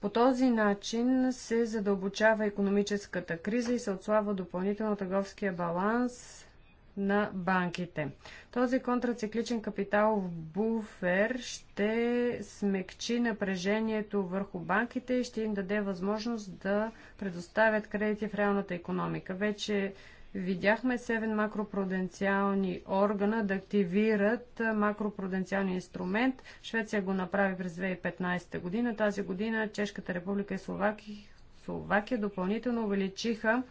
По този начин се задълбочава економическата криза и се отслабва допълнително търговския баланс на банките. Този контрацикличен капитал в буфер ще смекчи напрежението върху банките и ще им даде възможност да предоставят кредити в реалната економика. Вече видяхме 7 макропруденциални органа да активират макропруденциалния инструмент. Швеция го направи през 2015 година. Тази година Чешката република и Словакия, Словакия допълнително увеличиха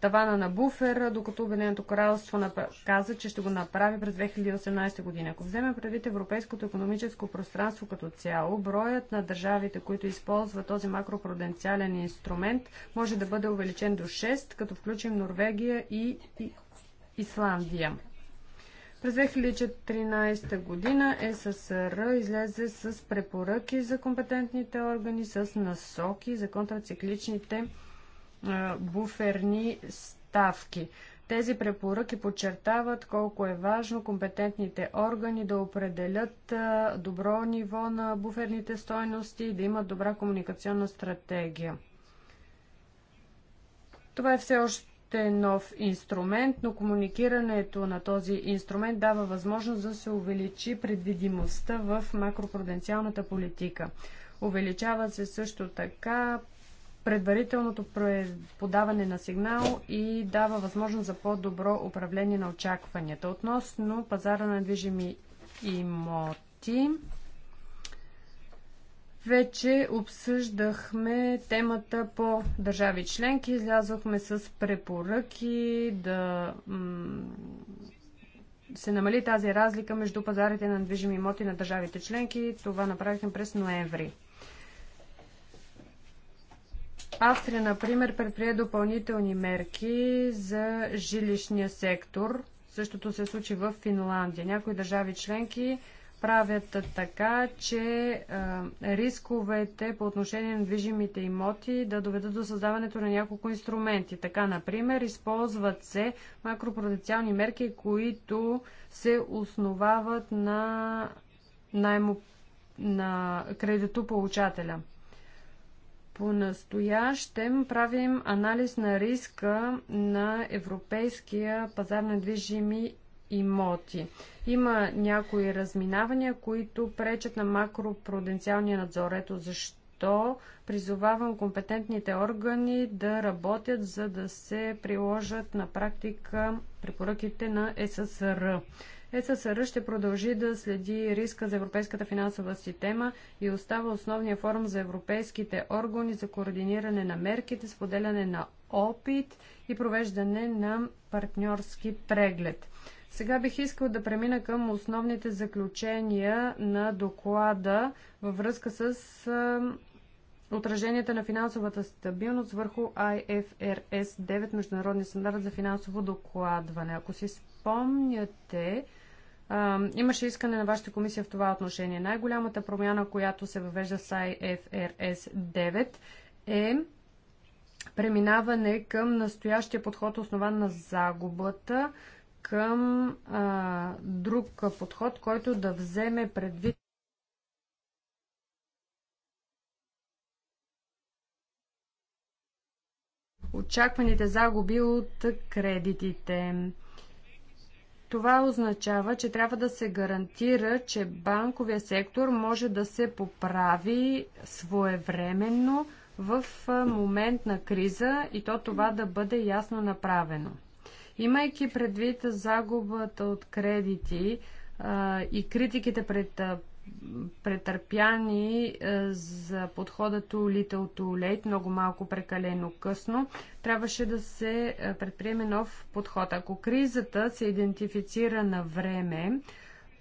тавана на буфер, докато Обединеното кралство каза, че ще го направи през 2018 година. Ако вземем предвид Европейското економическо пространство като цяло, броят на държавите, които използват този макропруденциален инструмент, може да бъде увеличен до 6, като включим Норвегия и, Исландия. През 2014 година СССР излезе с препоръки за компетентните органи, с насоки за контрацикличните буферни ставки. Тези препоръки подчертават колко е важно компетентните органи да определят добро ниво на буферните стойности и да имат добра комуникационна стратегия. Това е все още нов инструмент, но комуникирането на този инструмент дава възможност да се увеличи предвидимостта в макропруденциалната политика. Увеличават се също така предварителното подаване на сигнал и дава възможност за по-добро управление на очакванията. Относно пазара на движими имоти, вече обсъждахме темата по държави членки, излязохме с препоръки да се намали тази разлика между пазарите на недвижими имоти на държавите членки. Това направихме през ноември. Австрия, например, предприе допълнителни мерки за жилищния сектор. Същото се случи в Финландия. Някои държави членки правят така, че а, рисковете по отношение на движимите имоти да доведат до създаването на няколко инструменти. Така, например, използват се макропруденциални мерки, които се основават на, наймо, на кредитополучателя. По-настоящем правим анализ на риска на европейския пазар на движими имоти. Има някои разминавания, които пречат на макропруденциалния надзор. Ето защо призовавам компетентните органи да работят, за да се приложат на практика препоръките на ССР. ЕССР ще продължи да следи риска за европейската финансова система и остава основния форум за европейските органи за координиране на мерките, споделяне на опит и провеждане на партньорски преглед. Сега бих искал да премина към основните заключения на доклада във връзка с отраженията на финансовата стабилност върху IFRS 9 Международния стандарт за финансово докладване. Ако си спомняте, имаше искане на вашата комисия в това отношение. Най-голямата промяна, която се въвежда с IFRS 9 е преминаване към настоящия подход, основан на загубата, към а, друг подход, който да вземе предвид очакваните загуби от кредитите. Това означава, че трябва да се гарантира, че банковия сектор може да се поправи своевременно в момент на криза и то това да бъде ясно направено. Имайки предвид загубата от кредити а, и критиките пред претърпяни е, за подхода to late, много малко прекалено късно, трябваше да се е, предприеме нов подход. Ако кризата се идентифицира на време,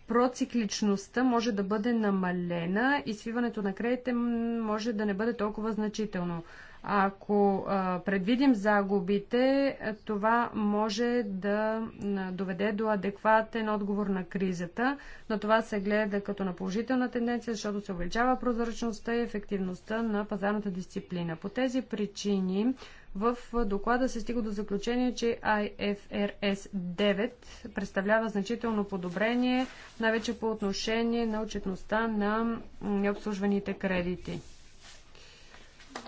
процикличността може да бъде намалена и свиването на кредите може да не бъде толкова значително. Ако предвидим загубите, това може да доведе до адекватен отговор на кризата. но това се гледа като на положителна тенденция, защото се увеличава прозрачността и ефективността на пазарната дисциплина. По тези причини в доклада се стига до заключение, че IFRS 9 представлява значително подобрение, най-вече по отношение на отчетността на необслужваните кредити.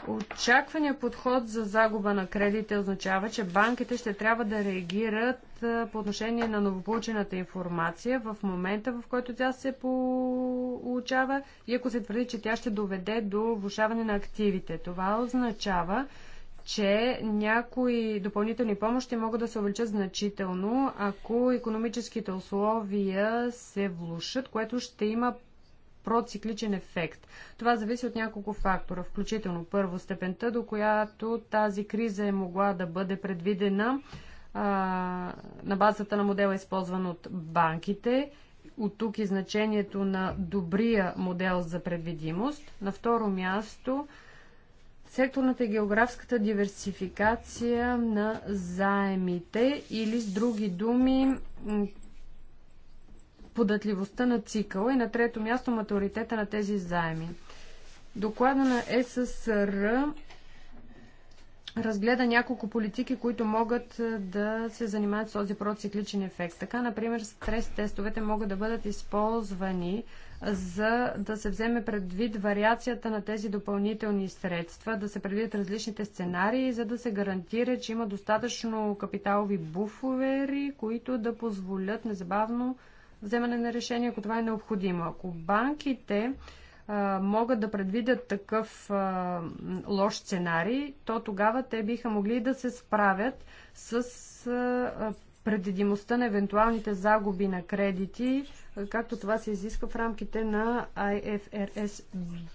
Очаквания подход за загуба на кредите означава, че банките ще трябва да реагират по отношение на новополучената информация в момента, в който тя се получава и ако се твърди, че тя ще доведе до влушаване на активите. Това означава, че някои допълнителни помощи могат да се увеличат значително, ако економическите условия се влушат, което ще има процикличен ефект. Това зависи от няколко фактора, включително първо степента, до която тази криза е могла да бъде предвидена а, на базата на модела, използван от банките. От тук и значението на добрия модел за предвидимост. На второ място секторната и географската диверсификация на заемите или с други думи податливостта на цикъла и на трето място матуритета на тези заеми. Доклада на ССР разгледа няколко политики, които могат да се занимават с този процикличен ефект. Така, например, стрес-тестовете могат да бъдат използвани за да се вземе предвид вариацията на тези допълнителни средства, да се предвидят различните сценарии, за да се гарантира, че има достатъчно капиталови буфовери, които да позволят незабавно вземане на решение, ако това е необходимо. Ако банките а, могат да предвидят такъв а, лош сценарий, то тогава те биха могли да се справят с а, предвидимостта на евентуалните загуби на кредити, както това се изисква в рамките на IFRS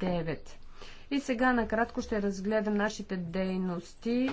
9. И сега накратко ще разгледам нашите дейности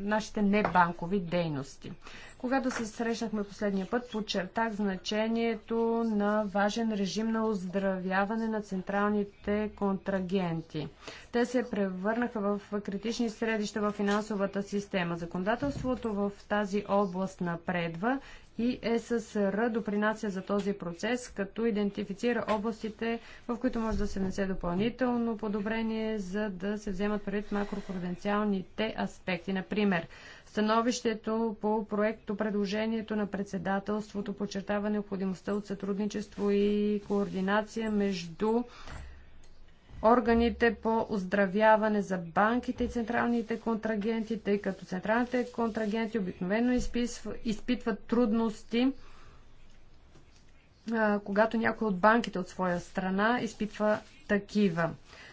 нашите небанкови дейности. Когато се срещнахме последния път, подчертах значението на важен режим на оздравяване на централните контрагенти. Те се превърнаха в критични средища в финансовата система. Законодателството в тази област напредва и ЕССР допринася за този процес, като идентифицира областите, в които може да се внесе допълнително подобрение, за да се вземат предвид макропруденциалните аспекти. Например, Становището по проекто предложението на председателството подчертава необходимостта от сътрудничество и координация между органите по оздравяване за банките и централните контрагенти, тъй като централните контрагенти обикновено изписва, изпитват трудности, когато някой от банките от своя страна изпитва такива.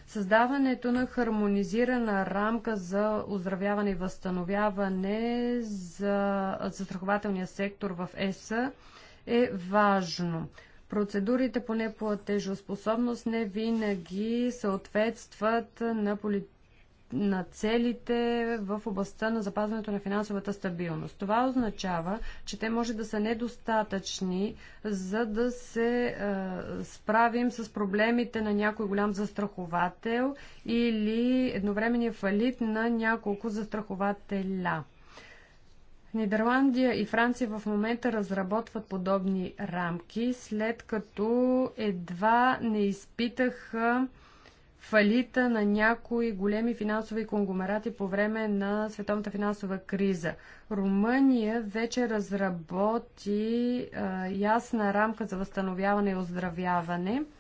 Създаването на хармонизирана рамка за оздравяване и възстановяване за застрахователния сектор в ЕС е важно. Процедурите по неплатежоспособност не винаги съответстват на, поли... на целите в областта на запазването на финансовата стабилност. Това означава, че те може да са недостатъчни, за да се е, справим с проблемите на някой голям застраховател или едновременния фалит на няколко застрахователя. Нидерландия и Франция в момента разработват подобни рамки, след като едва не изпитаха фалита на някои големи финансови конгломерати по време на световната финансова криза. Румъния вече разработи а, ясна рамка за възстановяване и оздравяване –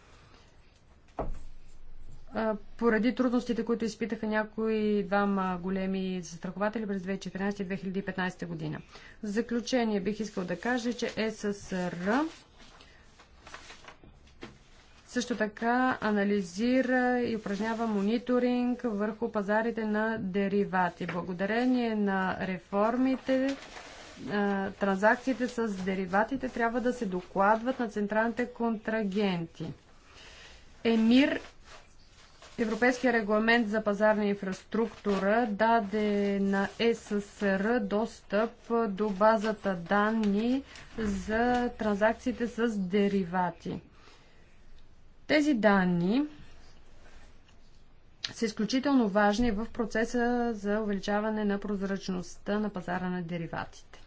поради трудностите, които изпитаха някои двама големи застрахователи през 2014 и 2015 година. В заключение бих искал да кажа, че ССР също така анализира и упражнява мониторинг върху пазарите на деривати. Благодарение на реформите, транзакциите с дериватите трябва да се докладват на централните контрагенти. Емир Европейския регламент за пазарна инфраструктура даде на ССР достъп до базата данни за транзакциите с деривати. Тези данни са изключително важни в процеса за увеличаване на прозрачността на пазара на дериватите.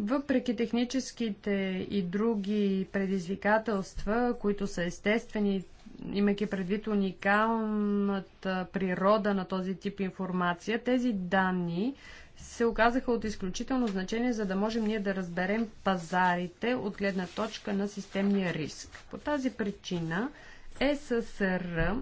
Въпреки техническите и други предизвикателства, които са естествени имайки предвид уникалната природа на този тип информация, тези данни се оказаха от изключително значение, за да можем ние да разберем пазарите от гледна точка на системния риск. По тази причина ЕССР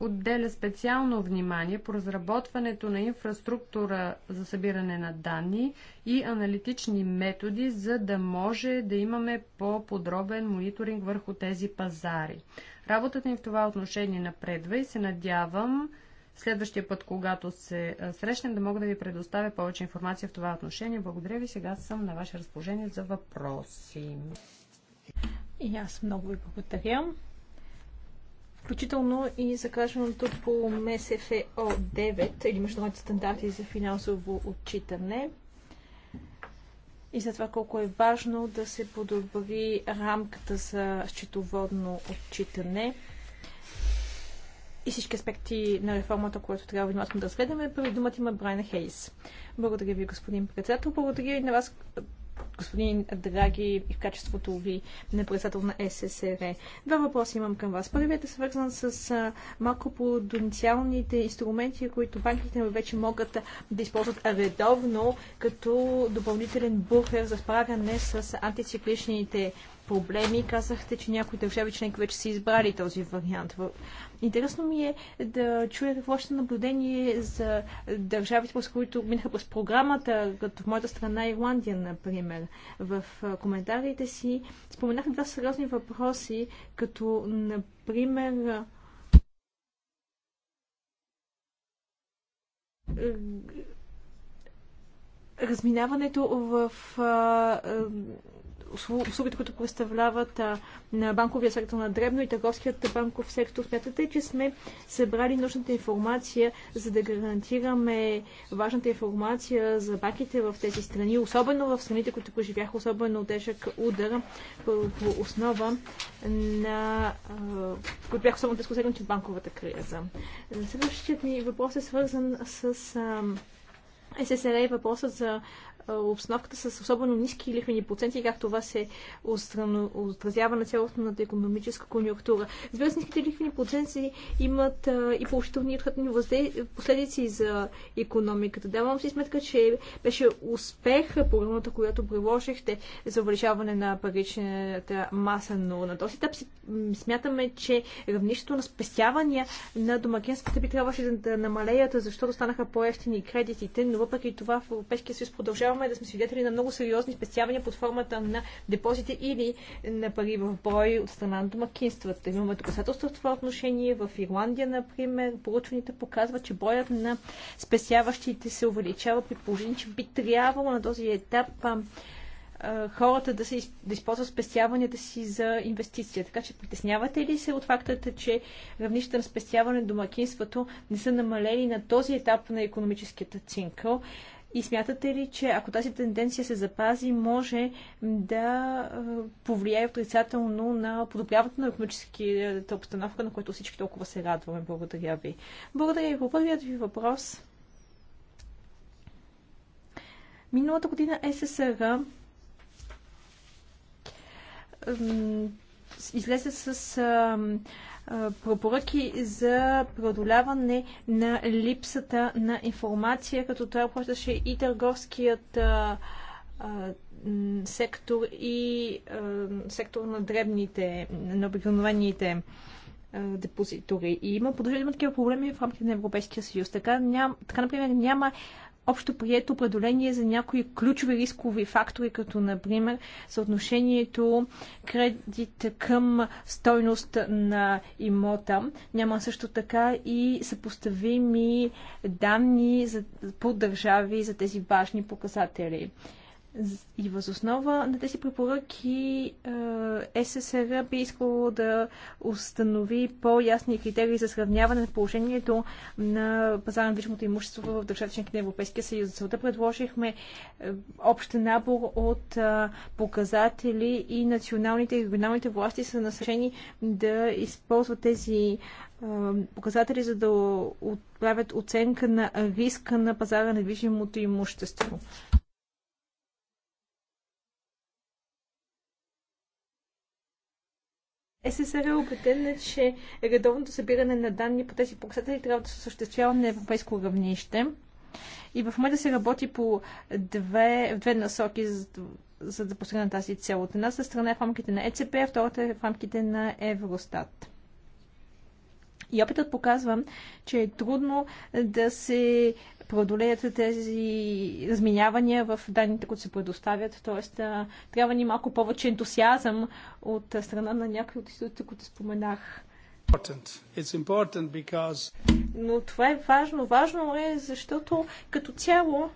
отделя специално внимание по разработването на инфраструктура за събиране на данни и аналитични методи, за да може да имаме по-подробен мониторинг върху тези пазари. Работата им в това отношение напредва и се надявам следващия път, когато се срещнем, да мога да ви предоставя повече информация в това отношение. Благодаря ви. Сега съм на ваше разположение за въпроси. И аз много ви благодаря включително и закрачването по МСФО 9 или Международните стандарти за финансово отчитане и за това колко е важно да се подобри рамката за счетоводно отчитане и всички аспекти на реформата, която трябва внимателно да разгледаме. Първи думата има Брайан Хейс. Благодаря ви, господин председател. Благодаря и на вас, господин Драги и в качеството ви на председател на ССР. Два въпроса имам към вас. Първият е свързан с а, малко потенциалните инструменти, които банките вече могат да използват редовно като допълнителен буфер за справяне с антицикличните проблеми. Казахте, че някои държави членки вече са избрали този вариант. Интересно ми е да чуя какво ще наблюдение за държавите, с които минаха през програмата, като в моята страна Ирландия, например. В коментарите си споменаха два сериозни въпроси, като, например, разминаването в а, услугите, които представляват на банковия сектор на Дребно и търговският банков сектор. Смятате, че сме събрали нужната информация, за да гарантираме важната информация за банките в тези страни, особено в страните, които поживяха особено тежък удар по, основа на... които бяха особено тежко от банковата криза. Следващият ми въпрос е свързан с ССР и въпросът за обстановката с особено ниски лихвени проценти и как това се отразява на цялостната економическа конъюнктура. Разбира се, ниските лихвени проценти имат и положителни отхътни последици за економиката. Давам си сметка, че беше успех програмата, която приложихте за увеличаване на паричната маса, но на този етап смятаме, че равнището на спестявания на домакинствата би трябваше да намалеят, защото станаха по-ефтини кредитите, но въпреки това в Европейския съюз продължава е да сме свидетели на много сериозни спестявания под формата на депозити или на пари в брой от страна на домакинствата. Имаме доказателство в това отношение. В Ирландия, например, проучваните показват, че броят на спестяващите се увеличава при положение, че би трябвало на този етап хората да, се, да използват спестяванията си за инвестиция. Така че притеснявате ли се от фактата, че равнищата на спестяване домакинството не са намалени на този етап на економическата цинкъл? И смятате ли, че ако тази тенденция се запази, може да повлияе отрицателно на подобряването на економическата обстановка, на която всички толкова се радваме? Благодаря ви. Благодаря ви по първият ви въпрос. Миналата година СССР излезе с а, а, препоръки за преодоляване на липсата на информация, като това обхващаше и търговският а, а, сектор и а, сектор на дребните, на обикновените депозитори. И има има такива проблеми в рамките на Европейския съюз. Така, ням, така например, няма общо прието определение за някои ключови рискови фактори, като например съотношението кредит към стойност на имота. Няма също така и съпоставими данни за, по държави за тези важни показатели. И възоснова на тези препоръки е, ССР би искало да установи по-ясни критерии за сравняване на положението на пазара на движимото имущество в държавите на Европейския съюз. За целта предложихме е, общ набор от е, показатели и националните и регионалните власти са насъщени да използват тези показатели, за да отправят оценка на риска на пазара на движимото имущество. ССР е убеден, че редовното събиране на данни по тези показатели трябва да се осъществява на европейско равнище. И в момента се работи по две, две насоки, за, за да постигне тази цел. От една страна е в рамките на ЕЦП, а втората е в рамките на Евростат. И опитът показва, че е трудно да се преодолеят тези разминявания в данните, които се предоставят. Тоест, трябва ни малко повече ентусиазъм от страна на някои от институтите, които споменах. Important because... Но това е важно. Важно е, защото като цяло,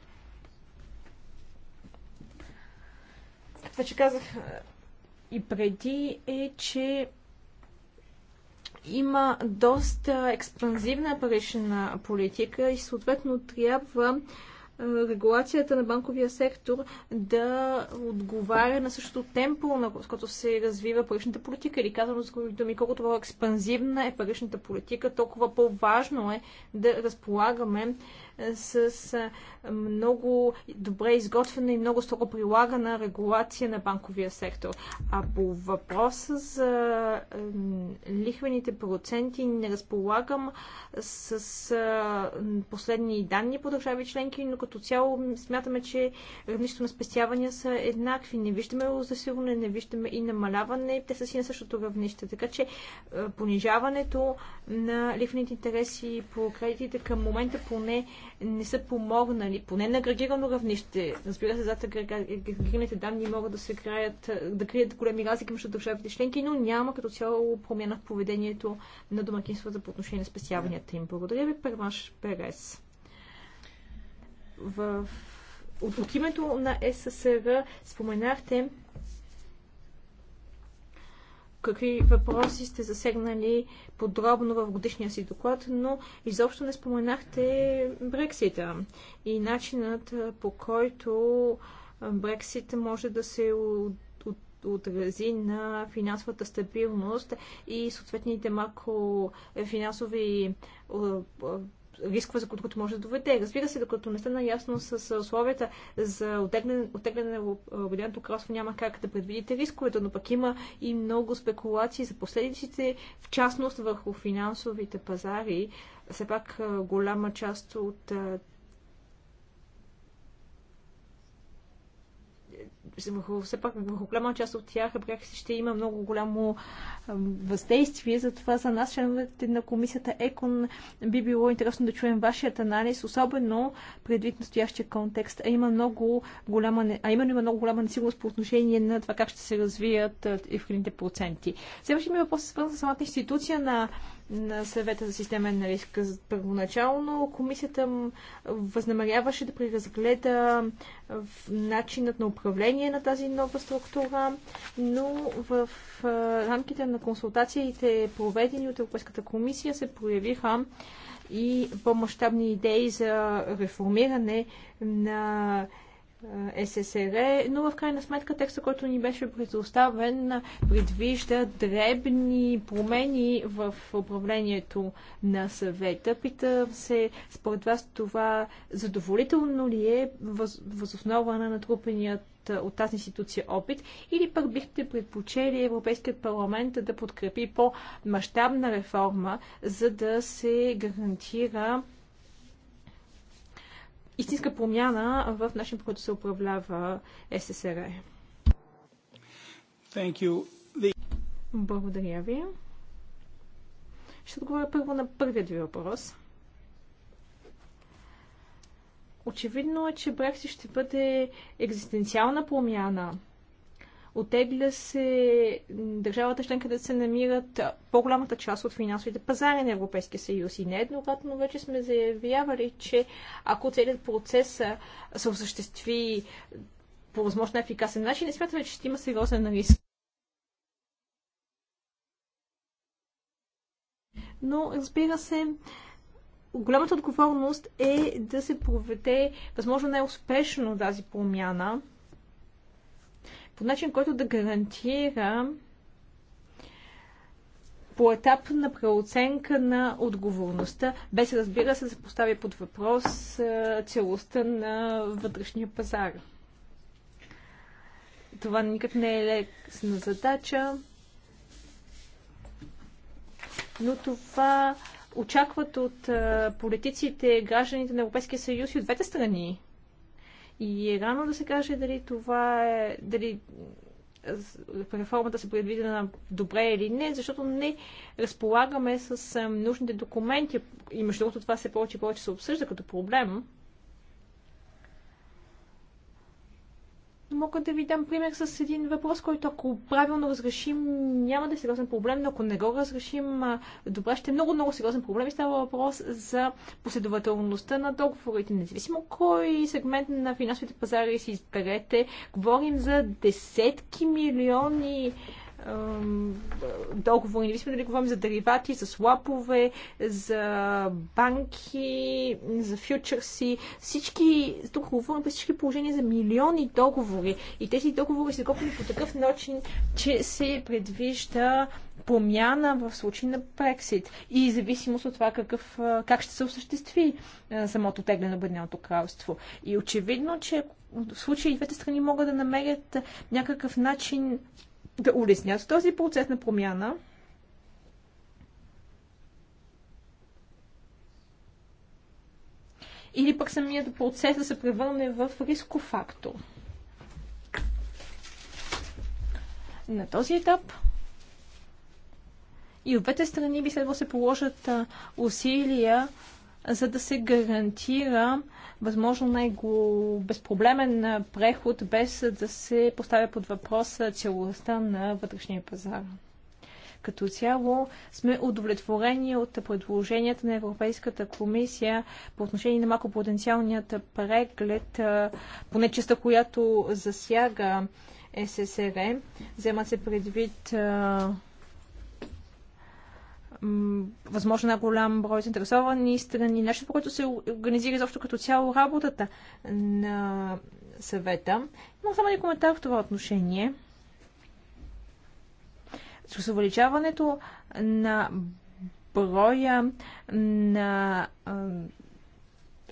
вече казах и преди, е, че има доста експанзивна парична политика и съответно трябва е, регулацията на банковия сектор да отговаря на същото темпо, на което се развива паричната политика. Или казано с думи, колкото по-експанзивна е паричната политика, толкова по-важно е да разполагаме е, с много добре изготвена и много строго прилагана регулация на банковия сектор. А по въпроса за лихвените проценти не разполагам с последни данни по държави членки, но като цяло смятаме, че равнището на спестявания са еднакви. Не виждаме засилване, не виждаме и намаляване. Те са си на същото равнище. Така че понижаването на лихвените интереси по кредитите към момента поне не са помогнали, поне на агрегирано равнище. Разбира се, зад агрегираните данни могат да се краят, да крият големи разлики между държавите членки, но няма като цяло промяна в поведението на домакинствата по отношение на спестяванията им. Благодаря ви, Перваш Перес. В... От, от името на ССР споменахте, какви въпроси сте засегнали подробно в годишния си доклад, но изобщо не споменахте Брексита и начинът по който Брексит може да се отрази на финансовата стабилност и съответните макрофинансови рискове, за които може да доведе. Разбира се, докато не сте наясно с условията за отегляне на Обединеното кралство, няма как да предвидите рисковете, но пък има и много спекулации за последиците, в частност върху финансовите пазари. Все пак голяма част от все пак върху голяма част от тях пряк си ще има много голямо въздействие. Затова за нас, членовете на комисията ЕКОН, би било интересно да чуем вашият анализ, особено предвид настоящия контекст, а, има много голяма, а именно има много голяма несигурност по отношение на това как ще се развият ефирните проценти. Следващия ми въпрос е свързан с самата институция на на съвета за системен риск. Първоначално комисията възнамеряваше да преразгледа начинът на управление на тази нова структура, но в рамките на консултациите, проведени от Европейската комисия, се проявиха и по-масштабни идеи за реформиране на е, ССР, но в крайна сметка текста, който ни беше предоставен, предвижда дребни промени в управлението на съвета. Питам се, според вас това задоволително ли е възоснова на натрупеният от тази институция опит или пък бихте предпочели Европейският парламент да подкрепи по-масштабна реформа, за да се гарантира истинска промяна в начин, по който се управлява СССР. The... Благодаря ви. Ще отговоря първо на първият ви въпрос. Очевидно е, че Брекси ще бъде екзистенциална промяна Отегля се държавата членка да се намират по-голямата част от финансовите пазари на Европейския съюз. И нееднократно вече сме заявявали, че ако целият процес се осъществи по възможно ефикасен начин, не смятаме, че ще има сериозен риск. Но, разбира се, голямата отговорност е да се проведе възможно най-успешно тази промяна по начин, който да гарантира поетапна преоценка на отговорността, без разбира се да се поставя под въпрос целостта на вътрешния пазар. Това никак не е лесна задача, но това очакват от политиците, гражданите на Европейския съюз и от двете страни. И е рано да се каже дали това е, дали реформата се предвидена добре или не, защото не разполагаме с нужните документи. И между другото това се повече и повече се обсъжда като проблем. но мога да ви дам пример с един въпрос, който ако правилно разрешим, няма да е сериозен проблем, но ако не го разрешим добре, ще е много, много сериозен проблем и става въпрос за последователността на договорите. Независимо кой сегмент на финансовите пазари си изберете, говорим за десетки милиони договори. Не сме дали говорим за деривати, за слапове, за банки, за фьючерси. Всички, тук говорим всички положения за милиони договори. И тези договори са копени по такъв начин, че се предвижда промяна в случай на Брексит и зависимост от това какъв, как ще се осъществи самото тегле на Обединеното кралство. И очевидно, че в случай двете страни могат да намерят някакъв начин да улеснят този процес на промяна. Или пък самият процес да се превърне в рисков фактор. На този етап и от двете страни би следвало се положат усилия за да се гарантира възможно най-безпроблемен преход, без да се поставя под въпрос целостта на вътрешния пазар. Като цяло сме удовлетворени от предложенията на Европейската комисия по отношение на макропотенциалният преглед, поне частта, която засяга ССР. Вземат се предвид възможно най-голям брой заинтересовани страни, нещо, по което се организира изобщо като цяло работата на съвета. Но само един коментар в това отношение. С увеличаването на броя на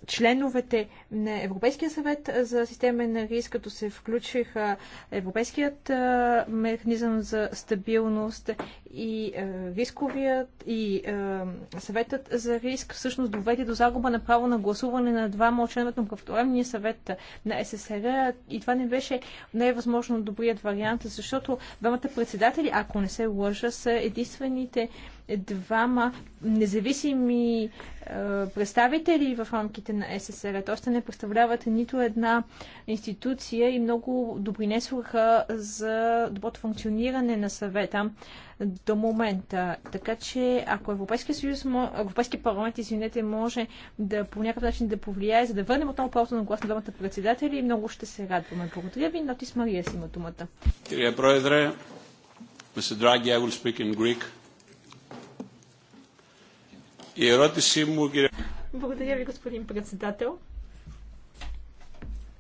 членовете на Европейския съвет за системен риск, като се включиха Европейският механизъм за стабилност и рисковият и съветът за риск всъщност доведе до загуба на право на гласуване на двама от на правителния съвет на СССР и това не беше невъзможно е добрият вариант, защото двамата председатели, ако не се лъжа, са единствените двама независими е, представители в рамките на СССР. Още не представляват нито една институция и много допринесоха за доброто функциониране на съвета до момента. Така че, ако Европейския съюз, Европейския парламент, извинете, може да по някакъв начин да повлияе, за да върнем отново правото на глас на двамата председатели, много ще се радваме. Благодаря ви. Нотис Мария си има думата. Mr. Draghi, I will speak in Greek ερώτησή μου, κύριε... Благодаря ви, господин председател.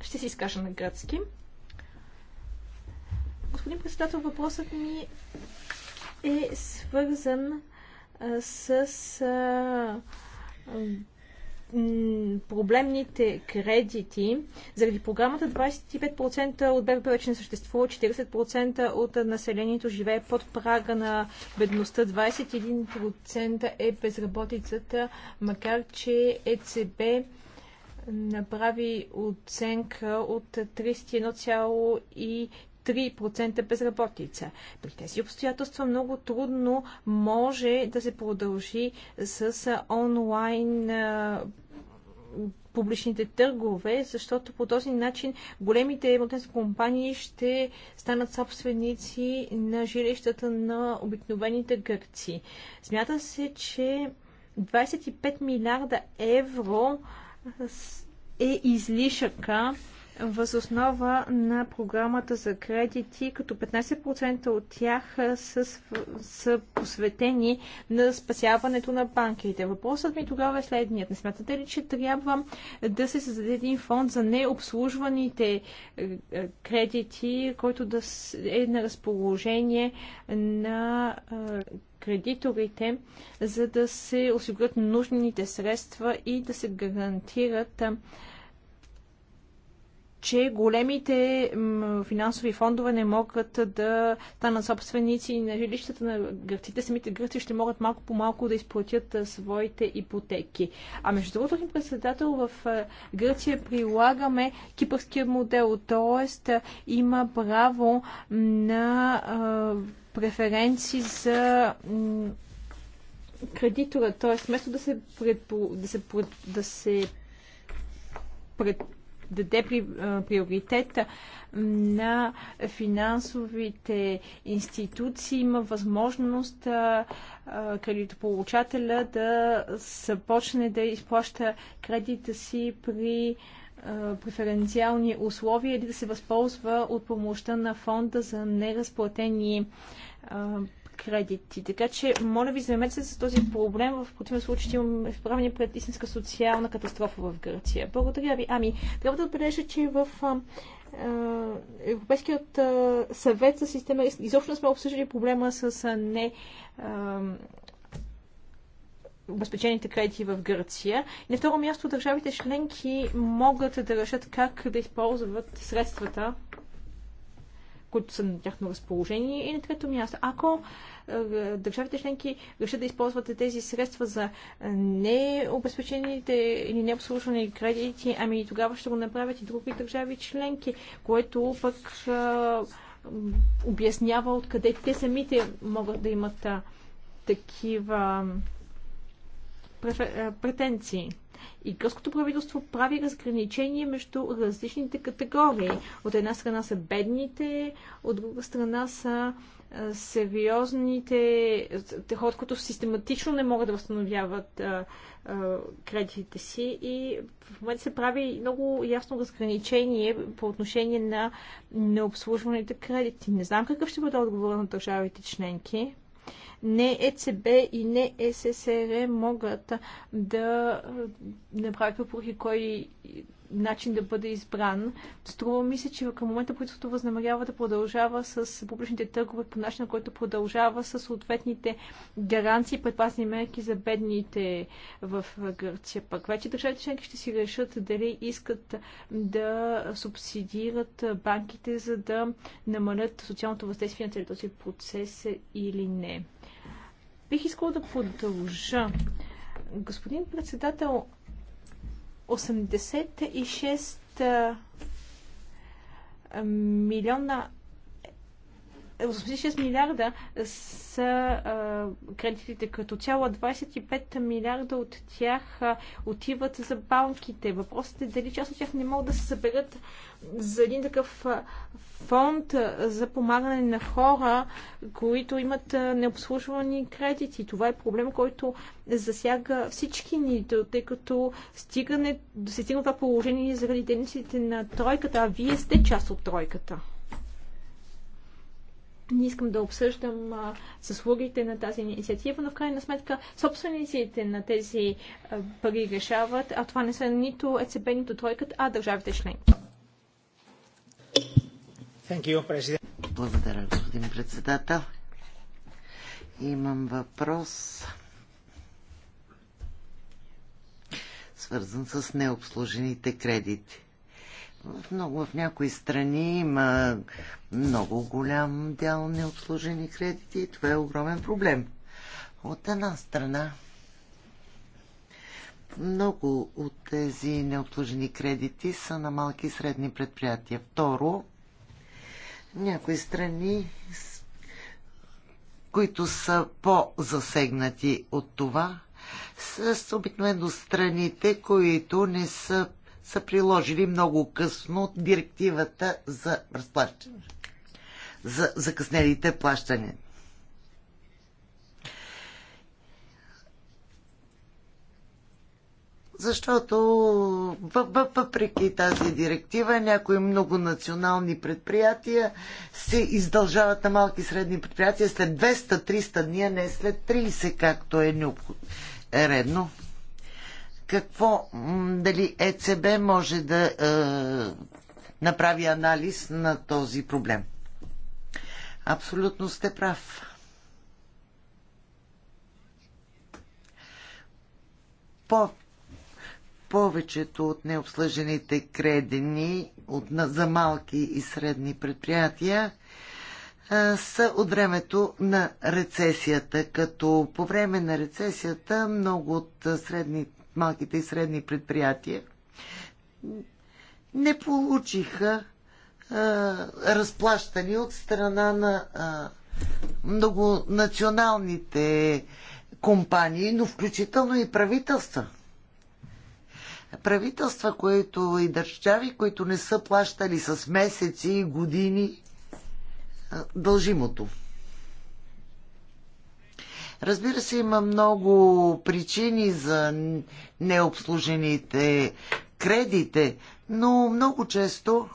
Ще си изкажа на гръцки. Господин председател, въпросът ми е свързан а, с а, проблемните кредити. Заради програмата 25% от БВП вече не съществува, 40% от населението живее под прага на бедността, 21% е безработицата, макар че ЕЦБ направи оценка от 31,3 3% безработица. При тези обстоятелства много трудно може да се продължи с онлайн публичните търгове, защото по този начин големите емотенски компании ще станат собственици на жилищата на обикновените гърци. Смята се, че 25 милиарда евро е излишъка въз основа на програмата за кредити, като 15% от тях е, са, са посветени на спасяването на банките. Въпросът ми тогава е следният. Не смятате ли, че трябва да се създаде един фонд за необслужваните е, е, кредити, който да е на разположение на кредиторите, за да се осигурят нужните средства и да се гарантират че големите финансови фондове не могат да станат собственици на жилищата на гърците. Самите гърци ще могат малко по малко да изплатят своите ипотеки. А между другото, председател в Гърция прилагаме кипърския модел, т.е. има право на преференции за кредитора, т.е. вместо да се, предпо, да се, пред, да се пред, даде при, приоритет на финансовите институции, има възможност кредитополучателя да започне да изплаща кредита си при преференциални условия или да се възползва от помощта на фонда за неразплатени кредити. Така че, моля ви, заемете се с този проблем. В противен случай ще имаме изправени пред истинска социална катастрофа в Гърция. Благодаря ви. Ами, трябва да отбележа, че в Европейският съвет за система изобщо не сме обсъждали проблема с не обезпечените кредити в Гърция. И на второ място държавите членки могат да решат как да използват средствата, които са на тяхно разположение. И на трето място, ако е, държавите членки решат да използват тези средства за необезпечените или необслужвани кредити, ами тогава ще го направят и други държави членки, което пък е, обяснява откъде те самите могат да имат е, такива претенции. И гръцкото правителство прави разграничение между различните категории. От една страна са бедните, от друга страна са сериозните, хората, които систематично не могат да възстановяват кредитите си и в момента се прави много ясно разграничение по отношение на необслужваните кредити. Не знам какъв ще бъде отговор на държавите членки. Не ЕЦБ и не е ССР могат да направят въпроси, кой начин да бъде избран. Струва ми се, че към момента правителството възнамерява да продължава с публичните търгове по начин, който продължава с съответните гаранции и предпазни мерки за бедните в Гърция. Пък вече държавите членки ще си решат дали искат да субсидират банките, за да намалят социалното въздействие на този процес или не. Бих искала да продължа. Господин председател, 86 милиона 86 милиарда са а, кредитите като цяло, 25 милиарда от тях а, отиват за банките. Въпросът е дали част от тях не могат да се съберат за един такъв фонд за помагане на хора, които имат необслужвани кредити. Това е проблем, който засяга всички ни, тъй като стигане, се стигна това положение заради дейностите на тройката, а вие сте част от тройката. Не искам да обсъждам заслугите на тази инициатива, но в крайна сметка собствениците на тези а, пари решават, а това не са нито ЕЦБ, нито тройката, а държавите членки. Благодаря, господин председател. Имам въпрос, свързан с необслужените кредити в, много, в някои страни има много голям дял необслужени кредити и това е огромен проблем. От една страна, много от тези необслужени кредити са на малки и средни предприятия. Второ, някои страни, които са по-засегнати от това, са обикновено страните, които не са са приложили много късно директивата за разплащане, за закъснелите плащане. защото въпреки тази директива някои много национални предприятия се издължават на малки и средни предприятия след 200-300 дни, а не след 30, както е, е редно какво, дали ЕЦБ може да е, направи анализ на този проблем. Абсолютно сте прав. По, повечето от необслъжените кредени от, за малки и средни предприятия е, са от времето на рецесията, като по време на рецесията много от средните малките и средни предприятия, не получиха разплащани от страна на а, многонационалните компании, но включително и правителства. Правителства, които и държави, които не са плащали с месеци и години дължимото. Разбира се, има много причини за необслужените кредите, но много често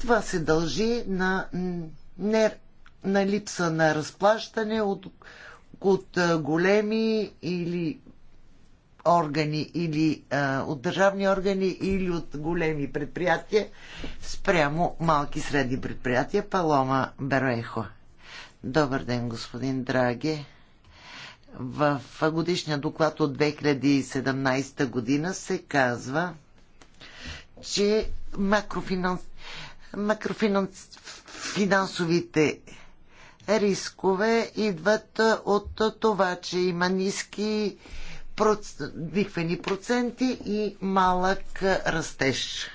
това се дължи на, не, на липса на разплащане от, от големи или органи или а, от държавни органи или от големи предприятия спрямо малки и средни предприятия. Палома Берехо. Добър ден, господин Драге. В годишния доклад от 2017 година се казва, че макрофинанс... макрофинансовите рискове идват от това, че има ниски лихвени проценти и малък растеж.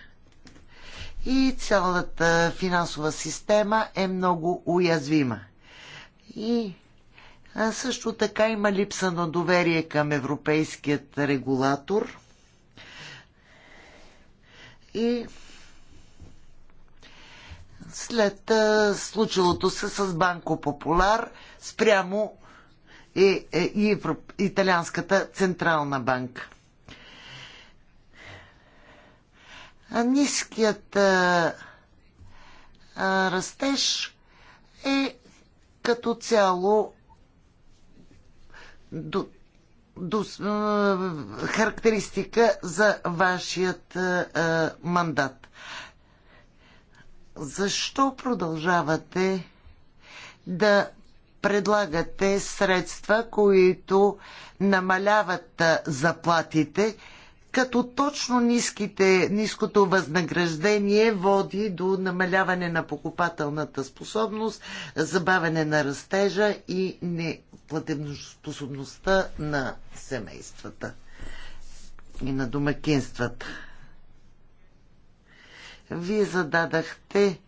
И цялата финансова система е много уязвима. И също така има липса на доверие към европейският регулатор. И след случилото се с Банко Популар спрямо и, е, и Европ... Италианската централна банка. А ниският а, а, растеж е като цяло до, до, а, характеристика за вашият а, мандат. Защо продължавате да предлагате средства, които намаляват заплатите, като точно ниските, ниското възнаграждение води до намаляване на покупателната способност, забавяне на растежа и неплатежоспособността на семействата и на домакинствата. Вие зададахте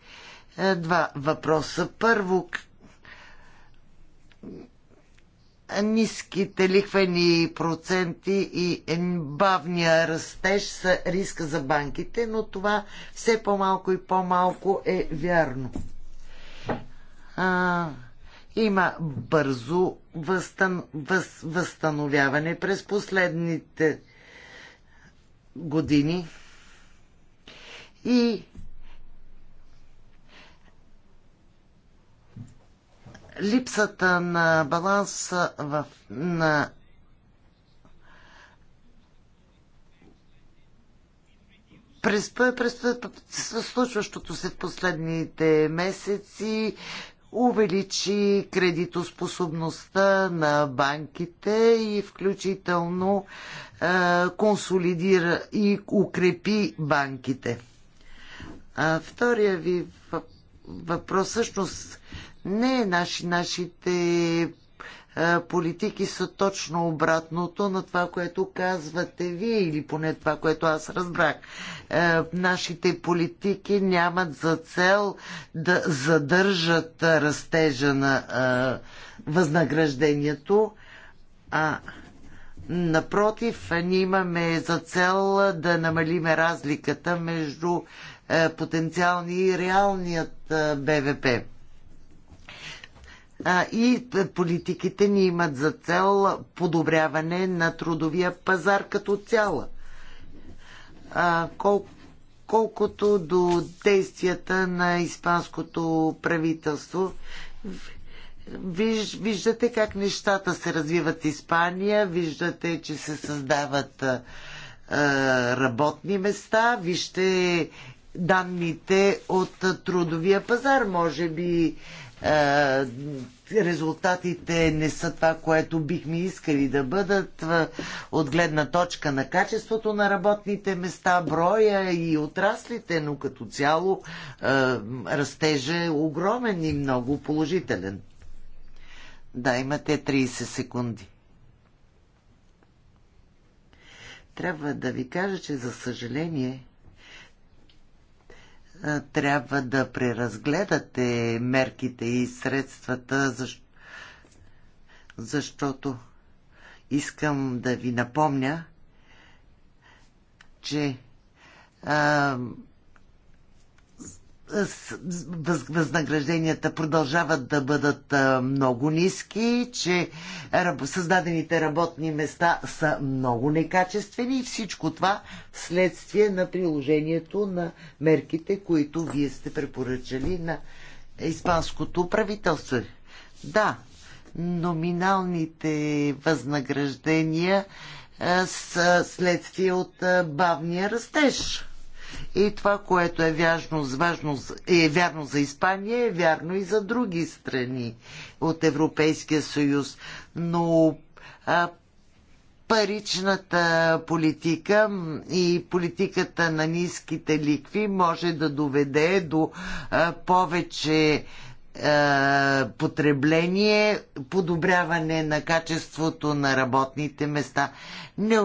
е, два въпроса. Първо, ниските лихвени проценти и бавния растеж са риска за банките, но това все по-малко и по-малко е вярно. А, има бързо възстан, въз, възстановяване през последните години и липсата на баланс в, на през, през случващото се в последните месеци увеличи кредитоспособността на банките и включително е, консолидира и укрепи банките. А, втория ви въпрос всъщност не, наши, нашите политики са точно обратното на това, което казвате вие или поне това, което аз разбрах. Нашите политики нямат за цел да задържат растежа на възнаграждението, а напротив, ние имаме за цел да намалиме разликата между потенциалния и реалният БВП и е, политиките ни имат за цел подобряване на трудовия пазар като цяло. Кол, колкото до действията на испанското правителство. Виж, виждате как нещата се развиват в Испания, виждате, че се създават а, работни места, вижте данните от трудовия пазар. Може би е, резултатите не са това, което бихме искали да бъдат е, от гледна точка на качеството на работните места, броя и отраслите, но като цяло е, растеже огромен и много положителен. Да, имате 30 секунди. Трябва да ви кажа, че за съжаление трябва да преразгледате мерките и средствата, защото искам да ви напомня, че а, възнагражденията продължават да бъдат много ниски, че създадените работни места са много некачествени и всичко това следствие на приложението на мерките, които вие сте препоръчали на испанското правителство. Да, номиналните възнаграждения са следствие от бавния растеж и това, което е, вяжно, важно, е вярно за Испания, е вярно и за други страни от Европейския съюз. Но а, паричната политика и политиката на ниските ликви може да доведе до а, повече потребление, подобряване на качеството на работните места.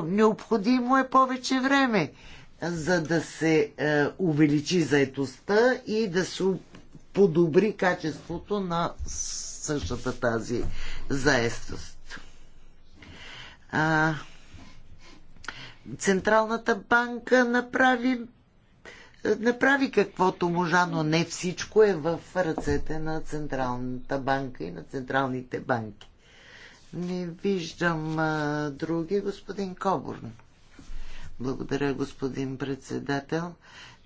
Необходимо е повече време за да се е, увеличи заетостта и да се подобри качеството на същата тази заетост. А, Централната банка направи е, направи каквото можа, но не всичко е в ръцете на Централната банка и на централните банки. Не виждам а, други, господин Кобурн. Благодаря, господин председател.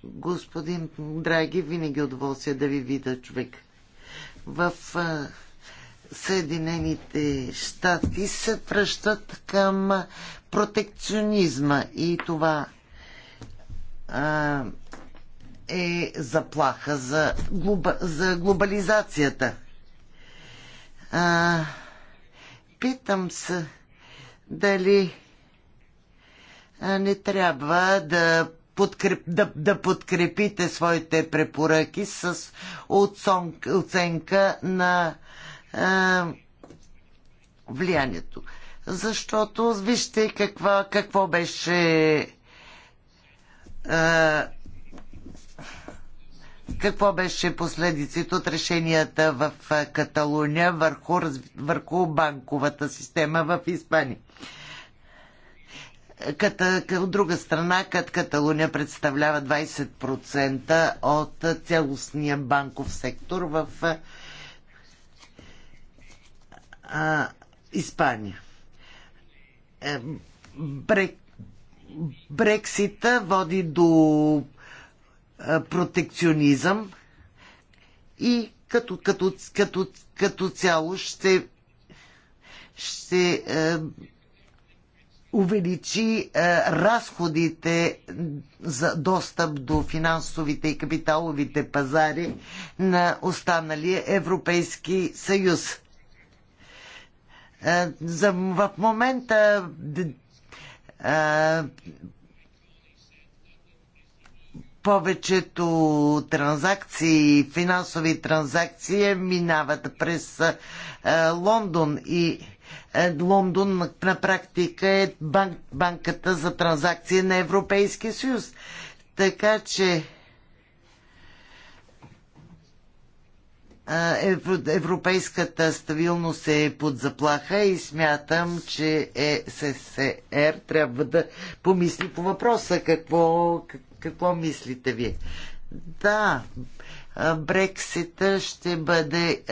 Господин Драги, винаги удоволствие да ви видя човек. В а, Съединените щати се връщат към протекционизма и това а, е заплаха за, глоба, за глобализацията. А, питам се дали не трябва да, подкреп, да, да подкрепите своите препоръки с оценка на влиянието. Защото вижте каква, какво беше какво беше последиците от решенията в Каталуния върху, върху банковата система в Испания. Ката, от друга страна, Кат Каталуния представлява 20% от цялостния банков сектор в а, Испания. Е, Брек, Брексита води до протекционизъм и като, като, като, като цяло ще, ще е, увеличи е, разходите за достъп до финансовите и капиталовите пазари на останалия Европейски съюз. Е, за, в момента е, повечето транзакции, финансови транзакции минават през е, Лондон и е, Лондон на практика е банк, банката за транзакции на Европейския съюз. Така че е, европейската стабилност е под заплаха и смятам, че е СССР трябва да помисли по въпроса. Какво, какво мислите вие? Да, Брексита ще бъде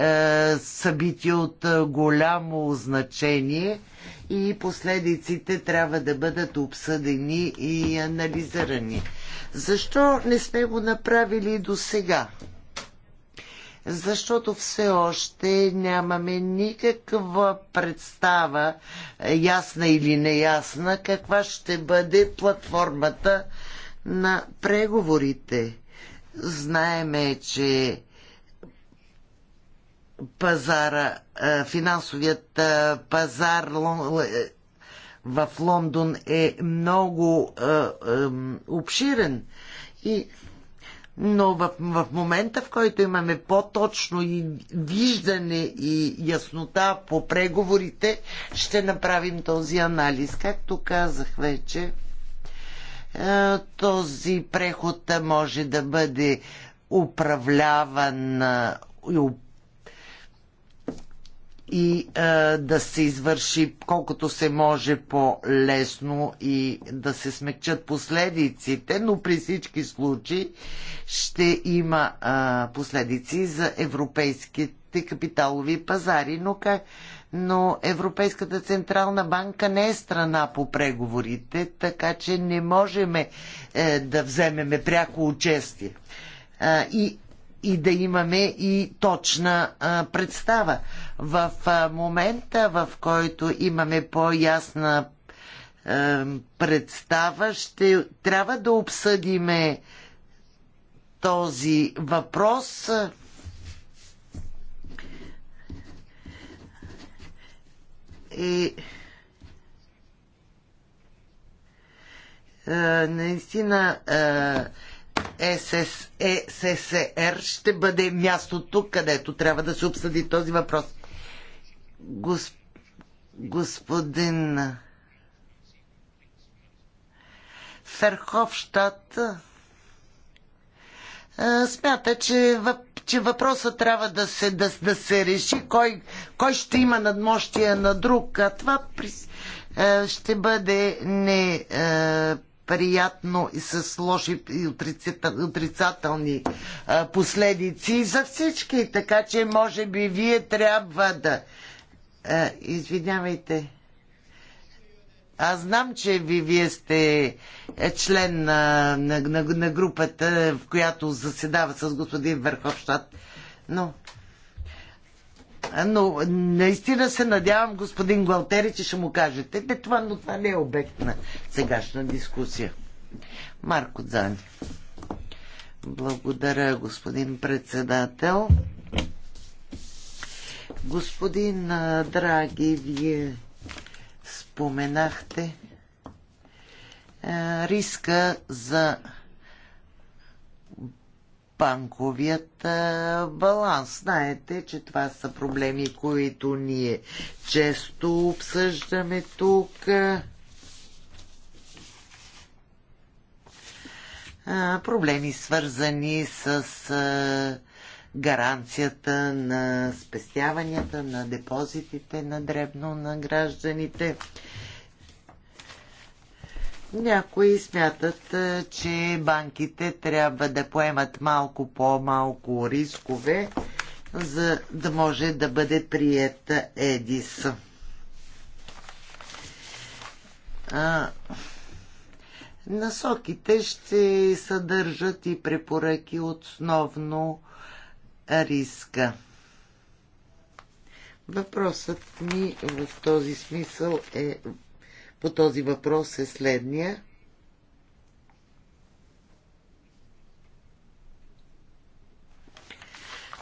събитие от голямо значение и последиците трябва да бъдат обсъдени и анализирани. Защо не сме го направили до сега? защото все още нямаме никаква представа, ясна или неясна, каква ще бъде платформата на преговорите. Знаеме, че пазара, е, финансовият е, пазар е, в Лондон е много обширен и но в, в момента, в който имаме по-точно и виждане и яснота по преговорите, ще направим този анализ. Както казах вече, е, този преход може да бъде управляван е, и е, да се извърши колкото се може по-лесно и да се смекчат последиците, но при всички случаи ще има последици за европейските капиталови пазари. Но как, но Европейската Централна банка не е страна по преговорите, така че не можем е, да вземеме пряко участие а, и, и да имаме и точна а, представа. В а, момента, в който имаме по-ясна е, представа, ще трябва да обсъдиме този въпрос и е, наистина СС, е, е, СССР ще бъде мястото, където трябва да се обсъди този въпрос. Госп... господин Ферховщат. смята, че въп че въпросът трябва да се, да, да се реши кой, кой ще има надмощие на друг. А това при, е, ще бъде не. Е, приятно и с лоши и отрицателни е, последици за всички. Така че, може би, вие трябва да. Е, извинявайте. Аз знам, че ви, вие сте е, член на, на, на, на групата, в която заседава с господин Верховщад, но но наистина се надявам господин Галтери, че ще му кажете. Де, това, но това не е обект на сегашна дискусия. Марко Дзани. Благодаря, господин председател. Господин Драги, вие споменахте риска за банковият баланс. Знаете, че това са проблеми, които ние често обсъждаме тук. Проблеми свързани с гаранцията на спестяванията, на депозитите на дребно на гражданите. Някои смятат, е, че банките трябва да поемат малко по-малко рискове, за да може да бъде приета ЕДИС. А, насоките ще съдържат и препоръки основно риска. Въпросът ми в този смисъл е по този въпрос е следния.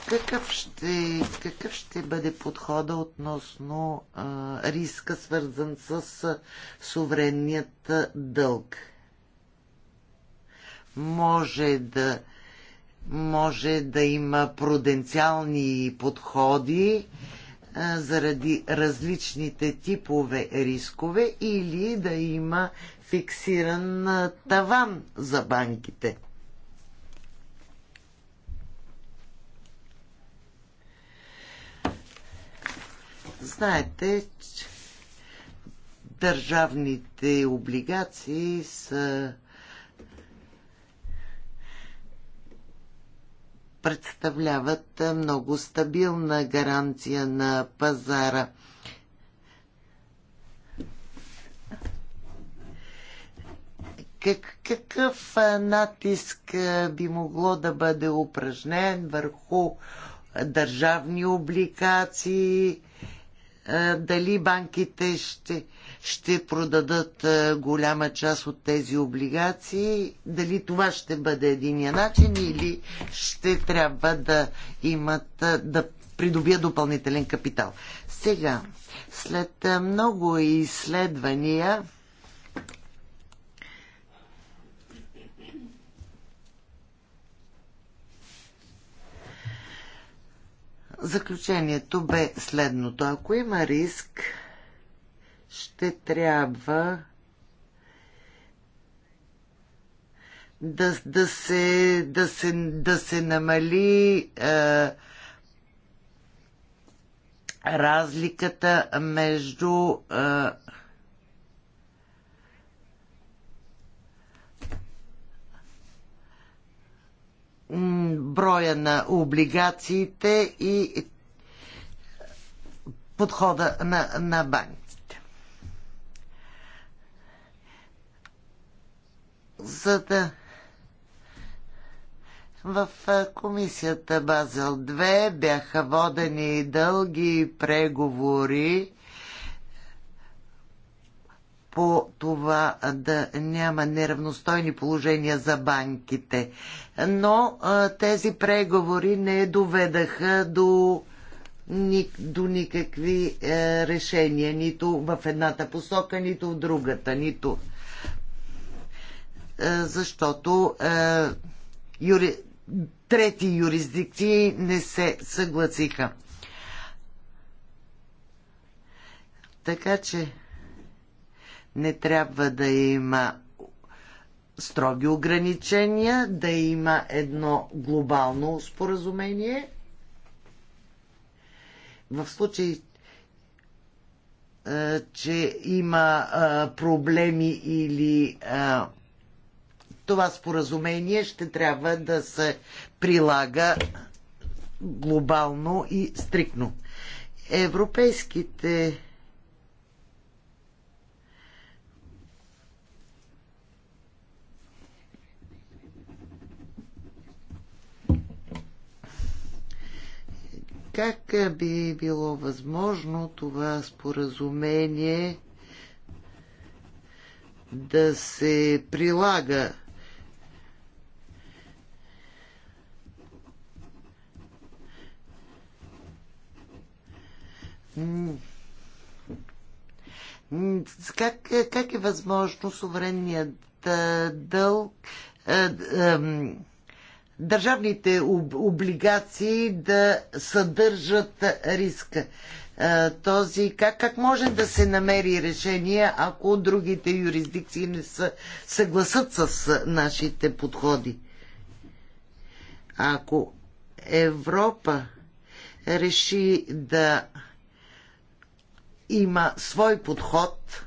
Какъв ще, какъв ще бъде подхода относно а, риска, свързан с суверенният дълг? Може да може да има пруденциални подходи заради различните типове рискове или да има фиксиран таван за банките. Знаете, че, държавните облигации са представляват много стабилна гаранция на пазара. какъв натиск би могло да бъде упражнен върху държавни обликации? Дали банките ще, ще продадат е, голяма част от тези облигации. Дали това ще бъде единия начин или ще трябва да имат, е, да придобият допълнителен капитал. Сега, след е, много изследвания, заключението бе следното. Ако има риск, ще трябва да, да, се, да, се, да се намали е, разликата между е, броя на облигациите и подхода на, на банк. за да в комисията Базел 2 бяха водени дълги преговори по това да няма неравностойни положения за банките. Но тези преговори не доведаха до, ни, до никакви е, решения, нито в едната посока, нито в другата, нито е, защото е, юри... трети юрисдикции не се съгласиха. Така че не трябва да има строги ограничения, да има едно глобално споразумение. В случай, е, че има проблеми или това споразумение ще трябва да се прилага глобално и стрикно. Европейските как би било възможно това споразумение да се прилага Как, как е възможно суверенният дълг държавните облигации да съдържат риска. Този, как, как може да се намери решение, ако другите юрисдикции не са, съгласат с нашите подходи? Ако Европа реши да има свой подход,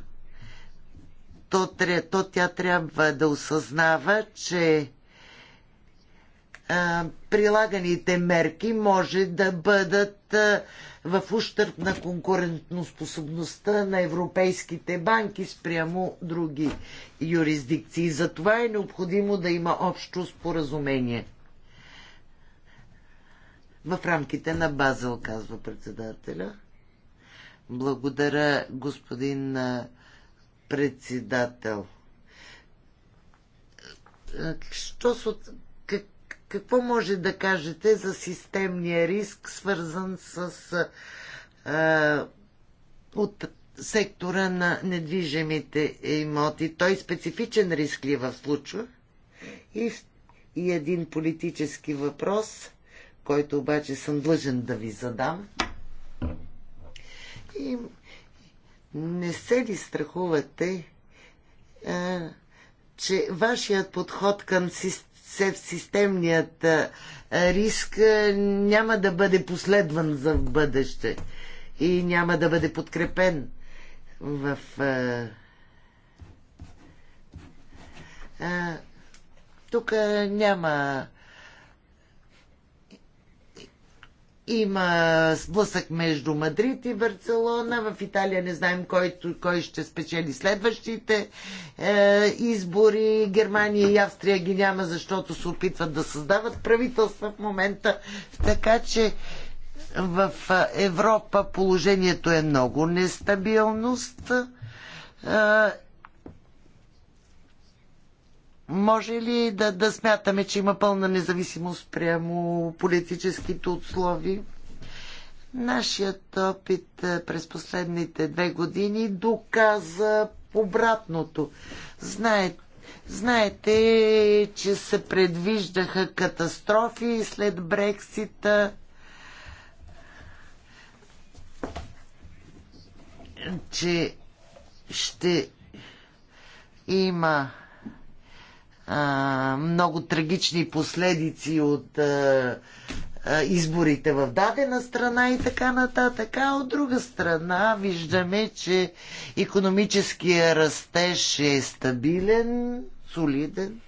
то, то тя трябва да осъзнава, че прилаганите мерки може да бъдат в ущърп на конкурентноспособността на европейските банки спрямо други юрисдикции. Затова е необходимо да има общо споразумение. В рамките на Базел, казва председателя. Благодаря, господин председател. Що с Какво може да кажете за системния риск, свързан с а, от сектора на недвижимите имоти? Той специфичен риск ли е в случва? И, и един политически въпрос, който обаче съм длъжен да ви задам. И не се ли страхувате, а, че вашият подход към системният а, риск а, няма да бъде последван за в бъдеще и няма да бъде подкрепен в. А, а, тук няма Има сблъсък между Мадрид и Барселона. В Италия не знаем кой, кой ще спечели следващите е, избори. Германия и Австрия ги няма, защото се опитват да създават правителства в момента. Така че в Европа положението е много нестабилност. Е, може ли да, да смятаме, че има пълна независимост прямо политическите отслови? Нашият опит е, през последните две години доказа обратното. Знаете, знаете, че се предвиждаха катастрофи след Брексита. Че ще има много трагични последици от изборите в дадена страна и така нататък. А от друга страна виждаме, че економическия растеж е стабилен, солиден.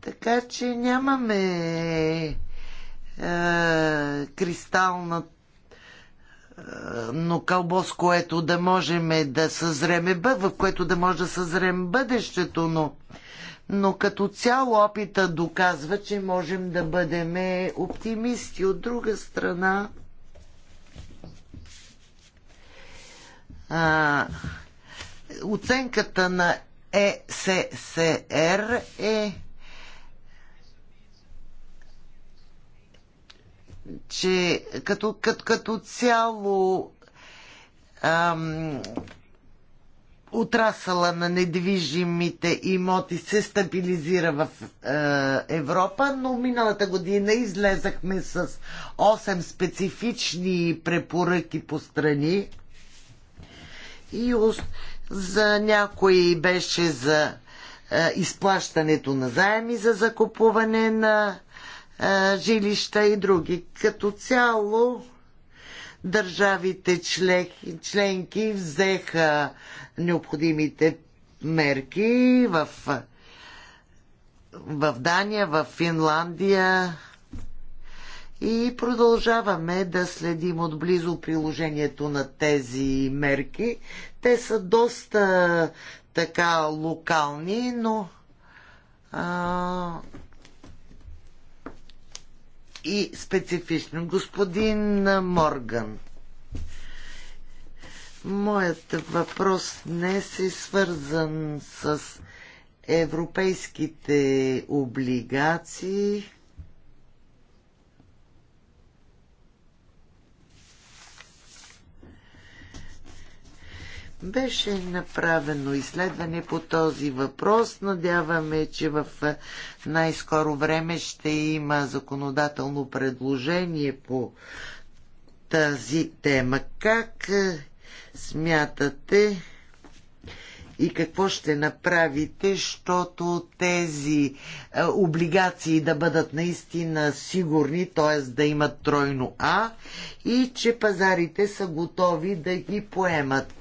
Така че нямаме е, кристалната но кълбо, с което да можем да съзреме, в което да може да съзрем бъдещето, но, но като цяло опита доказва, че можем да бъдем оптимисти. От друга страна, а, оценката на ЕССР е, е че като, като, като цяло ам, отрасъла на недвижимите имоти се стабилизира в а, е, Европа, но миналата година излезахме с 8 специфични препоръки по страни и за някои беше за а, е, изплащането на заеми за закупуване на жилища и други. Като цяло държавите членки взеха необходимите мерки в, в Дания, в Финландия и продължаваме да следим отблизо приложението на тези мерки. Те са доста така локални, но а, и специфично. Господин Морган, моят въпрос днес е свързан с европейските облигации Беше направено изследване по този въпрос. Надяваме, че в най-скоро време ще има законодателно предложение по тази тема. Как е, смятате и какво ще направите, защото тези е, облигации да бъдат наистина сигурни, т.е. да имат тройно А и че пазарите са готови да ги поемат.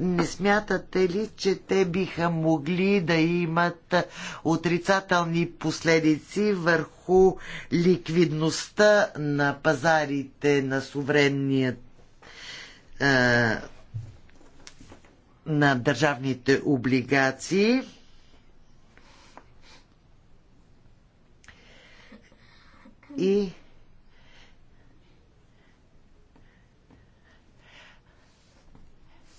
Не смятате ли, че те биха могли да имат отрицателни последици върху ликвидността на пазарите на суверенния е, на държавните облигации? И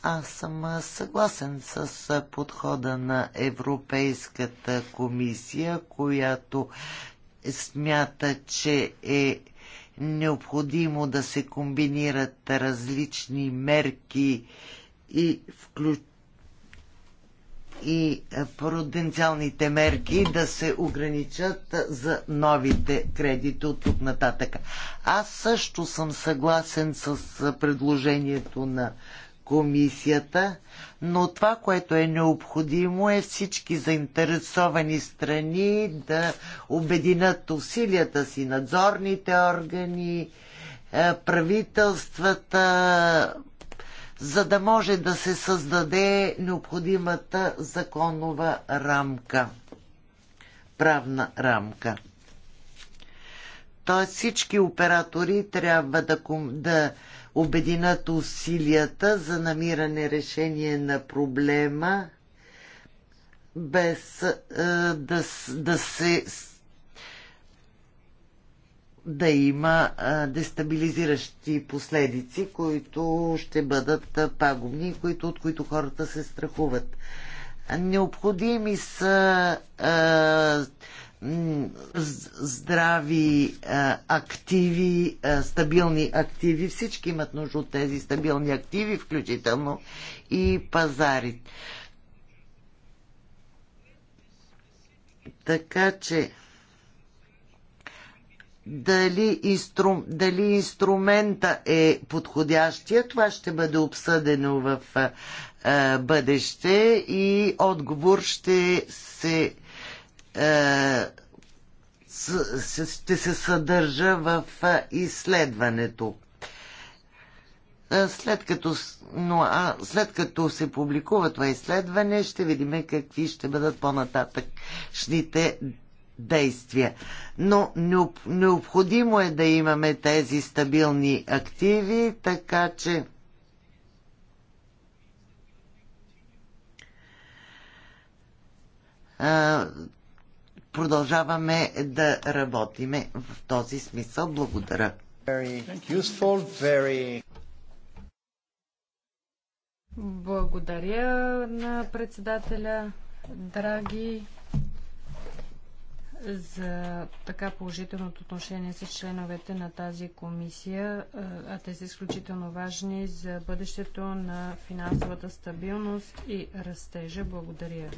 Аз съм съгласен с подхода на Европейската комисия, която смята, че е необходимо да се комбинират различни мерки и включ... и проденциалните мерки да се ограничат за новите кредити от тук нататък. Аз също съм съгласен с предложението на комисията, но това, което е необходимо е всички заинтересовани страни да обединят усилията си, надзорните органи, е, правителствата, за да може да се създаде необходимата законова рамка, правна рамка. Тоест всички оператори трябва да, да обединат усилията за намиране решение на проблема, без е, да, да се да има а, е, дестабилизиращи последици, които ще бъдат е, пагубни, които, от които хората се страхуват. Необходими са а, е, здрави активи, стабилни активи. Всички имат нужда от тези стабилни активи, включително и пазари. Така че дали, инстру, дали инструмента е подходящия, това ще бъде обсъдено в а, бъдеще и отговор ще се е, ще се съдържа в е, изследването. Е, след като, но, а, след като се публикува това изследване, ще видим какви ще бъдат по-нататъчните действия. Но необходимо е да имаме тези стабилни активи, така че продължаваме да работиме в този смисъл. Благодаря. Благодаря на председателя, драги, за така положителното отношение с членовете на тази комисия, а те са изключително важни за бъдещето на финансовата стабилност и растежа. Благодаря ви.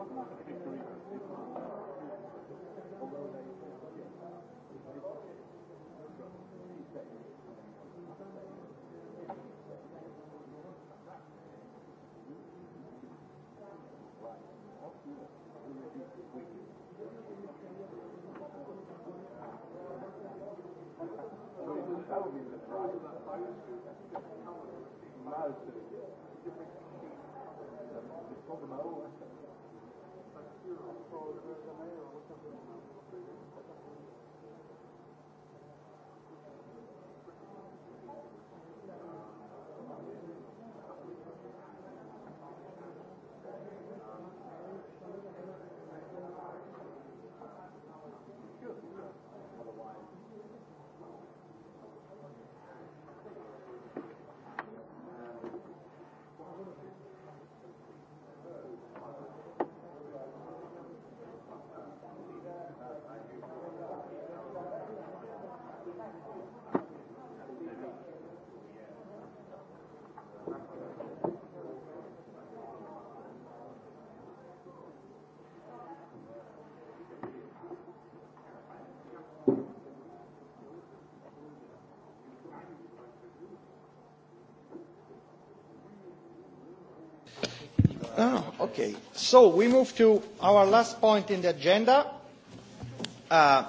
Although they Ah, okay. So we move to our last point in the agenda. Uh...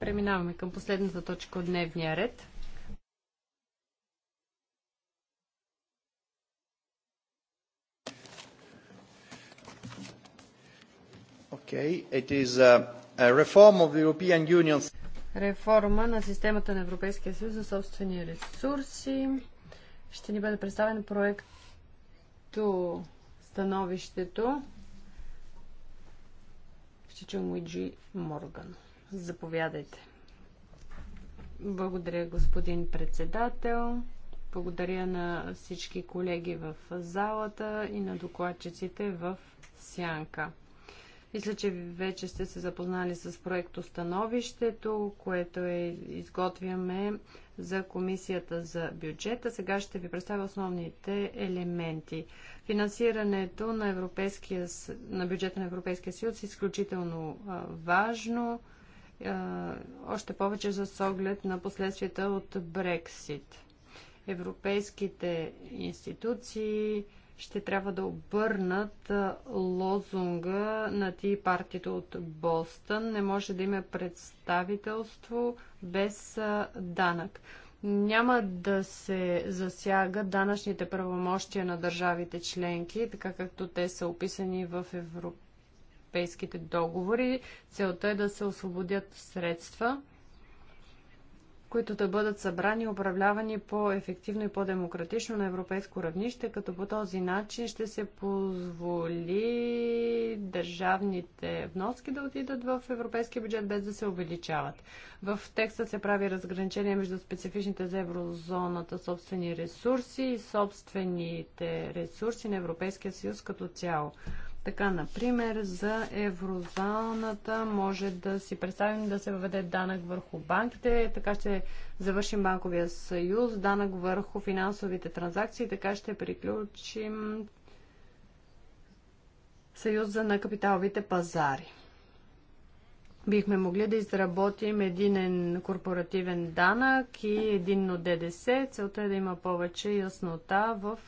Преминаваме към последната точка от дневния ред. Okay, it is a, a reform of the European реформа на системата на Европейския съюз за собствени ресурси. Ще ни бъде представен проект становището ще чуем Уиджи Морган. Заповядайте. Благодаря, господин председател. Благодаря на всички колеги в залата и на докладчиците в Сянка. Мисля, че вече сте се запознали с проектостановището, което е, изготвяме за Комисията за бюджета. Сега ще ви представя основните елементи. Финансирането на, европейския, на бюджета на Европейския съюз е изключително важно, още повече за оглед на последствията от Брексит. Европейските институции, ще трябва да обърнат лозунга на ти партито от Бостън. Не може да има представителство без данък. Няма да се засяга данъчните правомощия на държавите членки, така както те са описани в европейските договори. Целта е да се освободят средства които да бъдат събрани и управлявани по-ефективно и по-демократично на европейско равнище, като по този начин ще се позволи държавните вноски да отидат в европейския бюджет без да се увеличават. В текста се прави разграничение между специфичните за еврозоната собствени ресурси и собствените ресурси на Европейския съюз като цяло. Така, например, за еврозоната може да си представим да се въведе данък върху банките, така ще завършим банковия съюз, данък върху финансовите транзакции, така ще приключим съюза на капиталовите пазари. Бихме могли да изработим единен корпоративен данък и единно ДДС. Целта е да има повече яснота в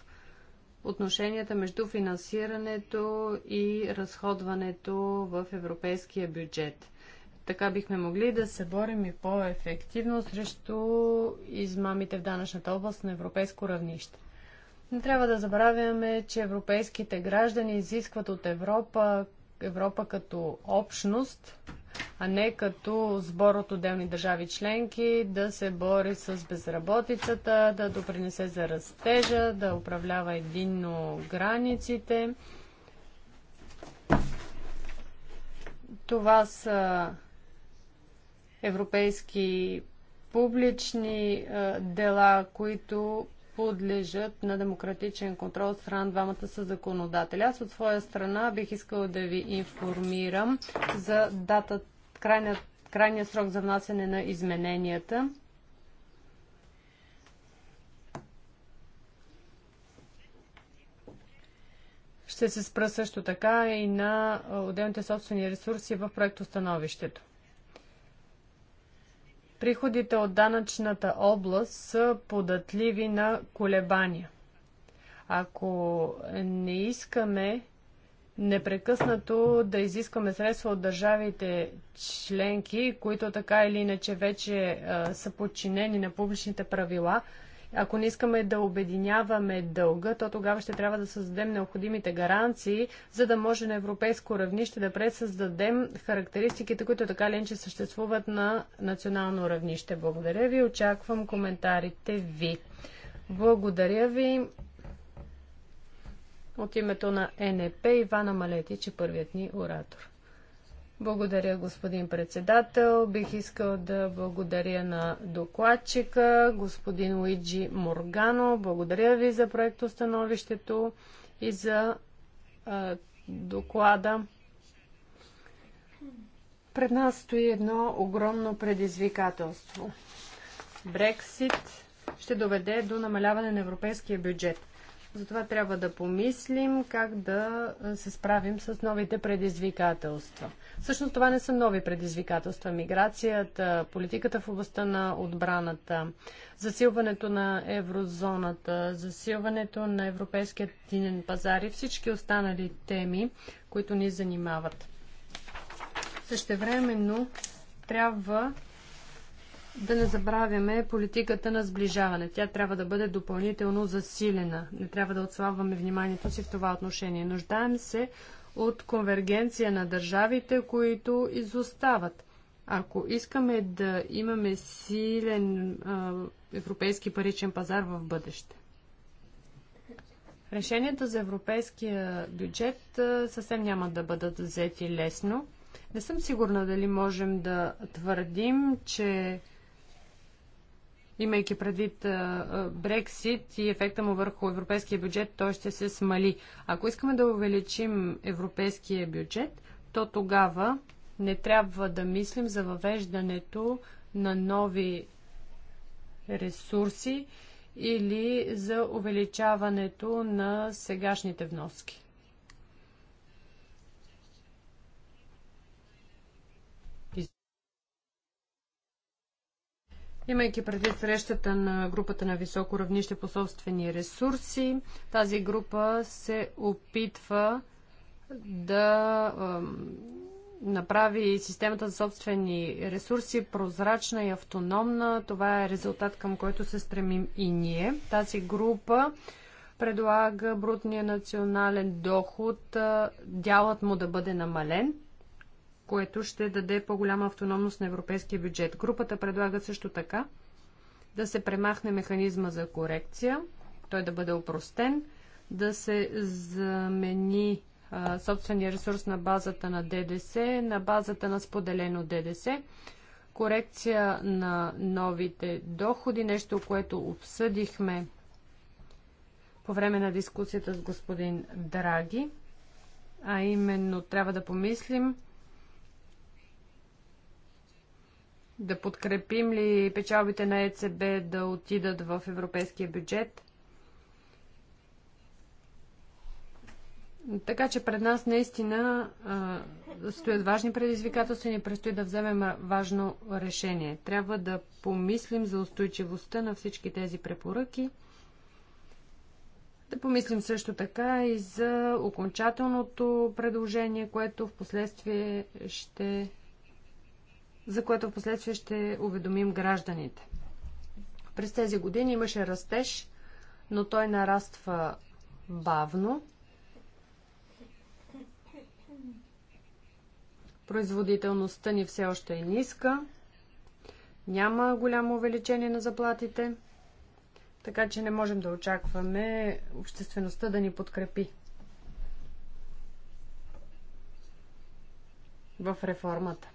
отношенията между финансирането и разходването в европейския бюджет. Така бихме могли да се борим и по-ефективно срещу измамите в данъчната област на европейско равнище. Не трябва да забравяме, че европейските граждани изискват от Европа Европа като общност, а не като сбор от отделни държави членки, да се бори с безработицата, да допринесе за растежа, да управлява единно границите. Това са европейски публични дела, които подлежат на демократичен контрол от страна двамата са законодатели. Аз от своя страна бих искала да ви информирам за дата, крайния, крайния срок за внасяне на измененията. Ще се спра също така и на отделните собствени ресурси в становището. Приходите от данъчната област са податливи на колебания. Ако не искаме непрекъснато да изискваме средства от държавите членки, които така или иначе вече а, са подчинени на публичните правила, ако не искаме да обединяваме дълга, то тогава ще трябва да създадем необходимите гаранции, за да може на европейско равнище да пресъздадем характеристиките, които така ли че съществуват на национално равнище. Благодаря ви, очаквам коментарите ви. Благодаря ви. От името на НП Ивана Малетич е първият ни оратор. Благодаря, господин председател. Бих искал да благодаря на докладчика, господин Луиджи Моргано. Благодаря ви за проектостановището и за а, доклада. Пред нас стои едно огромно предизвикателство. Брексит ще доведе до намаляване на европейския бюджет. Затова трябва да помислим как да се справим с новите предизвикателства. Всъщност това не са нови предизвикателства. Миграцията, политиката в областта на отбраната, засилването на еврозоната, засилването на европейския тинен пазар и всички останали теми, които ни занимават. Същевременно трябва да не забравяме политиката на сближаване. Тя трябва да бъде допълнително засилена. Не трябва да отслабваме вниманието си в това отношение. Нуждаем се от конвергенция на държавите, които изостават. Ако искаме да имаме силен а, европейски паричен пазар в бъдеще. Решенията за европейския бюджет а, съвсем няма да бъдат взети лесно. Не съм сигурна дали можем да твърдим, че имайки предвид Брексит и ефекта му върху европейския бюджет, той ще се смали. Ако искаме да увеличим европейския бюджет, то тогава не трябва да мислим за въвеждането на нови ресурси или за увеличаването на сегашните вноски. Имайки предвид срещата на групата на високо равнище по собствени ресурси, тази група се опитва да направи системата за собствени ресурси прозрачна и автономна. Това е резултат към който се стремим и ние. Тази група предлага брутния национален доход, дялът му да бъде намален което ще даде по-голяма автономност на европейския бюджет. Групата предлага също така да се премахне механизма за корекция, той да бъде опростен, да се замени собствения ресурс на базата на ДДС, на базата на споделено ДДС, корекция на новите доходи, нещо, което обсъдихме по време на дискусията с господин Драги, а именно трябва да помислим Да подкрепим ли печалбите на ЕЦБ да отидат в европейския бюджет? Така че пред нас наистина стоят важни предизвикателства и ни предстои да вземем важно решение. Трябва да помислим за устойчивостта на всички тези препоръки. Да помислим също така и за окончателното предложение, което в последствие ще за което в последствие ще уведомим гражданите. През тези години имаше растеж, но той нараства бавно. Производителността ни все още е ниска. Няма голямо увеличение на заплатите, така че не можем да очакваме обществеността да ни подкрепи. в реформата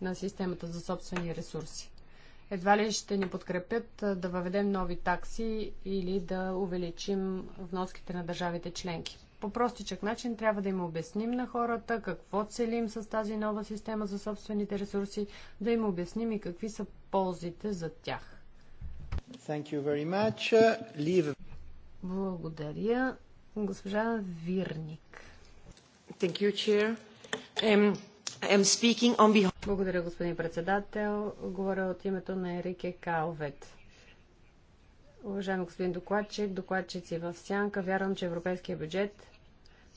на системата за собствени ресурси. Едва ли ще ни подкрепят да въведем нови такси или да увеличим вноските на държавите членки. По простичък начин трябва да им обясним на хората какво целим с тази нова система за собствените ресурси, да им обясним и какви са ползите за тях. Thank you very much. Leave... Благодаря. Госпожа Вирник. Thank you, Chair. Um, благодаря, господин председател. Говоря от името на Ерике Калвет. Уважаеми господин докладчик, докладчици в Сянка, вярвам, че европейския бюджет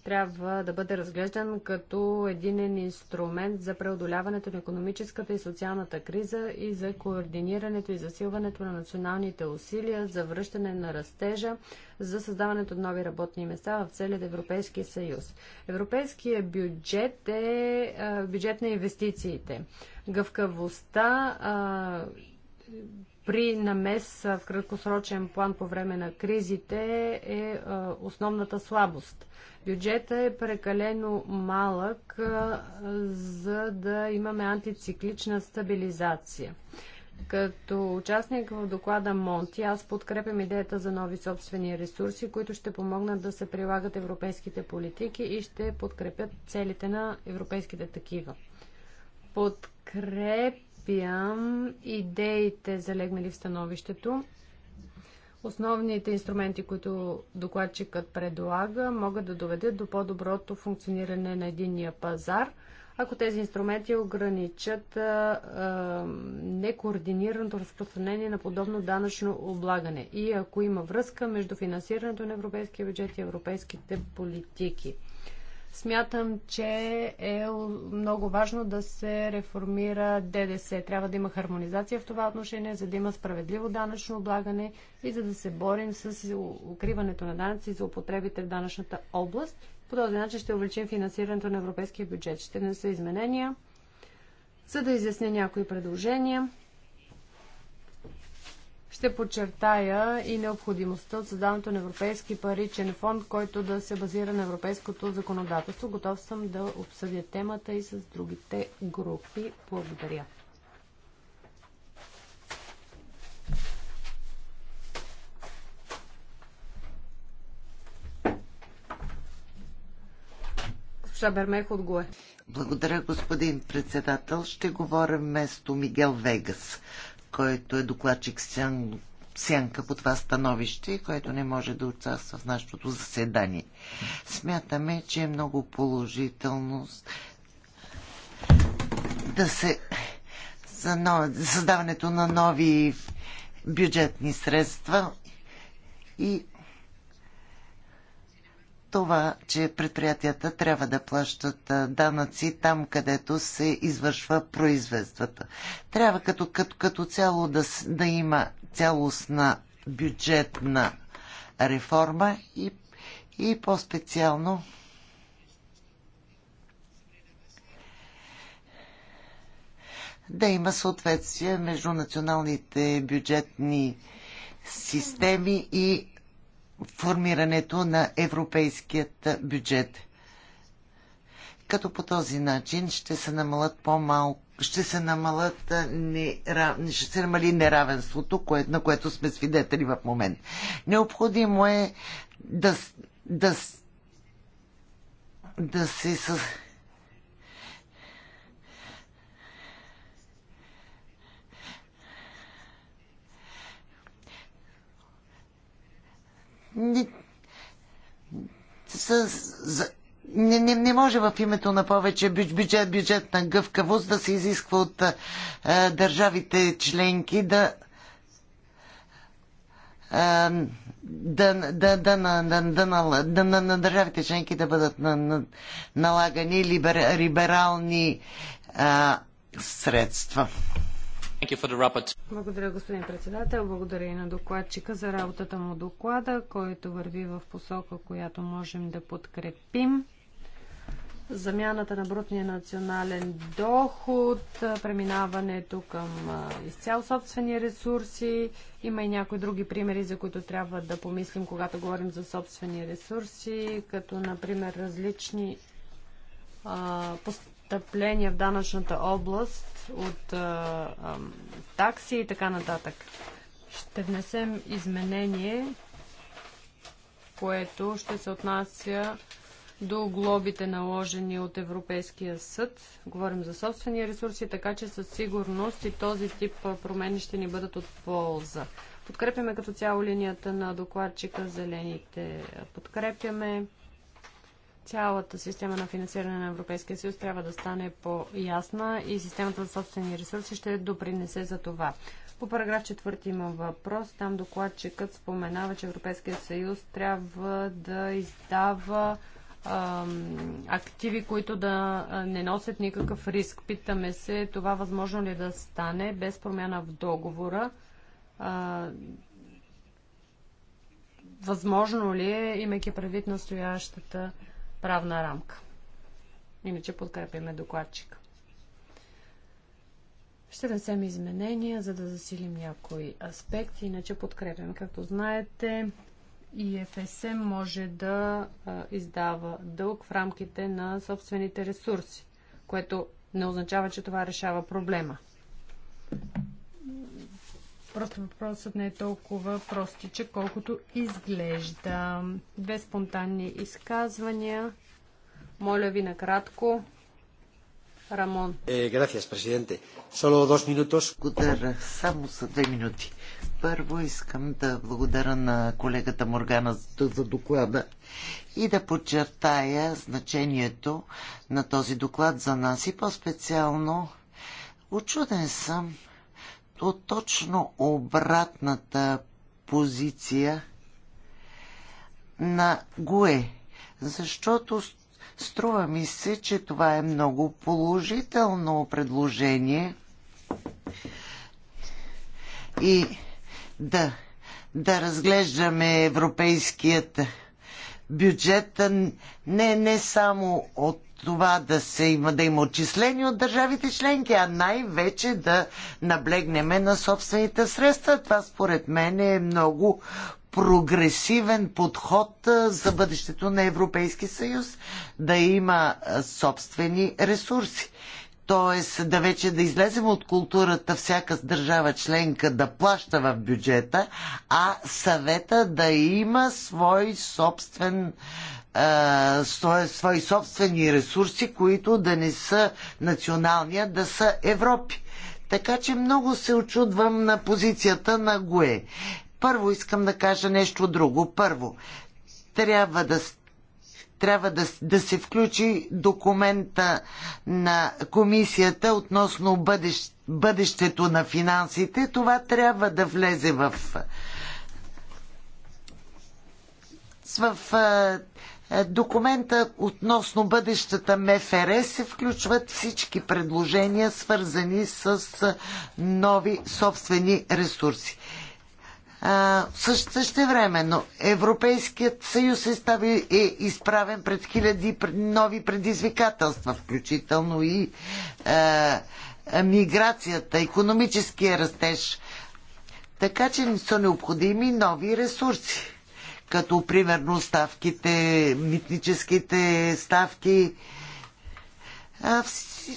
трябва да бъде разглеждан като единен инструмент за преодоляването на економическата и социалната криза и за координирането и засилването на националните усилия за връщане на растежа, за създаването на нови работни места в целият Европейски съюз. Европейският бюджет е бюджет на инвестициите. Гъвкавостта при намес в краткосрочен план по време на кризите е, е основната слабост. Бюджета е прекалено малък, е, за да имаме антициклична стабилизация. Като участник в доклада Монти, аз подкрепям идеята за нови собствени ресурси, които ще помогнат да се прилагат европейските политики и ще подкрепят целите на европейските такива. Подкреп подкрепям идеите, залегнали в становището. Основните инструменти, които докладчикът предлага, могат да доведат до по-доброто функциониране на единния пазар, ако тези инструменти ограничат а, а, некоординираното разпространение на подобно данъчно облагане и ако има връзка между финансирането на европейския бюджет и европейските политики. Смятам, че е много важно да се реформира ДДС. Трябва да има хармонизация в това отношение, за да има справедливо данъчно облагане и за да се борим с укриването на данъци за употребите в данъчната област. По този начин ще увеличим финансирането на европейския бюджет. Ще не са изменения, за да изясня някои предложения. Ще подчертая и необходимостта от създаването на Европейски паричен фонд, който да се базира на европейското законодателство. Готов съм да обсъдя темата и с другите групи. Благодаря. Благодаря, господин председател. Ще говоря вместо Мигел Вегас който е докладчик Сян, Сянка по това становище, който не може да участва в нашото заседание. Смятаме, че е много положително да се за, нов, създаването на нови бюджетни средства и това, че предприятията трябва да плащат данъци там, където се извършва произведствата. Трябва като, като, като цяло да, да има цялостна бюджетна реформа и, и по-специално да има съответствие между националните бюджетни системи и формирането на европейският бюджет. Като по този начин ще се намалят по-малко ще се намалят ще се намали неравенството, на което сме свидетели в момент. Необходимо е да, да, да се със не, за, не, не, не може в името на повече бюджет, бюджет на гъвкавост да се изисква от е, държавите членки да да, да, да, на, да, да, да на държавите членки да бъдат на, на, налагани либер, либерални а, средства. Благодаря, господин председател. Благодаря и на докладчика за работата му доклада, който върви в посока, която можем да подкрепим. Замяната на брутния национален доход, преминаването към изцяло собствени ресурси. Има и някои други примери, за които трябва да помислим, когато говорим за собствени ресурси, като, например, различни а, постъпления в данъчната област, от а, а, такси и така нататък. Ще внесем изменение, което ще се отнася до глобите наложени от Европейския съд. Говорим за собствени ресурси, така че със сигурност и този тип промени ще ни бъдат от полза. Подкрепяме като цяло линията на докладчика, зелените подкрепяме. Цялата система на финансиране на Европейския съюз трябва да стане по-ясна и системата за собствени ресурси ще допринесе за това. По параграф 4 има въпрос. Там докладчикът споменава, че Европейския съюз трябва да издава активи, които да не носят никакъв риск. Питаме се, това възможно ли да стане без промяна в договора? А, възможно ли е, имайки предвид настоящата правна рамка. Иначе подкрепяме докладчика. Ще внесем изменения, за да засилим някои аспекти, иначе подкрепяме. Както знаете, и ФСМ може да издава дълг в рамките на собствените ресурси, което не означава, че това решава проблема. Просто въпросът не е толкова простиче, колкото изглежда. Две спонтанни изказвания. Моля ви накратко. Рамон. Е, gracias, presidente. Solo dos minutos. Благодаря. Само са две минути. Първо искам да благодаря на колегата Моргана за доклада и да подчертая значението на този доклад за нас и по-специално Очуден съм от точно обратната позиция на ГУЕ, защото струва ми се, че това е много положително предложение и да, да разглеждаме европейският бюджета не, не само от това да, се има, да има отчисления от държавите членки, а най-вече да наблегнеме на собствените средства. Това според мен е много прогресивен подход за бъдещето на Европейски съюз, да има собствени ресурси т.е. да вече да излезем от културата всяка държава членка да плаща в бюджета, а съвета да има свой собствен свои собствени ресурси, които да не са национални, а да са Европи. Така че много се очудвам на позицията на ГУЕ. Първо искам да кажа нещо друго. Първо, трябва да, трябва да, да се включи документа на комисията относно бъдещ, бъдещето на финансите. Това трябва да влезе в, в, в документа относно бъдещата МФР се включват всички предложения, свързани с нови собствени ресурси. Същевременно Европейският съюз е, стави, е изправен пред хиляди нови предизвикателства, включително и миграцията, економическия растеж. Така че не са необходими нови ресурси, като примерно ставките, митническите ставки,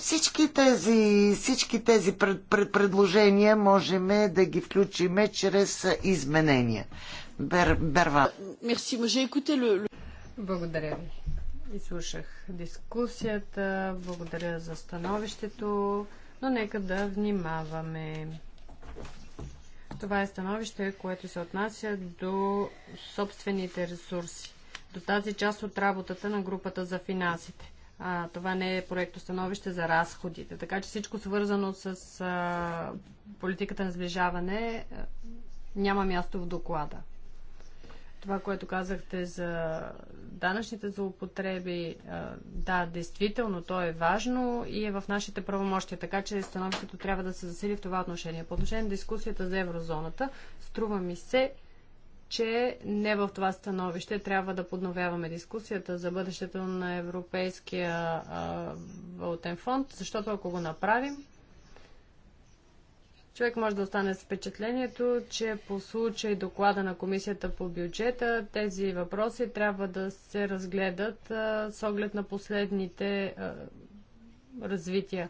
всички тези, всички тези пред, пред, предложения можем да ги включим чрез изменения. Бер, берва. Мерси, може Благодаря ви. Изслушах дискусията, благодаря за становището, но нека да внимаваме. Това е становище, което се отнася до собствените ресурси, до тази част от работата на групата за финансите. А, това не е проекто становище за разходите. Така че всичко свързано с а, политиката на сближаване а, няма място в доклада. Това, което казахте за данъчните злоупотреби, да, действително, то е важно и е в нашите правомощия, така че становището трябва да се засили в това отношение. По отношение на дискусията за еврозоната, струва ми се, че не в това становище трябва да подновяваме дискусията за бъдещето на Европейския валутен фонд, защото ако го направим, човек може да остане с впечатлението, че по случай доклада на Комисията по бюджета тези въпроси трябва да се разгледат а, с оглед на последните а, развития.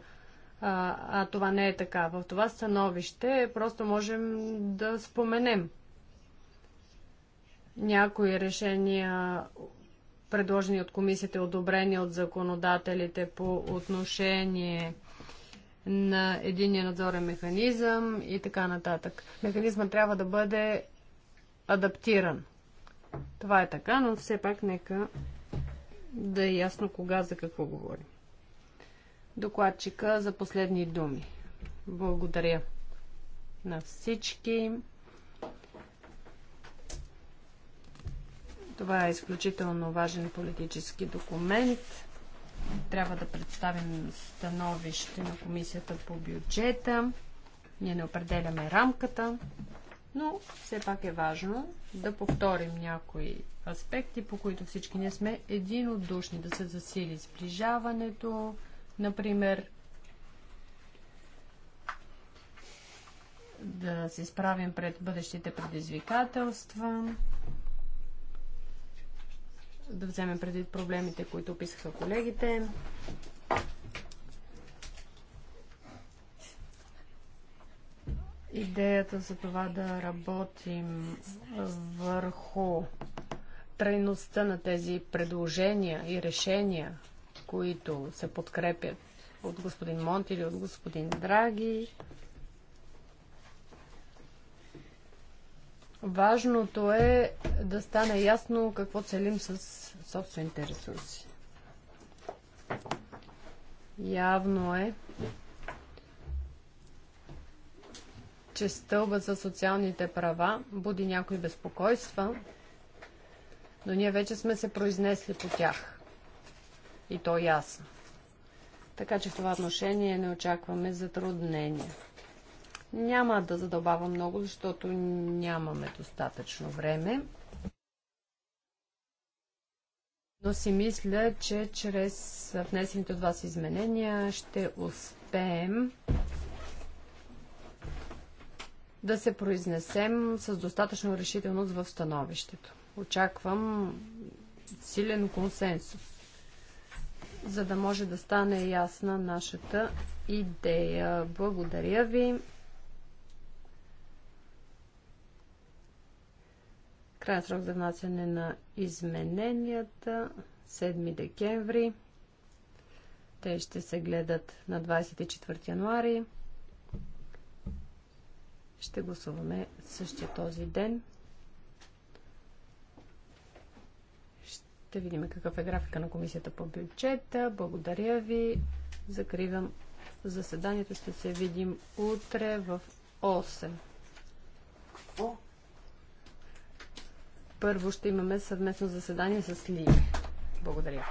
А, а това не е така. В това становище просто можем да споменем някои решения, предложени от комисията, одобрени от законодателите по отношение на единия надзорен механизъм и така нататък. Механизма трябва да бъде адаптиран. Това е така, но все пак нека да е ясно кога за какво говорим. Докладчика за последни думи. Благодаря на всички. Това е изключително важен политически документ. Трябва да представим становище на комисията по бюджета. Ние не определяме рамката, но все пак е важно да повторим някои аспекти, по които всички ние сме единодушни, да се засили сближаването, например, да се справим пред бъдещите предизвикателства, да вземем предвид проблемите, които описаха колегите. Идеята за това да работим върху трайността на тези предложения и решения, които се подкрепят от господин Монт или от господин Драги, Важното е да стане ясно какво целим с собствените ресурси. Явно е, че стълба за социалните права буди някои безпокойства, но ние вече сме се произнесли по тях. И то ясно. Така че в това отношение не очакваме затруднения. Няма да задълбавам много, защото нямаме достатъчно време. Но си мисля, че чрез внесените от вас изменения ще успеем да се произнесем с достатъчно решителност в становището. Очаквам силен консенсус, за да може да стане ясна нашата идея. Благодаря ви. Крайен срок за внасяне на измененията 7 декември. Те ще се гледат на 24 януари. Ще гласуваме същия този ден. Ще видим какъв е графика на комисията по бюджета. Благодаря ви. Закривам заседанието. Ще се видим утре в 8. Първо ще имаме съвместно заседание с Либе. Благодаря.